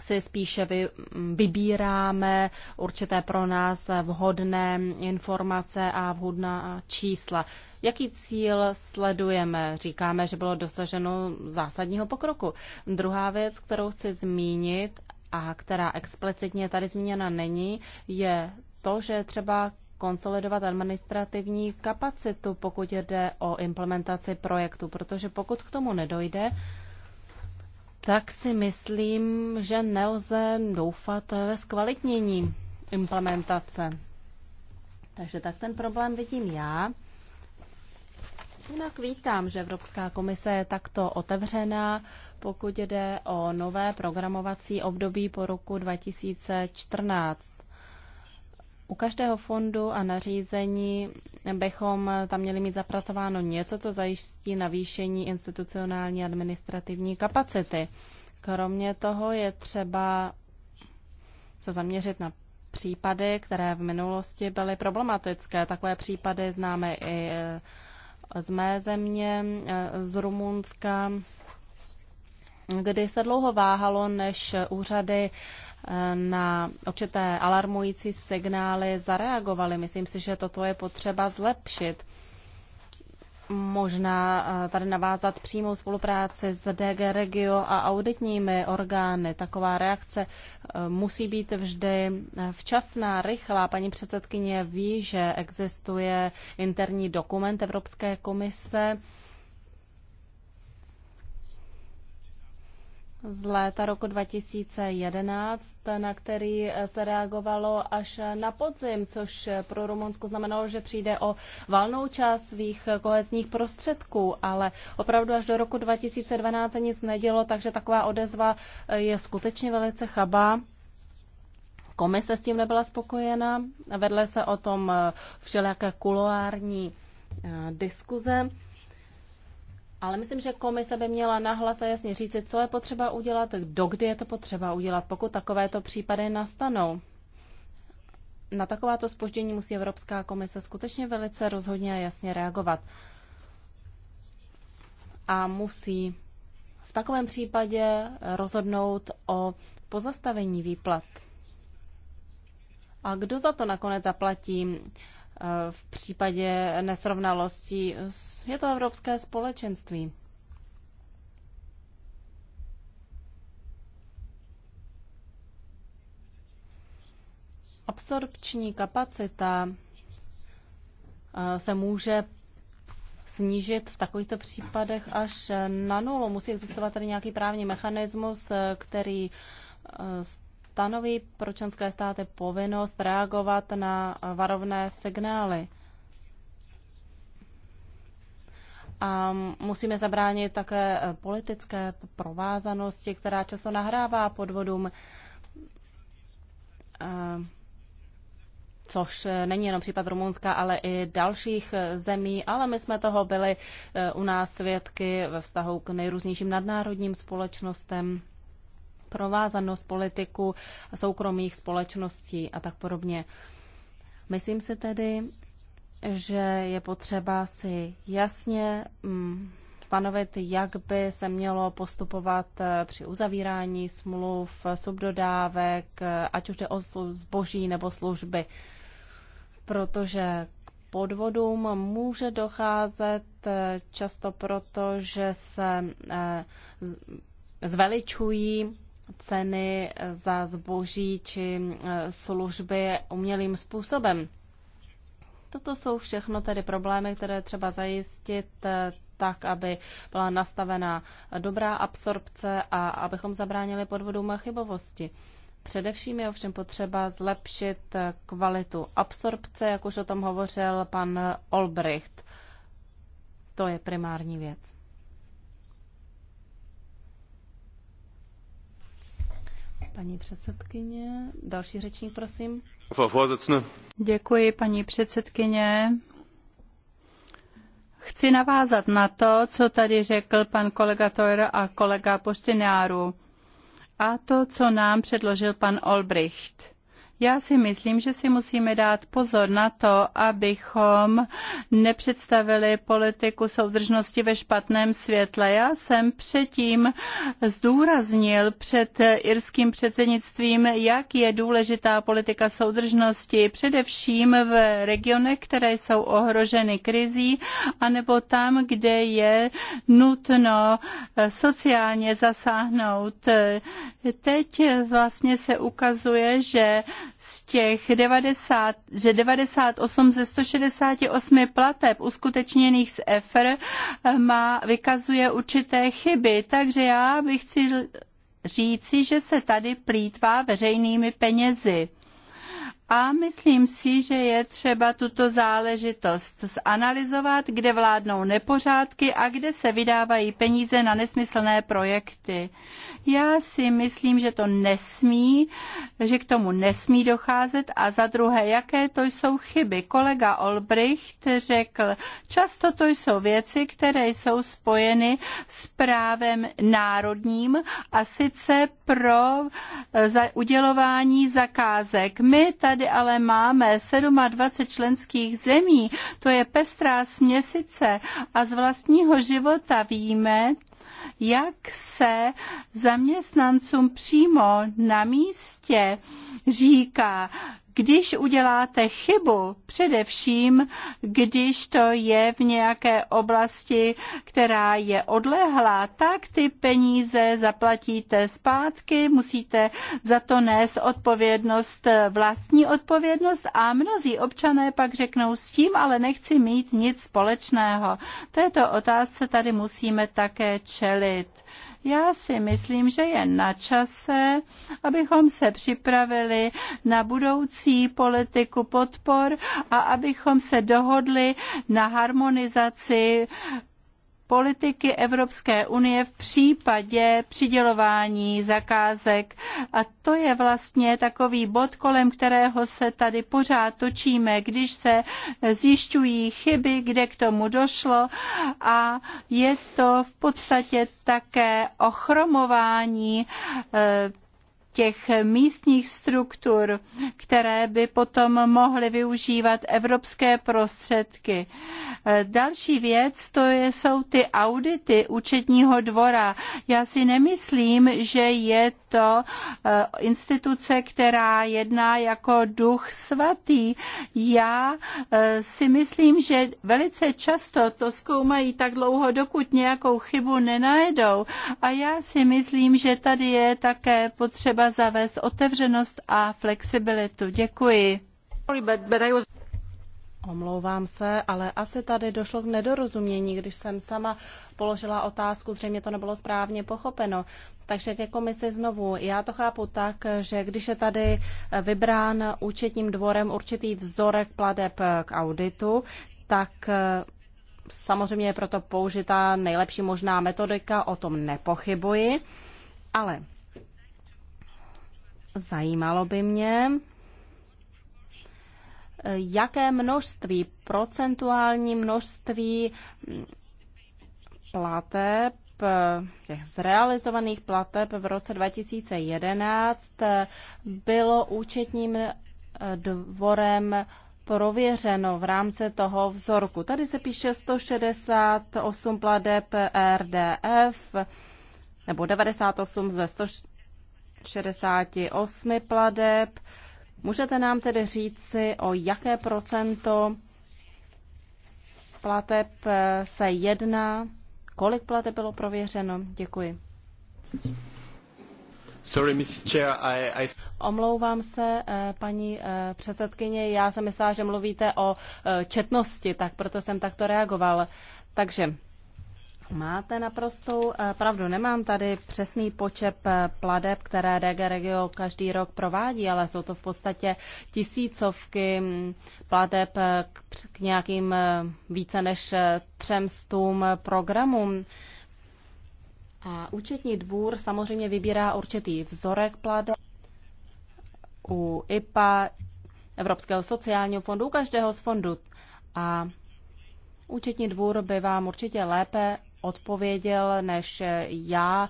A: si spíše vy, mm, vybíráme určité pro nás vhodné informace a vhodná čísla. Jaký cíl sledujeme? Říkáme, že bylo dosaženo zásadního pokroku. Druhá věc, kterou chci zmínit a která explicitně tady zmíněna není, je to, že třeba konsolidovat administrativní kapacitu, pokud jde o implementaci projektu, protože pokud k tomu nedojde, tak si myslím, že nelze doufat ve zkvalitnění implementace. Takže tak ten problém vidím já. Jinak vítám, že Evropská komise je takto otevřená, pokud jde o nové programovací období po roku 2014. U každého fondu a nařízení bychom tam měli mít zapracováno něco, co zajistí navýšení institucionální administrativní kapacity. Kromě toho je třeba se zaměřit na případy, které v minulosti byly problematické. Takové případy známe i e, z mé země, e, z Rumunska, kdy se dlouho váhalo, než úřady na určité alarmující signály zareagovali. Myslím si, že toto je potřeba zlepšit. Možná eh, tady navázat přímou spolupráci s DG Regio a auditními orgány. Taková reakce eh, musí být vždy eh, včasná, rychlá. Paní předsedkyně ví, že existuje interní dokument Evropské komise, z léta roku 2011, na který se reagovalo až na podzim, což pro Rumunsko znamenalo, že přijde o valnou část svých kohezních prostředků, ale opravdu až do roku 2012 se nic nedělo, takže taková odezva je skutečně velice chabá. Komise s tím nebyla spokojena, vedle se o tom všelijaké kuloární eh, diskuze. Ale myslím, že komise by měla nahlas a jasně říci, co je potřeba udělat, dokdy je to potřeba udělat, pokud takovéto případy nastanou. Na takováto spoždění musí Evropská komise skutečně velice rozhodně a jasně reagovat. A musí v takovém případě rozhodnout o pozastavení výplat. A kdo za to nakonec zaplatí? v případě nesrovnalostí. Je to Evropské společenství. Absorpční kapacita eh, se může snížit v takovýchto případech až na nulu. Musí existovat tady nějaký právní mechanismus, eh, který eh, stanoví pro členské státy povinnost reagovat na varovné signály. A musíme zabránit také politické provázanosti, která často nahrává podvodům, což není jenom případ Rumunska, ale i dalších zemí. Ale my jsme toho byli e, u nás svědky ve vztahu k nejrůznějším nadnárodním společnostem provázanost politiku soukromých společností a tak podobně. Myslím si tedy, že je potřeba si jasně mm, stanovit, jak by se mělo postupovat eh, při uzavírání smluv, subdodávek, eh, ať už jde o zboží nebo služby. Protože k podvodům může docházet eh, často proto, že se zveličují ceny za zboží či e, služby umělým způsobem. Toto jsou všechno tedy problémy, které třeba zajistit e, tak, aby byla nastavena dobrá absorpce a abychom zabránili podvodům a chybovosti. Především je ovšem potřeba zlepšit e, kvalitu absorpce, jak už o tom hovořil pan Olbricht. To je primární věc.
B: Paní předsedkyně, další řečník, prosím. Děkuji, paní předsedkyně. Chci navázat na to, co tady řekl pan kolega Toyer a kolega Poštináru a to, co nám předložil pan Olbricht. Já si myslím, že si musíme dát pozor na to, abychom nepředstavili politiku soudržnosti ve špatném světle. Já jsem předtím zdůraznil před irským předsednictvím, jak je důležitá politika soudržnosti, především v regionech, které jsou ohroženy krizí, anebo tam, kde je nutno sociálně zasáhnout. Teď vlastně se ukazuje, že z těch 90, že 98 ze 168 plateb uskutečněných z EFR eh, má, vykazuje určité chyby, takže já bych chci říci, že se tady plítvá veřejnými penězi. A myslím si, že je třeba tuto záležitost zanalizovat, kde vládnou nepořádky a kde se vydávají peníze na nesmyslné projekty. Já si myslím, že to nesmí, že k tomu nesmí docházet a za druhé, jaké to jsou chyby. Kolega Olbricht řekl, často to jsou věci, které jsou spojeny s právem národním a sice pro eh, udělování zakázek. My tady tady ale máme 27 členských zemí, to je pestrá směsice a z vlastního života víme, jak se zaměstnancům přímo na místě říká, když uděláte chybu, především když to je v nějaké oblasti, která je odlehlá, tak ty peníze zaplatíte zpátky, musíte za to nést odpovědnost, vlastní odpovědnost a mnozí občané pak řeknou s tím, ale nechci mít nic společného. Této otázce tady musíme také čelit. Já si myslím, že je na čase, abychom se připravili na budoucí politiku podpor a abychom se dohodli na harmonizaci politiky Evropské unie v případě přidělování zakázek. A to je vlastně takový bod, kolem kterého se tady pořád točíme, když se zjišťují chyby, kde k tomu došlo. A je to v podstatě také ochromování eh, těch místních struktur, které by potom mohly využívat evropské prostředky. Další věc to je, jsou ty audity účetního dvora. Já si nemyslím, že je to eh, instituce, která jedná jako duch svatý. Já eh, si myslím, že velice často to zkoumají tak dlouho, dokud nějakou chybu nenajdou. A já si myslím, že tady je také potřeba třeba zavést otevřenost a flexibilitu. Děkuji.
A: Omlouvám se, ale asi tady došlo k nedorozumění, když jsem sama položila otázku, zřejmě to nebylo správně pochopeno. Takže ke komisi znovu. Já to chápu tak, že když je tady vybrán účetním dvorem určitý vzorek pladeb k auditu, tak eh, samozřejmě je proto použitá nejlepší možná metodika, o tom nepochybuji. Ale Zajímalo by mě, jaké množství, procentuální množství plateb, těch zrealizovaných plateb v roce 2011 bylo účetním dvorem prověřeno v rámci toho vzorku. Tady se píše 168 pladeb RDF nebo 98 ze 100 68 pladeb. Můžete nám tedy říci, o jaké procento plateb eh, se jedná? Kolik plateb bylo prověřeno? Děkuji.
B: Sorry, Mrs. Chair, I, I...
A: Omlouvám se, eh, paní eh, předsedkyně, já jsem myslela, že mluvíte o četnosti, tak proto jsem takto reagoval. Takže Máte naprostou eh, pravdu. Nemám tady přesný počet eh, pladeb, které DG Regio každý rok provádí, ale jsou to v podstatě tisícovky mm, pladeb eh, k nějakým více než třemstům programům. A účetní dvůr samozřejmě vybírá určitý vzorek pladeb u IPA, Evropského sociálního fondu, u každého z fondů. A účetní dvůr by vám určitě lépe odpověděl než já,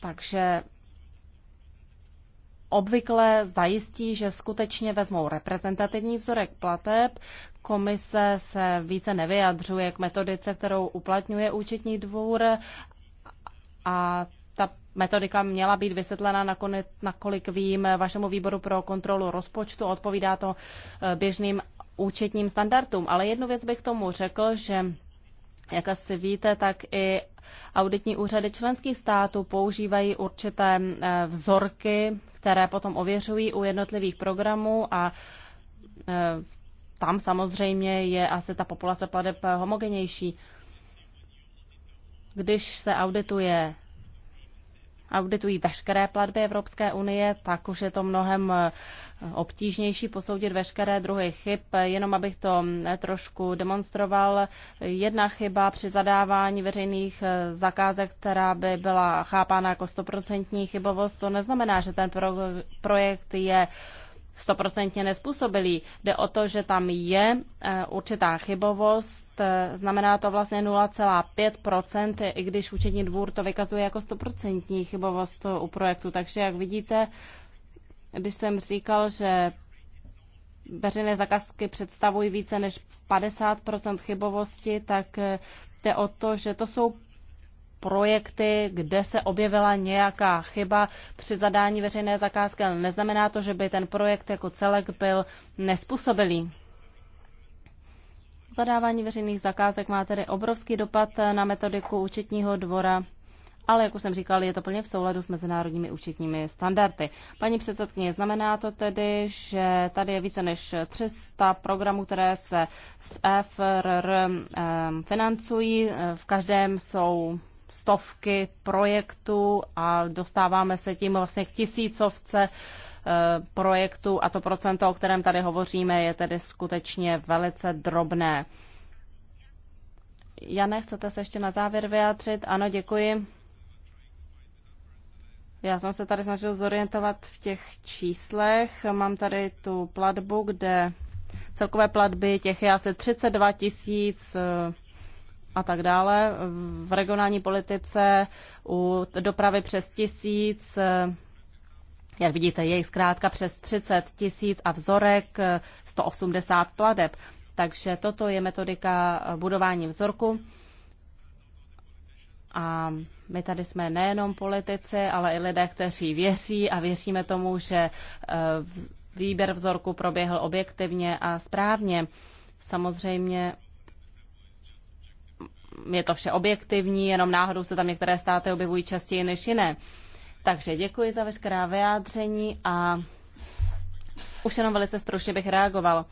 A: takže obvykle zajistí, že skutečně vezmou reprezentativní vzorek plateb. Komise se více nevyjadřuje k metodice, kterou uplatňuje účetní dvůr a ta metodika měla být vysvětlena, nakonec, nakolik vím, vašemu výboru pro kontrolu rozpočtu. Odpovídá to eh, běžným účetním standardům. Ale jednu věc bych tomu řekl, že jak asi víte, tak i auditní úřady členských států používají určité eh, vzorky, které potom ověřují u jednotlivých programů a eh, tam samozřejmě je asi ta populace pladeb eh, homogenější. Když se audituje auditují veškeré platby Evropské unie, tak už je to mnohem eh, obtížnější posoudit veškeré druhy chyb. Jenom abych to eh, trošku demonstroval, jedna chyba při zadávání veřejných eh, zakázek, která by byla chápána jako stoprocentní chybovost, to neznamená, že ten projekt je stoprocentně nespůsobilý. Jde o to, že tam je eh, určitá chybovost, eh, znamená to vlastně 0,5%, i když účetní dvůr to vykazuje jako stoprocentní chybovost eh, u projektu. Takže jak vidíte, když jsem říkal, že veřejné zakazky představují více než 50% chybovosti, tak jde o to, že to jsou projekty, kde se objevila nějaká chyba při zadání veřejné zakázky, ale neznamená to, že by ten projekt jako celek byl nespůsobilý. Zadávání veřejných zakázek má tedy obrovský dopad na metodiku účetního dvora ale jak už jsem říkal, je to plně v souladu s mezinárodními účetními standardy. Paní předsedkyně, znamená to tedy, že tady je více než 300 programů, které se z FRR eh, financují. Eh, v každém jsou stovky projektů a dostáváme se tím vlastně k tisícovce eh, projektů a to procento, o kterém tady hovoříme, je tedy skutečně velice drobné. Jane, chcete se ještě na závěr vyjádřit? Ano, děkuji. Já jsem se tady snažil zorientovat v těch číslech. Mám tady tu platbu, kde celkové platby těch je asi 32 tisíc 000 eh, a tak dále. V regionální politice u dopravy přes tisíc, jak vidíte, je jich zkrátka přes 30 tisíc a vzorek 180 pladeb. Takže toto je metodika budování vzorku. A my tady jsme nejenom politici, ale i lidé, kteří věří a věříme tomu, že eh, výběr vzorku proběhl objektivně a správně. Samozřejmě je to vše objektivní, jenom náhodou se tam některé státy objevují častěji než jiné. Takže děkuji za veškerá vyjádření a už jenom velice stručně bych reagoval.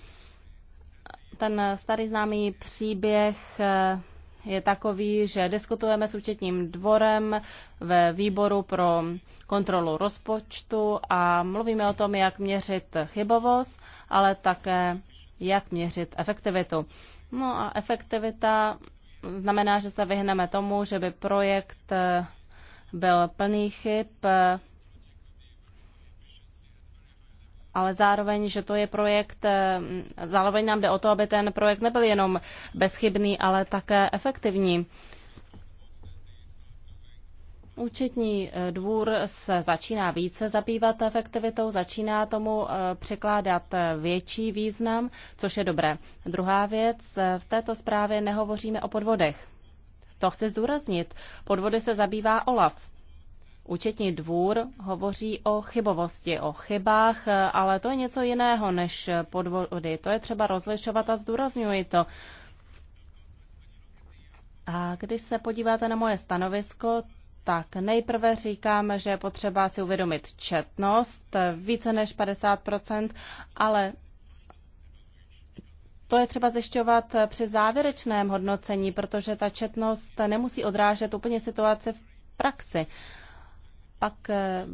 A: Ten starý známý příběh eh, je takový, že diskutujeme s účetním dvorem ve výboru pro kontrolu rozpočtu a mluvíme o tom, jak měřit chybovost, ale také jak měřit efektivitu. No a efektivita znamená, že se vyhneme tomu, že by projekt eh, byl plný chyb, eh, ale zároveň, že to je projekt, eh, zároveň nám jde o to, aby ten projekt nebyl jenom bezchybný, ale také efektivní. Účetní eh, dvůr se začíná více zabývat efektivitou, začíná tomu eh, překládat eh, větší význam, což je dobré. Druhá věc, v této zprávě nehovoříme o podvodech. To chci zdůraznit. Podvody se zabývá OLAF. Účetní dvůr hovoří o chybovosti, o chybách, ale to je něco jiného než podvody. To je třeba rozlišovat a zdůrazňuji to. A když se podíváte na moje stanovisko, tak nejprve říkáme, že je potřeba si uvědomit četnost, více než 50%, ale to je třeba zjišťovat při závěrečném hodnocení, protože ta četnost nemusí odrážet úplně situaci v praxi. Pak eh,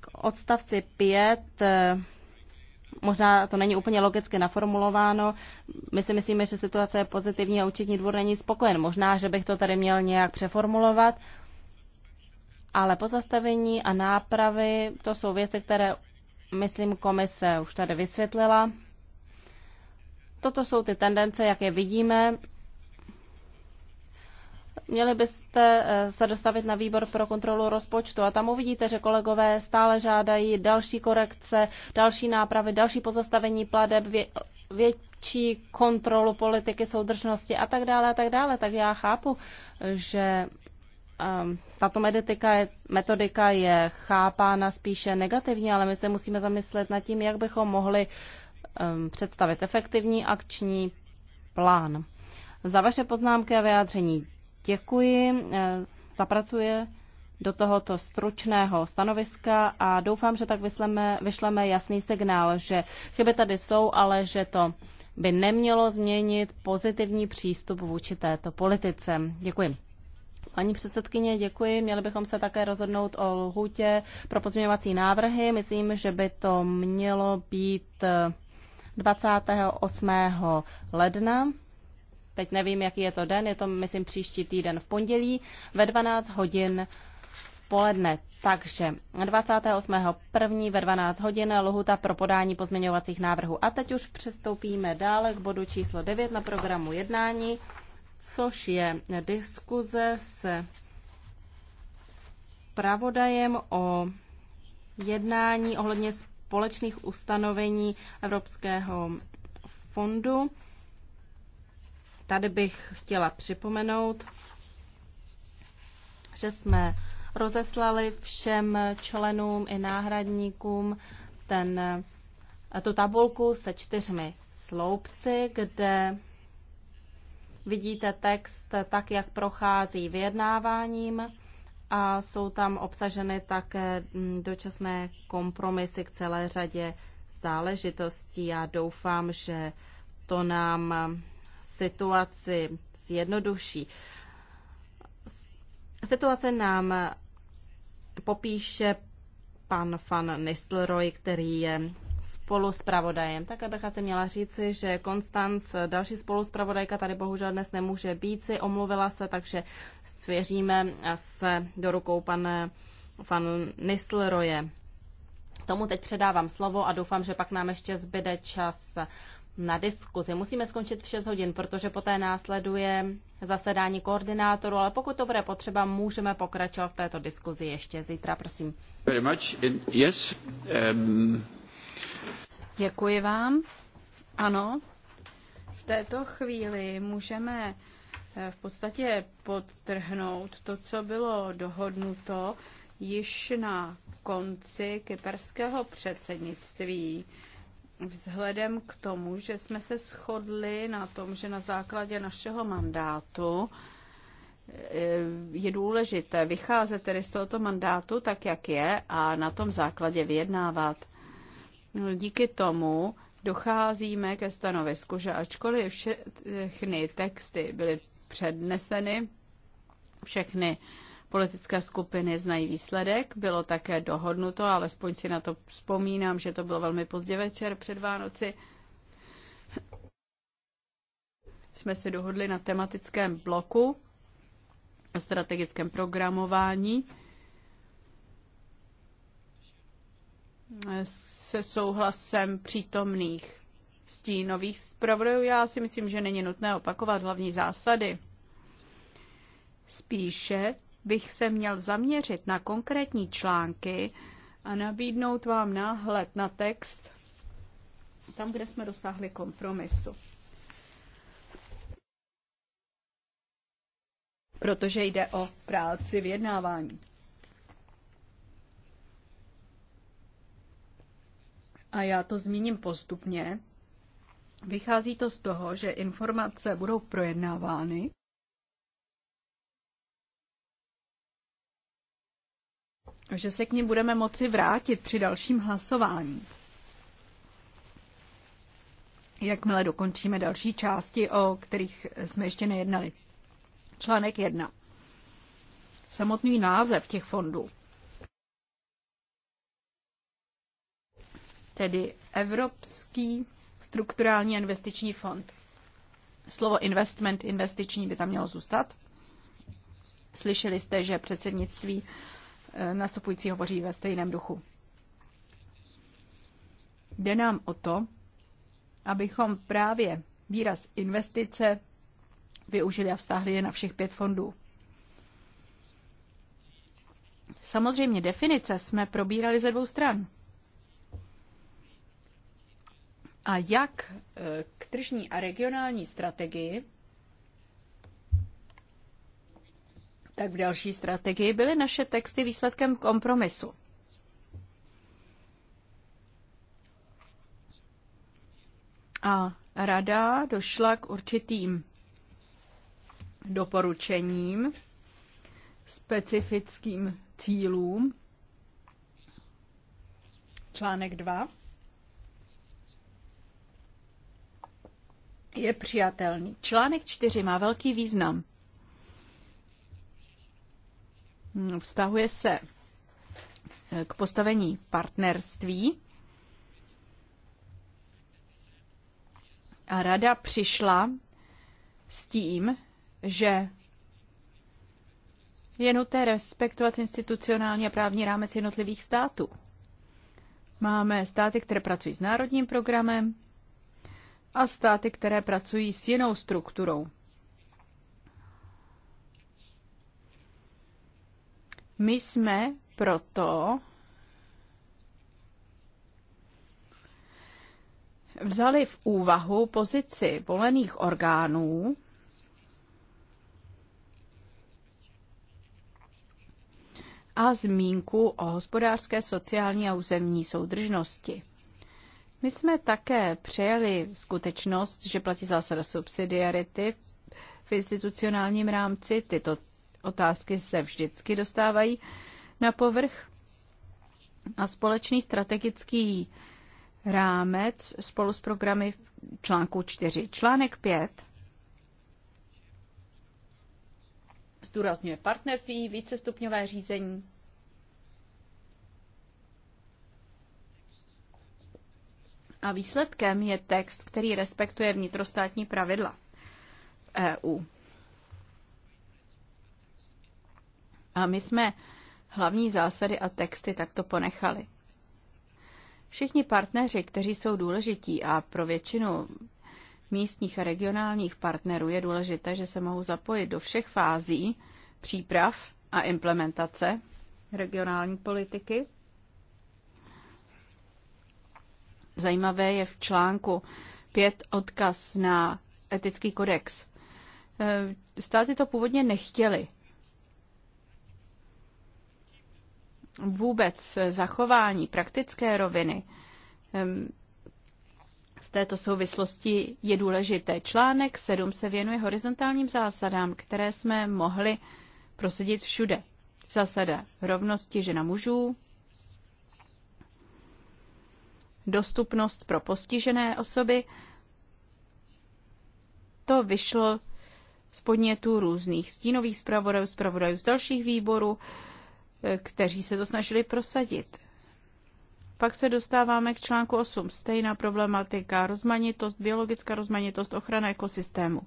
A: k odstavci 5, eh, možná to není úplně logicky naformulováno, my si myslíme, že situace je pozitivní a účetní dvůr není spokojen. Možná, že bych to tady měl nějak přeformulovat ale pozastavení a nápravy, to jsou věci, které, myslím, komise už tady vysvětlila. Toto jsou ty tendence, jak je vidíme. Měli byste eh, se dostavit na výbor pro kontrolu rozpočtu a tam uvidíte, že kolegové stále žádají další korekce, další nápravy, další pozastavení pladeb, větší kontrolu politiky soudržnosti a tak dále a tak dále. Tak já chápu, že Ehm, tato metodika je, metodika je chápána spíše negativně, ale my se musíme zamyslet nad tím, jak bychom mohli ehm, představit efektivní akční plán. Za vaše poznámky a vyjádření děkuji. Eh, zapracuje do tohoto stručného stanoviska a doufám, že tak vysleme, vyšleme jasný signál, že chyby tady jsou, ale že to by nemělo změnit pozitivní přístup vůči této politice. Děkuji. Paní předsedkyně, děkuji. Měli bychom se také rozhodnout o lhůtě pro pozměňovací návrhy. Myslím, že by to mělo být 28. Eh, ledna. Teď nevím, jaký je to den, je to, myslím, příští týden v pondělí ve 12 hodin v poledne. Takže 28.1. ve 12 hodin lhuta pro podání pozměňovacích návrhů. A teď už přestoupíme dále k bodu číslo 9 na programu jednání což je diskuze se zpravodajem o jednání ohledně společných ustanovení Evropského fondu. Tady bych chtěla připomenout, že jsme rozeslali všem členům i náhradníkům ten, tu tabulku se čtyřmi sloupci, kde Vidíte text tak, jak prochází vyjednáváním a jsou tam obsaženy také mm, dočasné kompromisy k celé řadě záležitostí. Já doufám, že to nám situaci zjednoduší. Situace nám popíše pan Van Nistelrooy, který je spolu s pravodajem. Tak abych asi měla říci, že Konstanc, další spolu tady bohužel dnes nemůže být, si omluvila se, takže svěříme se do rukou pan, pan Nistelroje. Tomu teď předávám slovo a doufám, že pak nám ještě zbyde čas na diskuzi. Musíme skončit v 6 hodin, protože poté následuje zasedání koordinátoru, ale pokud to bude potřeba, můžeme pokračovat v této diskuzi ještě zítra, prosím.
B: Very much. Yes. Um...
A: Děkuji vám. Ano,
C: v této chvíli můžeme eh, v podstatě podtrhnout to, co bylo dohodnuto již na konci kyperského předsednictví. Vzhledem k tomu, že jsme se shodli na tom, že na základě našeho mandátu eh, je důležité vycházet tedy z tohoto mandátu tak, jak je a na tom základě vyjednávat. No, díky tomu docházíme ke stanovisku, že ačkoliv všechny texty byly předneseny, všechny politické skupiny znají výsledek. Bylo také dohodnuto, alespoň si na to vzpomínám, že to bylo velmi pozdě večer před Vánoci. Jsme se dohodli na tematickém bloku, strategickém programování se souhlasem přítomných stínových zpravodajů. Já si myslím, že není nutné opakovat hlavní zásady. Spíše bych se měl zaměřit na konkrétní články a nabídnout vám náhled na text tam, kde jsme dosáhli kompromisu. Protože jde o práci vyjednávání. a já to zmíním postupně, vychází to z toho, že informace budou projednávány že se k ním budeme moci vrátit při dalším hlasování. Jakmile dokončíme další části, o kterých jsme ještě nejednali. Článek 1. Samotný název těch fondů. tedy Evropský strukturální investiční fond. Slovo investment, investiční by tam mělo zůstat. Slyšeli jste, že předsednictví eh, nastupující hovoří ve stejném duchu. Jde nám o to, abychom právě výraz investice využili a vztahli je na všech pět fondů. Samozřejmě definice jsme probírali ze dvou stran a jak eh, k tržní a regionální strategii, tak v další strategii byly naše texty výsledkem kompromisu. A rada došla k určitým doporučením, specifickým cílům. Článek 2. je přijatelný. Článek 4 má velký význam. Hmm, vztahuje se eh, k postavení partnerství. A rada přišla s tím, že je nutné respektovat institucionální a právní rámec jednotlivých států. Máme státy, které pracují s národním programem, a státy, které pracují s jinou strukturou. My jsme proto vzali v úvahu pozici volených orgánů a zmínku o hospodářské, sociální a územní soudržnosti. My jsme také přejeli skutečnost, že platí zásada subsidiarity v institucionálním rámci. Tyto otázky se vždycky dostávají na povrch. A společný strategický rámec spolu s programy v článku 4. Článek 5 zdůrazňuje partnerství, vícestupňové řízení, A výsledkem je text, který respektuje vnitrostátní pravidla v e EU. A my jsme hlavní zásady a texty takto ponechali. Všichni partneři, kteří jsou důležití a pro většinu místních a regionálních partnerů je důležité, že se mohou zapojit do všech fází příprav a implementace regionální politiky Zajímavé je v článku pět odkaz na etický kodex. E, státy to původně nechtěli. Vůbec zachování praktické roviny v této souvislosti je důležité. Článek 7 se věnuje horizontálním zásadám, které jsme mohli prosadit všude. Zásada rovnosti žena mužů, dostupnost pro postižené osoby. To vyšlo z podnětů různých stínových zpravodajů, zpravodajů z dalších výborů, eh, kteří se to snažili prosadit. Pak se dostáváme k článku 8. Stejná problematika, rozmanitost, biologická rozmanitost, ochrana ekosystému.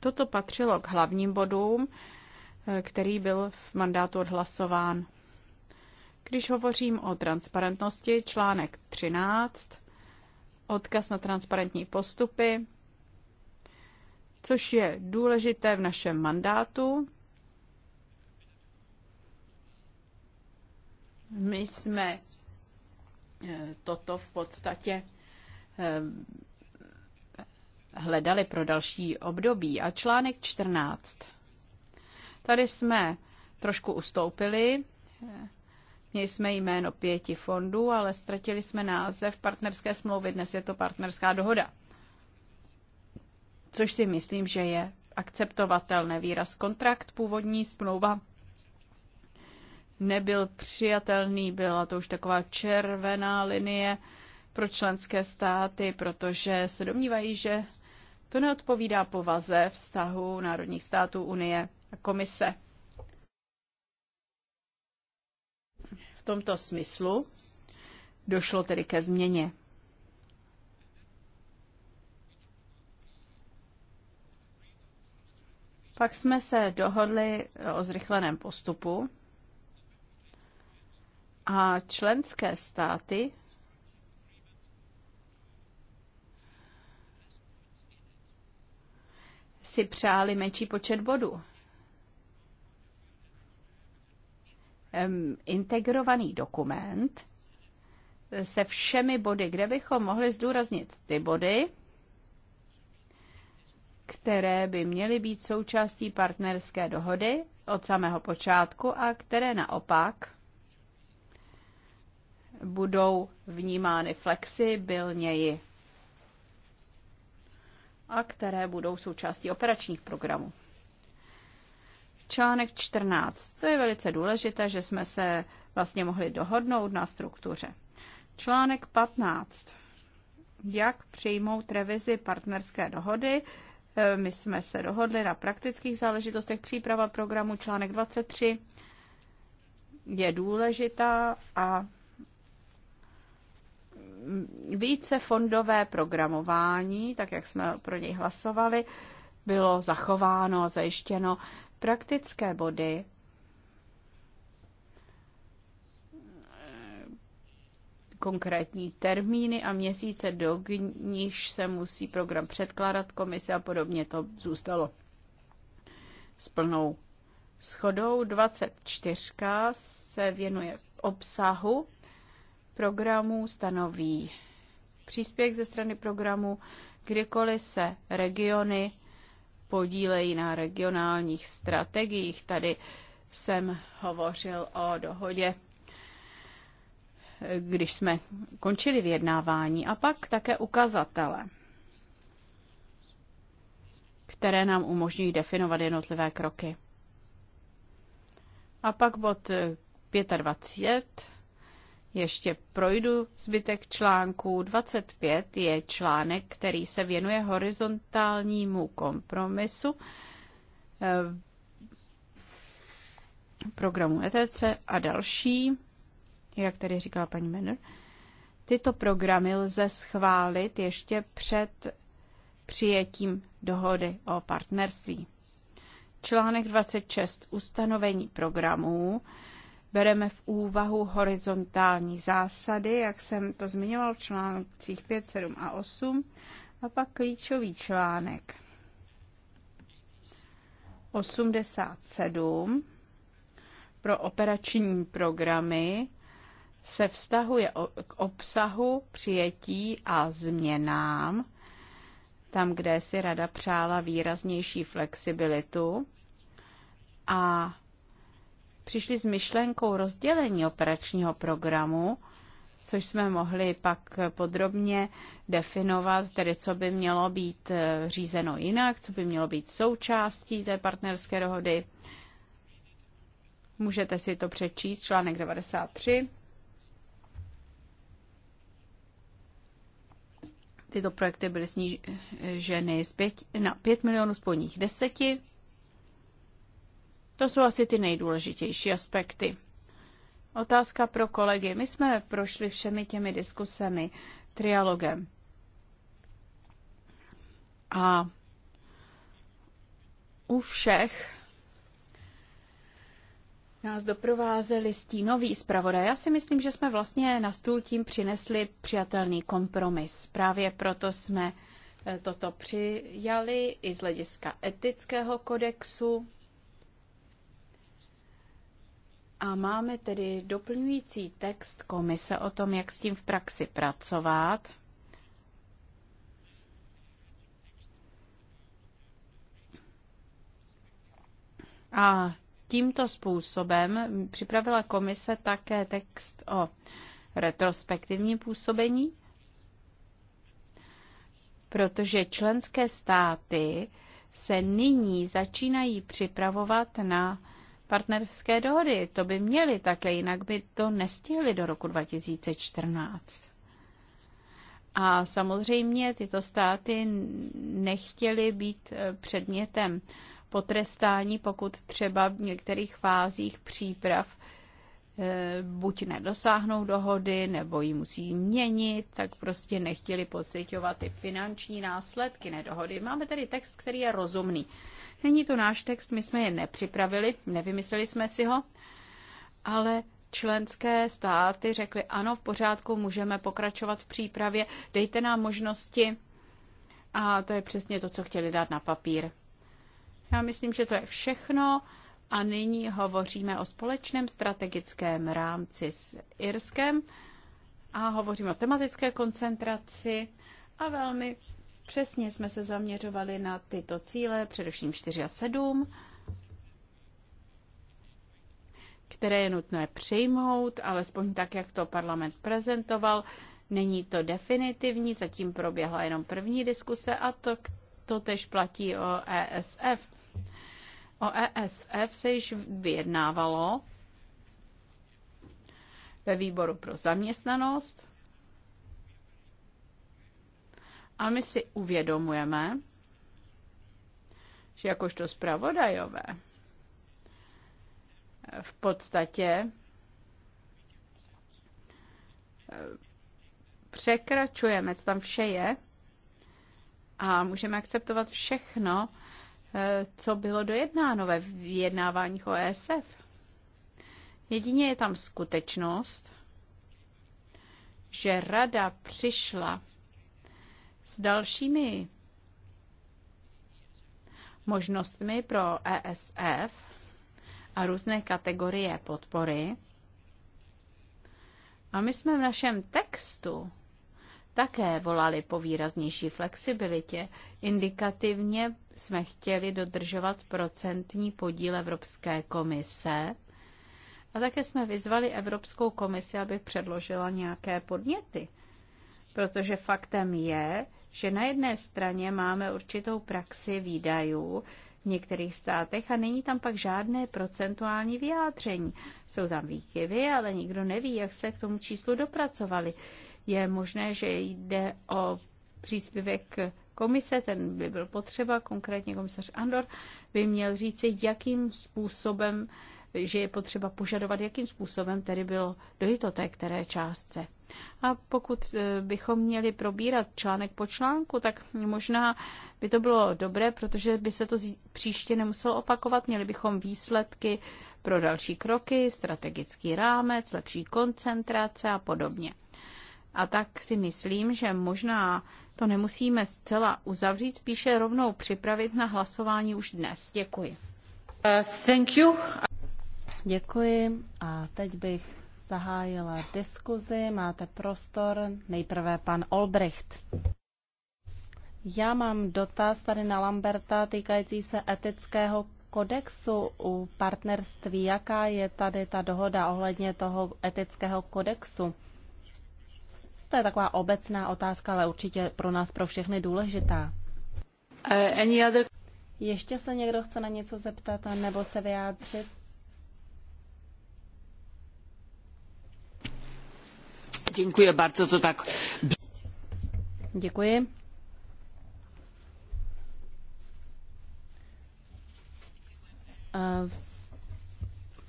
C: Toto patřilo k hlavním bodům, eh, který byl v mandátu odhlasován. Když hovořím o transparentnosti, článek 13, odkaz na transparentní postupy, což je důležité v našem mandátu. My jsme eh, toto v podstatě eh, hledali pro další období. A článek 14. Tady jsme trošku ustoupili. Eh, Měli jsme jméno pěti fondů, ale ztratili jsme název partnerské smlouvy. Dnes je to partnerská dohoda. Což si myslím, že je akceptovatelné. Výraz kontrakt, původní smlouva nebyl přijatelný, byla to už taková červená linie pro členské státy, protože se domnívají, že to neodpovídá povaze vztahu národních států Unie a komise. V tomto smyslu došlo tedy ke změně. Pak jsme se dohodli eh, o zrychleném postupu a členské státy si přáli menší počet bodů. integrovaný dokument se všemi body, kde bychom mohli zdůraznit ty body, které by měly být součástí partnerské dohody od samého počátku a které naopak budou vnímány flexibilněji a které budou součástí operačních programů. Článek 14. To je velice důležité, že jsme se vlastně mohli dohodnout na struktuře. Článek 15. Jak přijmout revizi partnerské dohody? E, my jsme se dohodli na praktických záležitostech příprava programu článek 23 je důležitá a více fondové programování, tak jak jsme pro něj hlasovali, bylo zachováno a zajištěno praktické body, konkrétní termíny a měsíce, do níž se musí program předkládat komise a podobně to zůstalo s plnou schodou. 24 se věnuje obsahu programů, stanoví příspěch ze strany programu, kdykoliv se regiony podílejí na regionálních strategiích. Tady jsem hovořil o dohodě, když jsme končili vyjednávání, a pak také ukazatele, které nám umožňují definovat jednotlivé kroky. A pak bod 25 ještě projdu zbytek článků. 25 je článek, který se věnuje horizontálnímu kompromisu eh, programu ETC a další, jak tady říkala paní Menor. Tyto programy lze schválit ještě před přijetím dohody o partnerství. Článek 26. Ustanovení programů bereme v úvahu horizontální zásady, jak jsem to zmiňoval v článcích 5, 7 a 8, a pak klíčový článek 87 pro operační programy se vztahuje k obsahu, přijetí a změnám, tam, kde si rada přála výraznější flexibilitu a přišli s myšlenkou rozdělení operačního programu, což jsme mohli pak podrobně definovat, tedy co by mělo být eh, řízeno jinak, co by mělo být součástí té partnerské dohody. Můžete si to přečíst, článek 93. Tyto projekty byly sníženy z pět, na 5 milionů z po to jsou asi ty nejdůležitější aspekty. Otázka pro kolegy. My jsme prošli všemi těmi diskusemi, trialogem. A u všech nás doprovázeli stínový zpravodaj. Já si myslím, že jsme vlastně na stůl tím přinesli přijatelný kompromis. Právě proto jsme eh, toto přijali i z hlediska etického kodexu, a máme tedy doplňující text komise o tom, jak s tím v praxi pracovat. A tímto způsobem připravila komise také text o retrospektivním působení, protože členské státy se nyní začínají připravovat na partnerské dohody. To by měli také, jinak by to nestihli do roku 2014. A samozřejmě tyto státy nechtěly být eh, předmětem potrestání, pokud třeba v některých fázích příprav eh, buď nedosáhnou dohody, nebo ji musí měnit, tak prostě nechtěli pocitovat ty finanční následky nedohody. Máme tady text, který je rozumný. Není to náš text, my jsme je nepřipravili, nevymysleli jsme si ho, ale členské státy řekly, ano, v pořádku, můžeme pokračovat v přípravě, dejte nám možnosti. A to je přesně to, co chtěli dát na papír. Já myslím, že to je všechno. A nyní hovoříme o společném strategickém rámci s Irskem a hovoříme o tematické koncentraci a velmi Přesně jsme se zaměřovali na tyto cíle, především 4 a 7, které je nutné přijmout, alespoň tak, jak to parlament prezentoval. Není to definitivní, zatím proběhla jenom první diskuse a to, to tež platí o ESF. O ESF se již vyjednávalo ve výboru pro zaměstnanost A my si uvědomujeme, že jakožto zpravodajové v podstatě eh, překračujeme, co tam vše je, a můžeme akceptovat všechno, eh, co bylo dojednáno ve vyjednáváních o ESF. Jedině je tam skutečnost, že rada přišla s dalšími možnostmi pro ESF a různé kategorie podpory. A my jsme v našem textu také volali po výraznější flexibilitě. Indikativně jsme chtěli dodržovat procentní podíl Evropské komise a také jsme vyzvali Evropskou komisi, aby předložila nějaké podněty Protože faktem je, že na jedné straně máme určitou praxi výdajů v některých státech a není tam pak žádné procentuální vyjádření. Jsou tam výkyvy, ale nikdo neví, jak se k tomu číslu dopracovali. Je možné, že jde o příspěvek komise, ten by byl potřeba, konkrétně komisař Andor by měl říci, jakým způsobem, že je potřeba požadovat, jakým způsobem tedy bylo dojito té které částce. A pokud e, bychom měli probírat článek po článku, tak možná by to bylo dobré, protože by se to příště nemuselo opakovat. Měli bychom výsledky pro další kroky, strategický rámec, lepší koncentrace a podobně. A tak si myslím, že možná to nemusíme zcela uzavřít, spíše rovnou připravit na hlasování už dnes. Děkuji. Uh,
A: thank you. Děkuji a teď bych zahájila diskuzi. Máte prostor. Nejprve pan Olbricht. Já mám dotaz tady na Lamberta týkající se etického kodexu u partnerství. Jaká je tady ta dohoda ohledně toho etického kodexu? To je taková obecná otázka, ale určitě pro nás, pro všechny důležitá. Eh, Ještě se někdo chce na něco zeptat nebo se vyjádřit? Děkuji bardzo, to tak. Děkuji.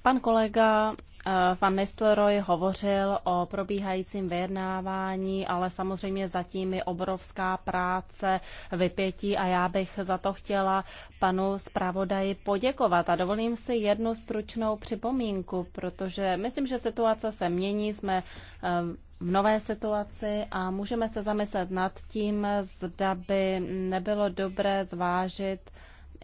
A: Pan kolega Pan eh, Nestleroy hovořil o probíhajícím vyjednávání, ale samozřejmě zatím je obrovská práce vypětí a já bych za to chtěla panu zpravodaji poděkovat. A dovolím si jednu stručnou připomínku, protože myslím, že situace se mění, jsme eh, v nové situaci a můžeme se zamyslet nad tím, zda by nebylo dobré zvážit,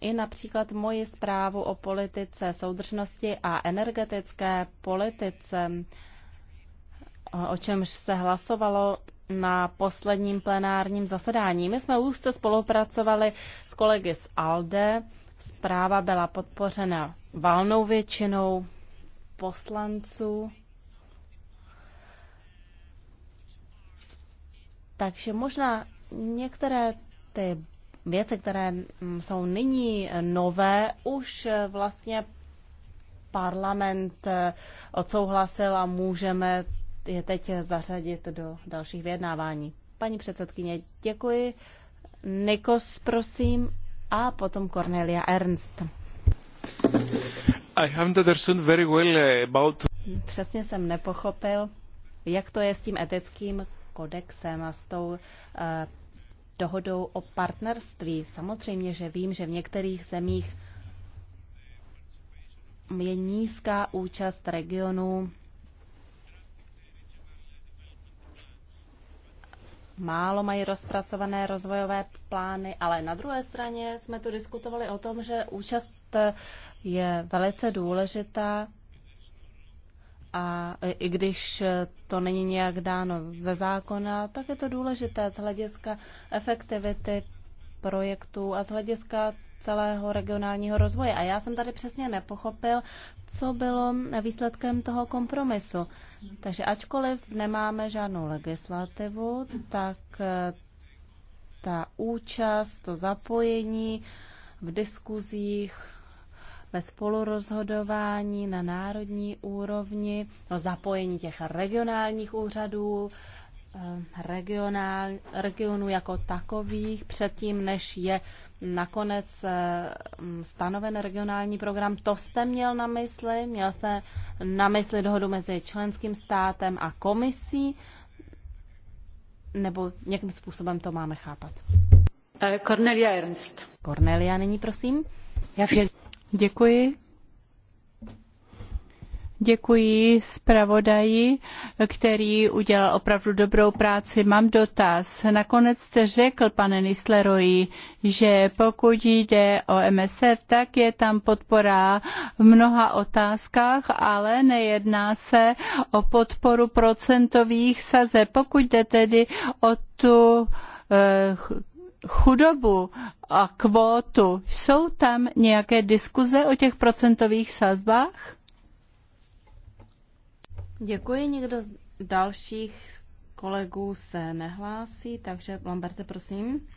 A: i například moji zprávu o politice soudržnosti a energetické politice, o čemž se hlasovalo na posledním plenárním zasedání. My jsme úzce spolupracovali s kolegy z ALDE. Zpráva byla podpořena valnou většinou poslanců. Takže možná některé ty věci, které mm, jsou nyní nové, už eh, vlastně parlament eh, odsouhlasil a můžeme je teď zařadit do dalších vyjednávání. Paní předsedkyně, děkuji. Nikos, prosím, a potom Cornelia Ernst.
B: I haven't understood very well eh, about...
A: Přesně jsem nepochopil, jak to je s tím etickým kodexem a s tou uh, dohodou o partnerství. Samozřejmě, že vím, že v některých zemích je nízká účast regionu, Málo mají rozpracované rozvojové plány, ale na druhé straně jsme tu diskutovali o tom, že účast je velice důležitá a i když to není nějak dáno ze zákona, tak je to důležité z hlediska efektivity projektů a z hlediska celého regionálního rozvoje. A já jsem tady přesně nepochopil, co bylo výsledkem toho kompromisu. Takže ačkoliv nemáme žádnou legislativu, tak eh, ta účast, to zapojení v diskuzích, ve spolurozhodování na národní úrovni, no zapojení těch regionálních úřadů, eh, regionál, regionů jako takových, předtím, než je nakonec eh, stanoven regionální program. To jste měl na mysli? Měl jste na mysli dohodu mezi členským státem a komisí? Nebo jakým způsobem to máme chápat? Eh, Cornelia Ernst.
B: Cornelia, nyní prosím. Já vše... Děkuji. Děkuji zpravodaji, který udělal opravdu dobrou práci. Mám dotaz. Nakonec jste řekl, pane Nisleroji, že pokud jde o MSF, tak je tam podpora v mnoha otázkách, ale nejedná se o podporu procentových sazeb. Pokud jde tedy o tu eh, chudobu a kvótu, jsou tam nějaké diskuze o těch procentových sazbách?
A: Děkuji. Někdo z dalších kolegů se nehlásí, takže Lamberte, prosím.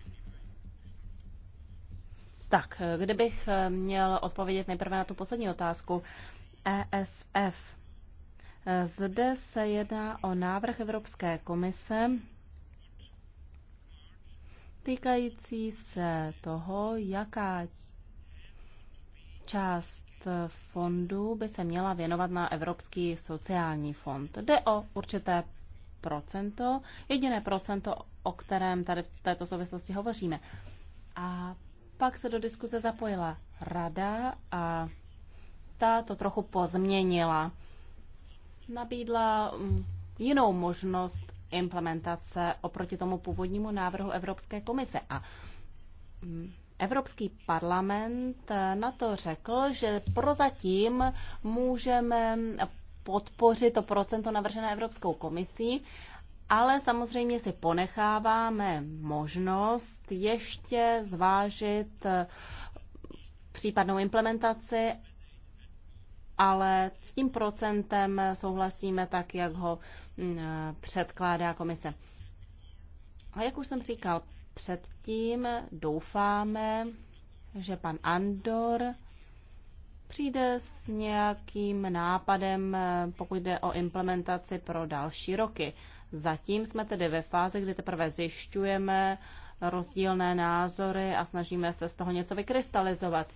A: Tak, kdybych eh, měl odpovědět nejprve na tu poslední otázku. ESF. Eh, zde se jedná o návrh Evropské komise, týkající se toho, jaká část fondu by se měla věnovat na Evropský sociální fond. Jde o určité procento, jediné procento, o kterém tady v této souvislosti hovoříme. A pak se do diskuze zapojila rada a ta to trochu pozměnila. Nabídla mm, jinou možnost implementace oproti tomu původnímu návrhu Evropské komise. A mm, Evropský parlament eh, na to řekl, že prozatím můžeme podpořit to procento navržené Evropskou komisí, ale samozřejmě si ponecháváme možnost ještě zvážit eh, případnou implementaci ale s tím procentem souhlasíme tak, jak ho mm, předkládá komise. A jak už jsem říkal, předtím doufáme, že pan Andor přijde s nějakým nápadem, pokud jde o implementaci pro další roky. Zatím jsme tedy ve fázi, kdy teprve zjišťujeme rozdílné názory a snažíme se z toho něco vykrystalizovat.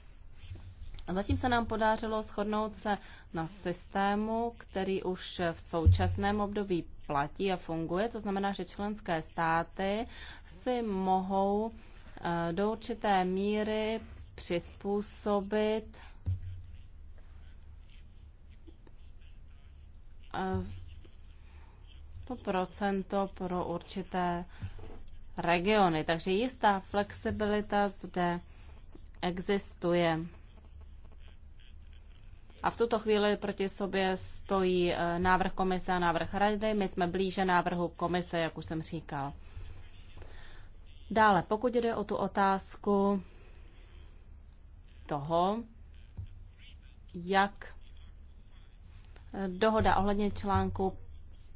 A: A zatím se nám podařilo shodnout se na systému, který už v současném období platí a funguje. To znamená, že členské státy si mohou eh, do určité míry přizpůsobit eh, to procento pro určité regiony. Takže jistá flexibilita zde existuje. A v tuto chvíli proti sobě stojí eh, návrh komise a návrh rady. My jsme blíže návrhu komise, jak už jsem říkal. Dále, pokud jde o tu otázku toho, jak eh, dohoda ohledně článku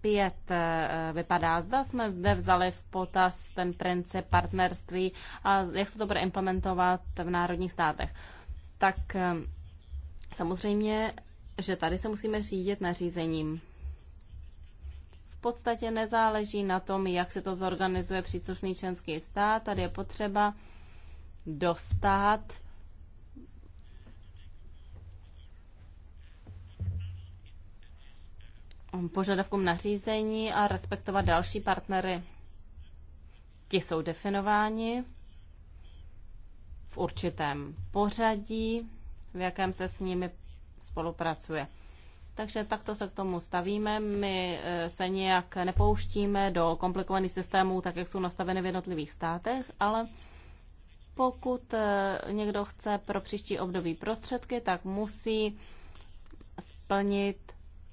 A: 5 eh, vypadá. Zda jsme zde vzali v potaz ten princip partnerství a jak se to bude implementovat v národních státech. Tak Samozřejmě, že tady se musíme řídit nařízením. V podstatě nezáleží na tom, jak se to zorganizuje příslušný členský stát. Tady je potřeba dostat požadavkům nařízení a respektovat další partnery. Ti jsou definováni v určitém pořadí v jakém se s nimi spolupracuje. Takže takto se k tomu stavíme. My e, se nějak nepouštíme do komplikovaných systémů, tak jak jsou nastaveny v jednotlivých státech, ale pokud e, někdo chce pro příští období prostředky, tak musí splnit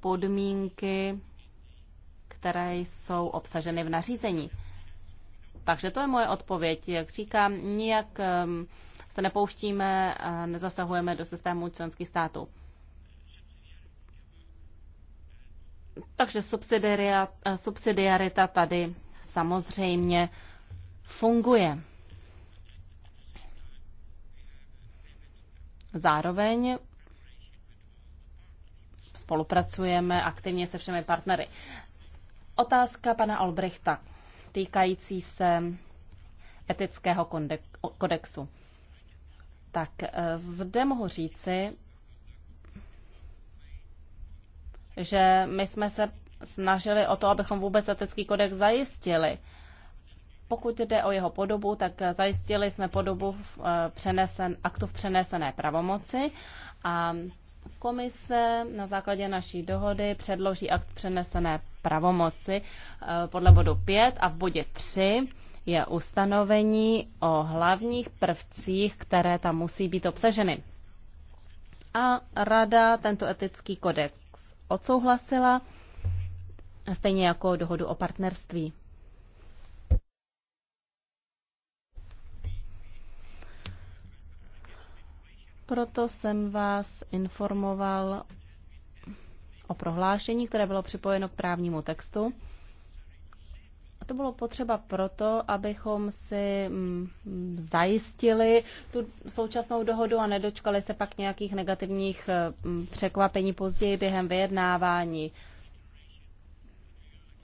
A: podmínky, které jsou obsaženy v nařízení. Takže to je moje odpověď. Jak říkám, nijak ehm, se nepouštíme a nezasahujeme do systému členských států. Takže eh, subsidiarita tady samozřejmě funguje. Zároveň spolupracujeme aktivně se všemi partnery. Otázka pana Albrechta týkající se etického kodexu. Tak eh, zde mohu říci, že my jsme se snažili o to, abychom vůbec etický kodex zajistili. Pokud jde o jeho podobu, tak eh, zajistili jsme podobu v eh, přenesen, aktu v přenesené pravomoci a Komise na základě naší dohody předloží akt přenesené pravomoci eh, podle bodu 5 a v bodě 3 je ustanovení o hlavních prvcích, které tam musí být obsaženy. A rada tento etický kodex odsouhlasila, stejně jako dohodu o partnerství. Proto jsem vás informoval o prohlášení, které bylo připojeno k právnímu textu. A to bylo potřeba proto, abychom si mm, zajistili tu současnou dohodu a nedočkali se pak nějakých negativních e, mm, překvapení později během vyjednávání.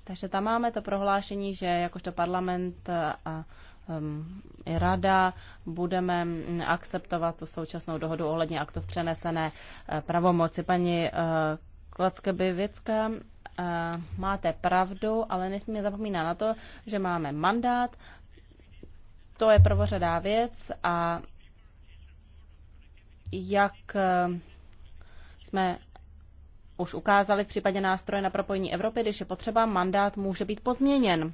A: Takže tam máme to prohlášení, že jakožto parlament a Ehm, i rada, budeme mm, akceptovat tu současnou dohodu ohledně v přenesené eh, pravomoci. Paní eh, Klacke Bivická, eh, máte pravdu, ale nesmíme zapomínat na to, že máme mandát, to je prvořadá věc a jak jsme už ukázali v případě nástroje na propojení Evropy, když je potřeba, mandát může být pozměněn.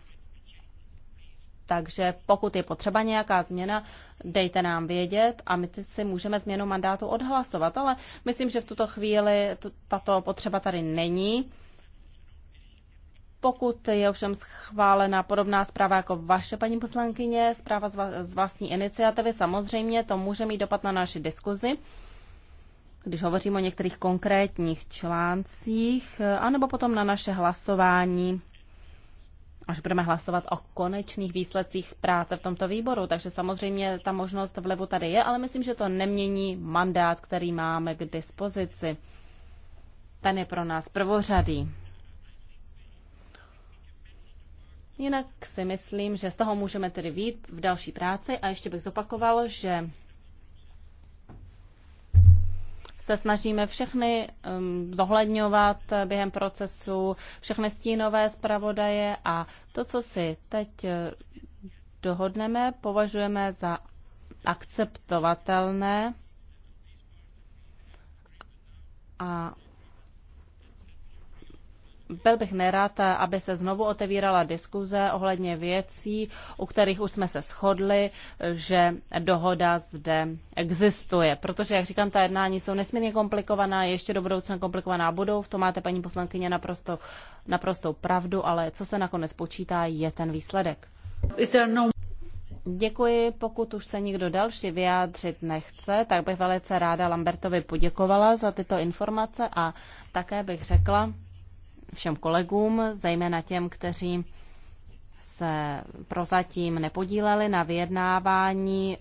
A: Takže pokud je potřeba nějaká změna, dejte nám vědět a my si můžeme změnu mandátu odhlasovat. Ale myslím, že v tuto chvíli tato potřeba tady není. Pokud je ovšem schválena podobná zpráva jako vaše, paní poslankyně, zpráva z vlastní iniciativy, samozřejmě to může mít dopad na naši diskuzi, když hovořím o některých konkrétních článcích, anebo potom na naše hlasování až budeme hlasovat o konečných výsledcích práce v tomto výboru. Takže samozřejmě ta možnost vlevu tady je, ale myslím, že to nemění mandát, který máme k dispozici. Ten je pro nás prvořadý. Jinak si myslím, že z toho můžeme tedy vít v další práci a ještě bych zopakoval, že se snažíme všechny um, zohledňovat během procesu, všechny stínové zpravodaje a to, co si teď eh, dohodneme, považujeme za akceptovatelné a byl bych nerad, aby se znovu otevírala diskuze ohledně věcí, u kterých už jsme se shodli, že dohoda zde existuje. Protože, jak říkám, ta jednání jsou nesmírně komplikovaná, ještě do budoucna komplikovaná budou, v tom máte, paní poslankyně, naprosto, naprostou pravdu, ale co se nakonec počítá, je ten výsledek. No- Děkuji. Pokud už se nikdo další vyjádřit nechce, tak bych velice ráda Lambertovi poděkovala za tyto informace a také bych řekla, všem kolegům, zejména těm, kteří se prozatím nepodíleli na vyjednávání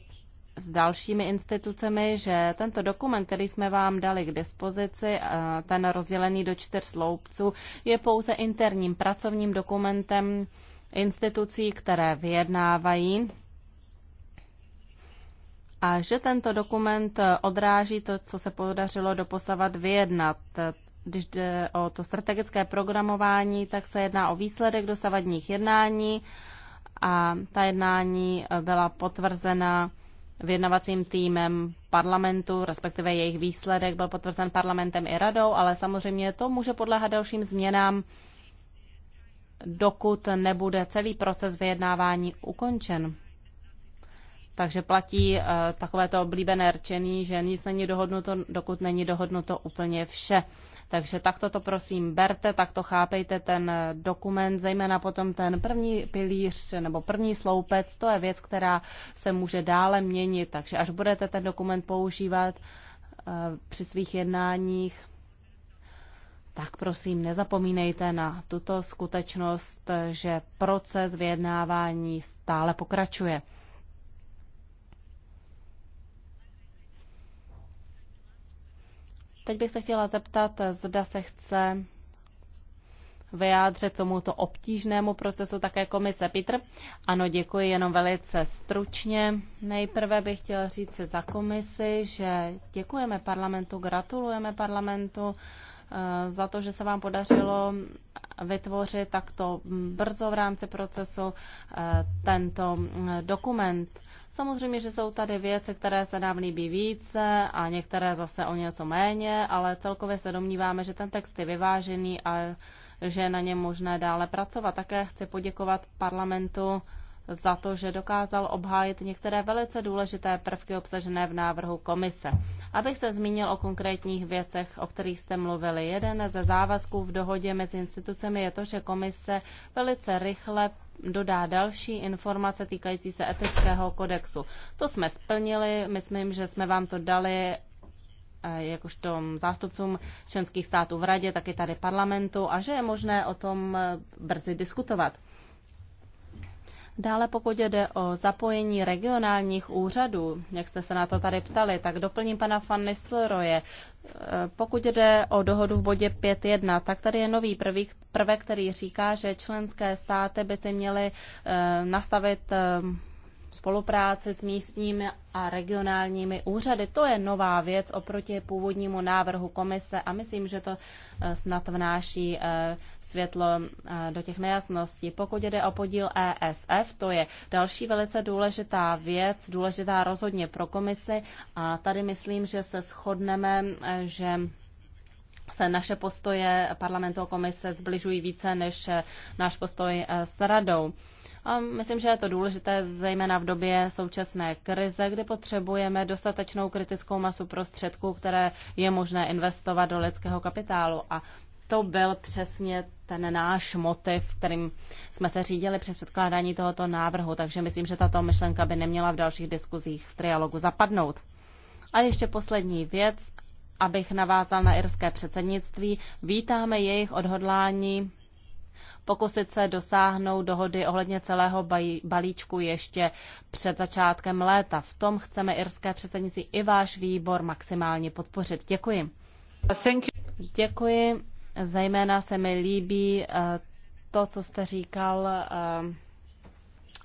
A: s dalšími institucemi, že tento dokument, který jsme vám dali k dispozici, ten rozdělený do čtyř sloupců, je pouze interním pracovním dokumentem institucí, které vyjednávají. A že tento dokument odráží to, co se podařilo doposavat vyjednat když jde o to strategické programování, tak se jedná o výsledek dosavadních jednání a ta jednání eh, byla potvrzena vyjednavacím týmem parlamentu, respektive jejich výsledek byl potvrzen parlamentem i radou, ale samozřejmě to může podléhat dalším změnám, dokud nebude celý proces vyjednávání ukončen. Takže platí uh, takovéto oblíbené rčení, že nic není dohodnuto, dokud není dohodnuto úplně vše. Takže takto to prosím berte, takto chápejte ten dokument, zejména potom ten první pilíř nebo první sloupec, to je věc, která se může dále měnit. Takže až budete ten dokument používat eh, při svých jednáních, tak prosím nezapomínejte na tuto skutečnost, že proces vyjednávání stále pokračuje. Teď bych se chtěla zeptat, zda se chce vyjádřit tomuto obtížnému procesu také komise. Petr? Ano, děkuji, jenom velice stručně. Nejprve bych chtěla říct za komisi, že děkujeme parlamentu, gratulujeme parlamentu eh, za to, že se vám podařilo vytvořit takto brzo v rámci procesu eh, tento mm, dokument. Samozřejmě, že jsou tady věci, které se nám líbí více a některé zase o něco méně, ale celkově se domníváme, že ten text je vyvážený a že je na něm možné dále pracovat. Také chci poděkovat parlamentu za to, že dokázal obhájit některé velice důležité prvky obsažené v návrhu komise. Abych se zmínil o konkrétních věcech, o kterých jste mluvili. Jeden ze závazků v dohodě mezi institucemi je to, že komise velice rychle dodá další informace týkající se etického kodexu. To jsme splnili, myslím, že jsme vám to dali eh, jakožto zástupcům členských států v radě, i tady parlamentu a že je možné o tom eh, brzy diskutovat. Dále pokud jde o zapojení regionálních úřadů, jak jste se na to tady ptali, tak doplním pana van Nistelroje. E, pokud jde o dohodu v bodě 5.1, tak tady je nový prvek, který říká, že členské státy by si měly e, nastavit e, spolupráce s místními a regionálními úřady. To je nová věc oproti původnímu návrhu komise a myslím, že to eh, snad vnáší eh, světlo eh, do těch nejasností. Pokud jde o podíl ESF, to je další velice důležitá věc, důležitá rozhodně pro komisi a tady myslím, že se shodneme, že se naše postoje parlamentu a komise zbližují více než náš postoj s radou. A myslím, že je to důležité zejména v době současné krize, kdy potřebujeme dostatečnou kritickou masu prostředků, které je možné investovat do lidského kapitálu. A to byl přesně ten náš motiv, kterým jsme se řídili při předkládání tohoto návrhu, takže myslím, že tato myšlenka by neměla v dalších diskuzích v trialogu zapadnout. A ještě poslední věc, abych navázal na irské předsednictví. Vítáme jejich odhodlání pokusit se dosáhnout dohody ohledně celého balíčku ještě před začátkem léta. V tom chceme irské předsednictví i váš výbor maximálně podpořit. Děkuji. Děkuji. Zajména se mi líbí eh, to, co jste říkal eh,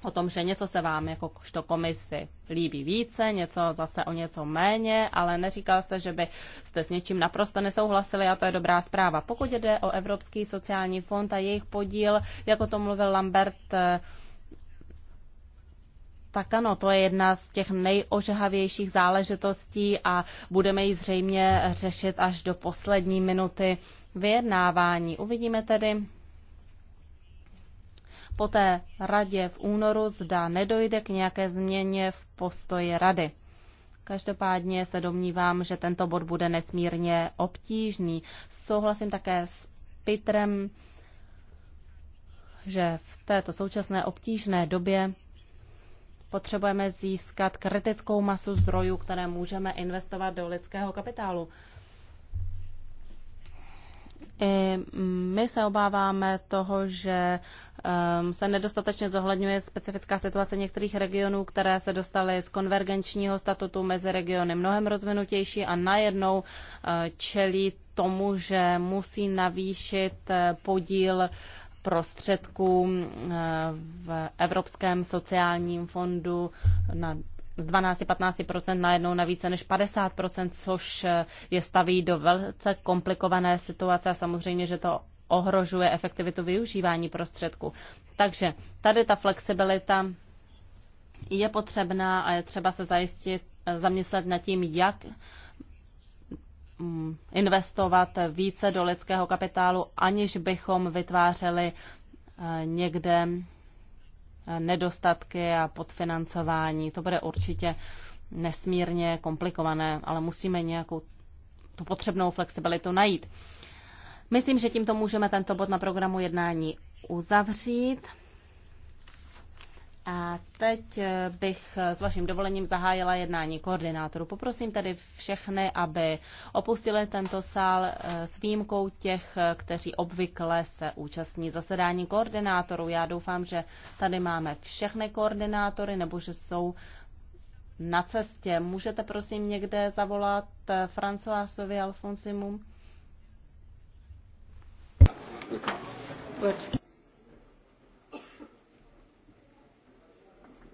A: o tom, že něco se vám to komisi líbí více, něco zase o něco méně, ale neříkal jste, že by jste s něčím naprosto nesouhlasili a to je dobrá zpráva. Pokud jde o Evropský sociální fond a jejich podíl, jako to mluvil Lambert, eh, tak ano, to je jedna z těch nejožehavějších záležitostí a budeme ji zřejmě řešit až do poslední minuty vyjednávání. Uvidíme tedy, po té radě v únoru, zda nedojde k nějaké změně v postoji rady. Každopádně se domnívám, že tento bod bude nesmírně obtížný. Souhlasím také s Petrem, že v této současné obtížné době potřebujeme získat kritickou masu zdrojů, které můžeme investovat do lidského kapitálu. I my se obáváme toho, že ehm, se nedostatečně zohledňuje specifická situace některých regionů, které se dostaly z konvergenčního statutu mezi regiony mnohem rozvinutější a najednou eh, čelí tomu, že musí navýšit eh, podíl prostředků eh, v Evropském sociálním fondu na z 12-15% najednou na více než 50%, což eh, je staví do velice komplikované situace a samozřejmě, že to ohrožuje efektivitu využívání prostředků. Takže tady ta flexibilita je potřebná a je třeba se zajistit, eh, zamyslet nad tím, jak mm, investovat více do lidského kapitálu, aniž bychom vytvářeli eh, někde nedostatky a podfinancování. To bude určitě nesmírně komplikované, ale musíme nějakou tu potřebnou flexibilitu najít. Myslím, že tímto můžeme tento bod na programu jednání uzavřít. A teď eh, bych eh, s vaším dovolením zahájila jednání koordinátorů. Poprosím tedy všechny, aby opustili tento sál eh, s výjimkou těch, kteří obvykle se účastní zasedání koordinátorů. Já doufám, že tady máme všechny koordinátory nebo že jsou na cestě. Můžete prosím někde zavolat Françoisovi Alfonsimu? Good.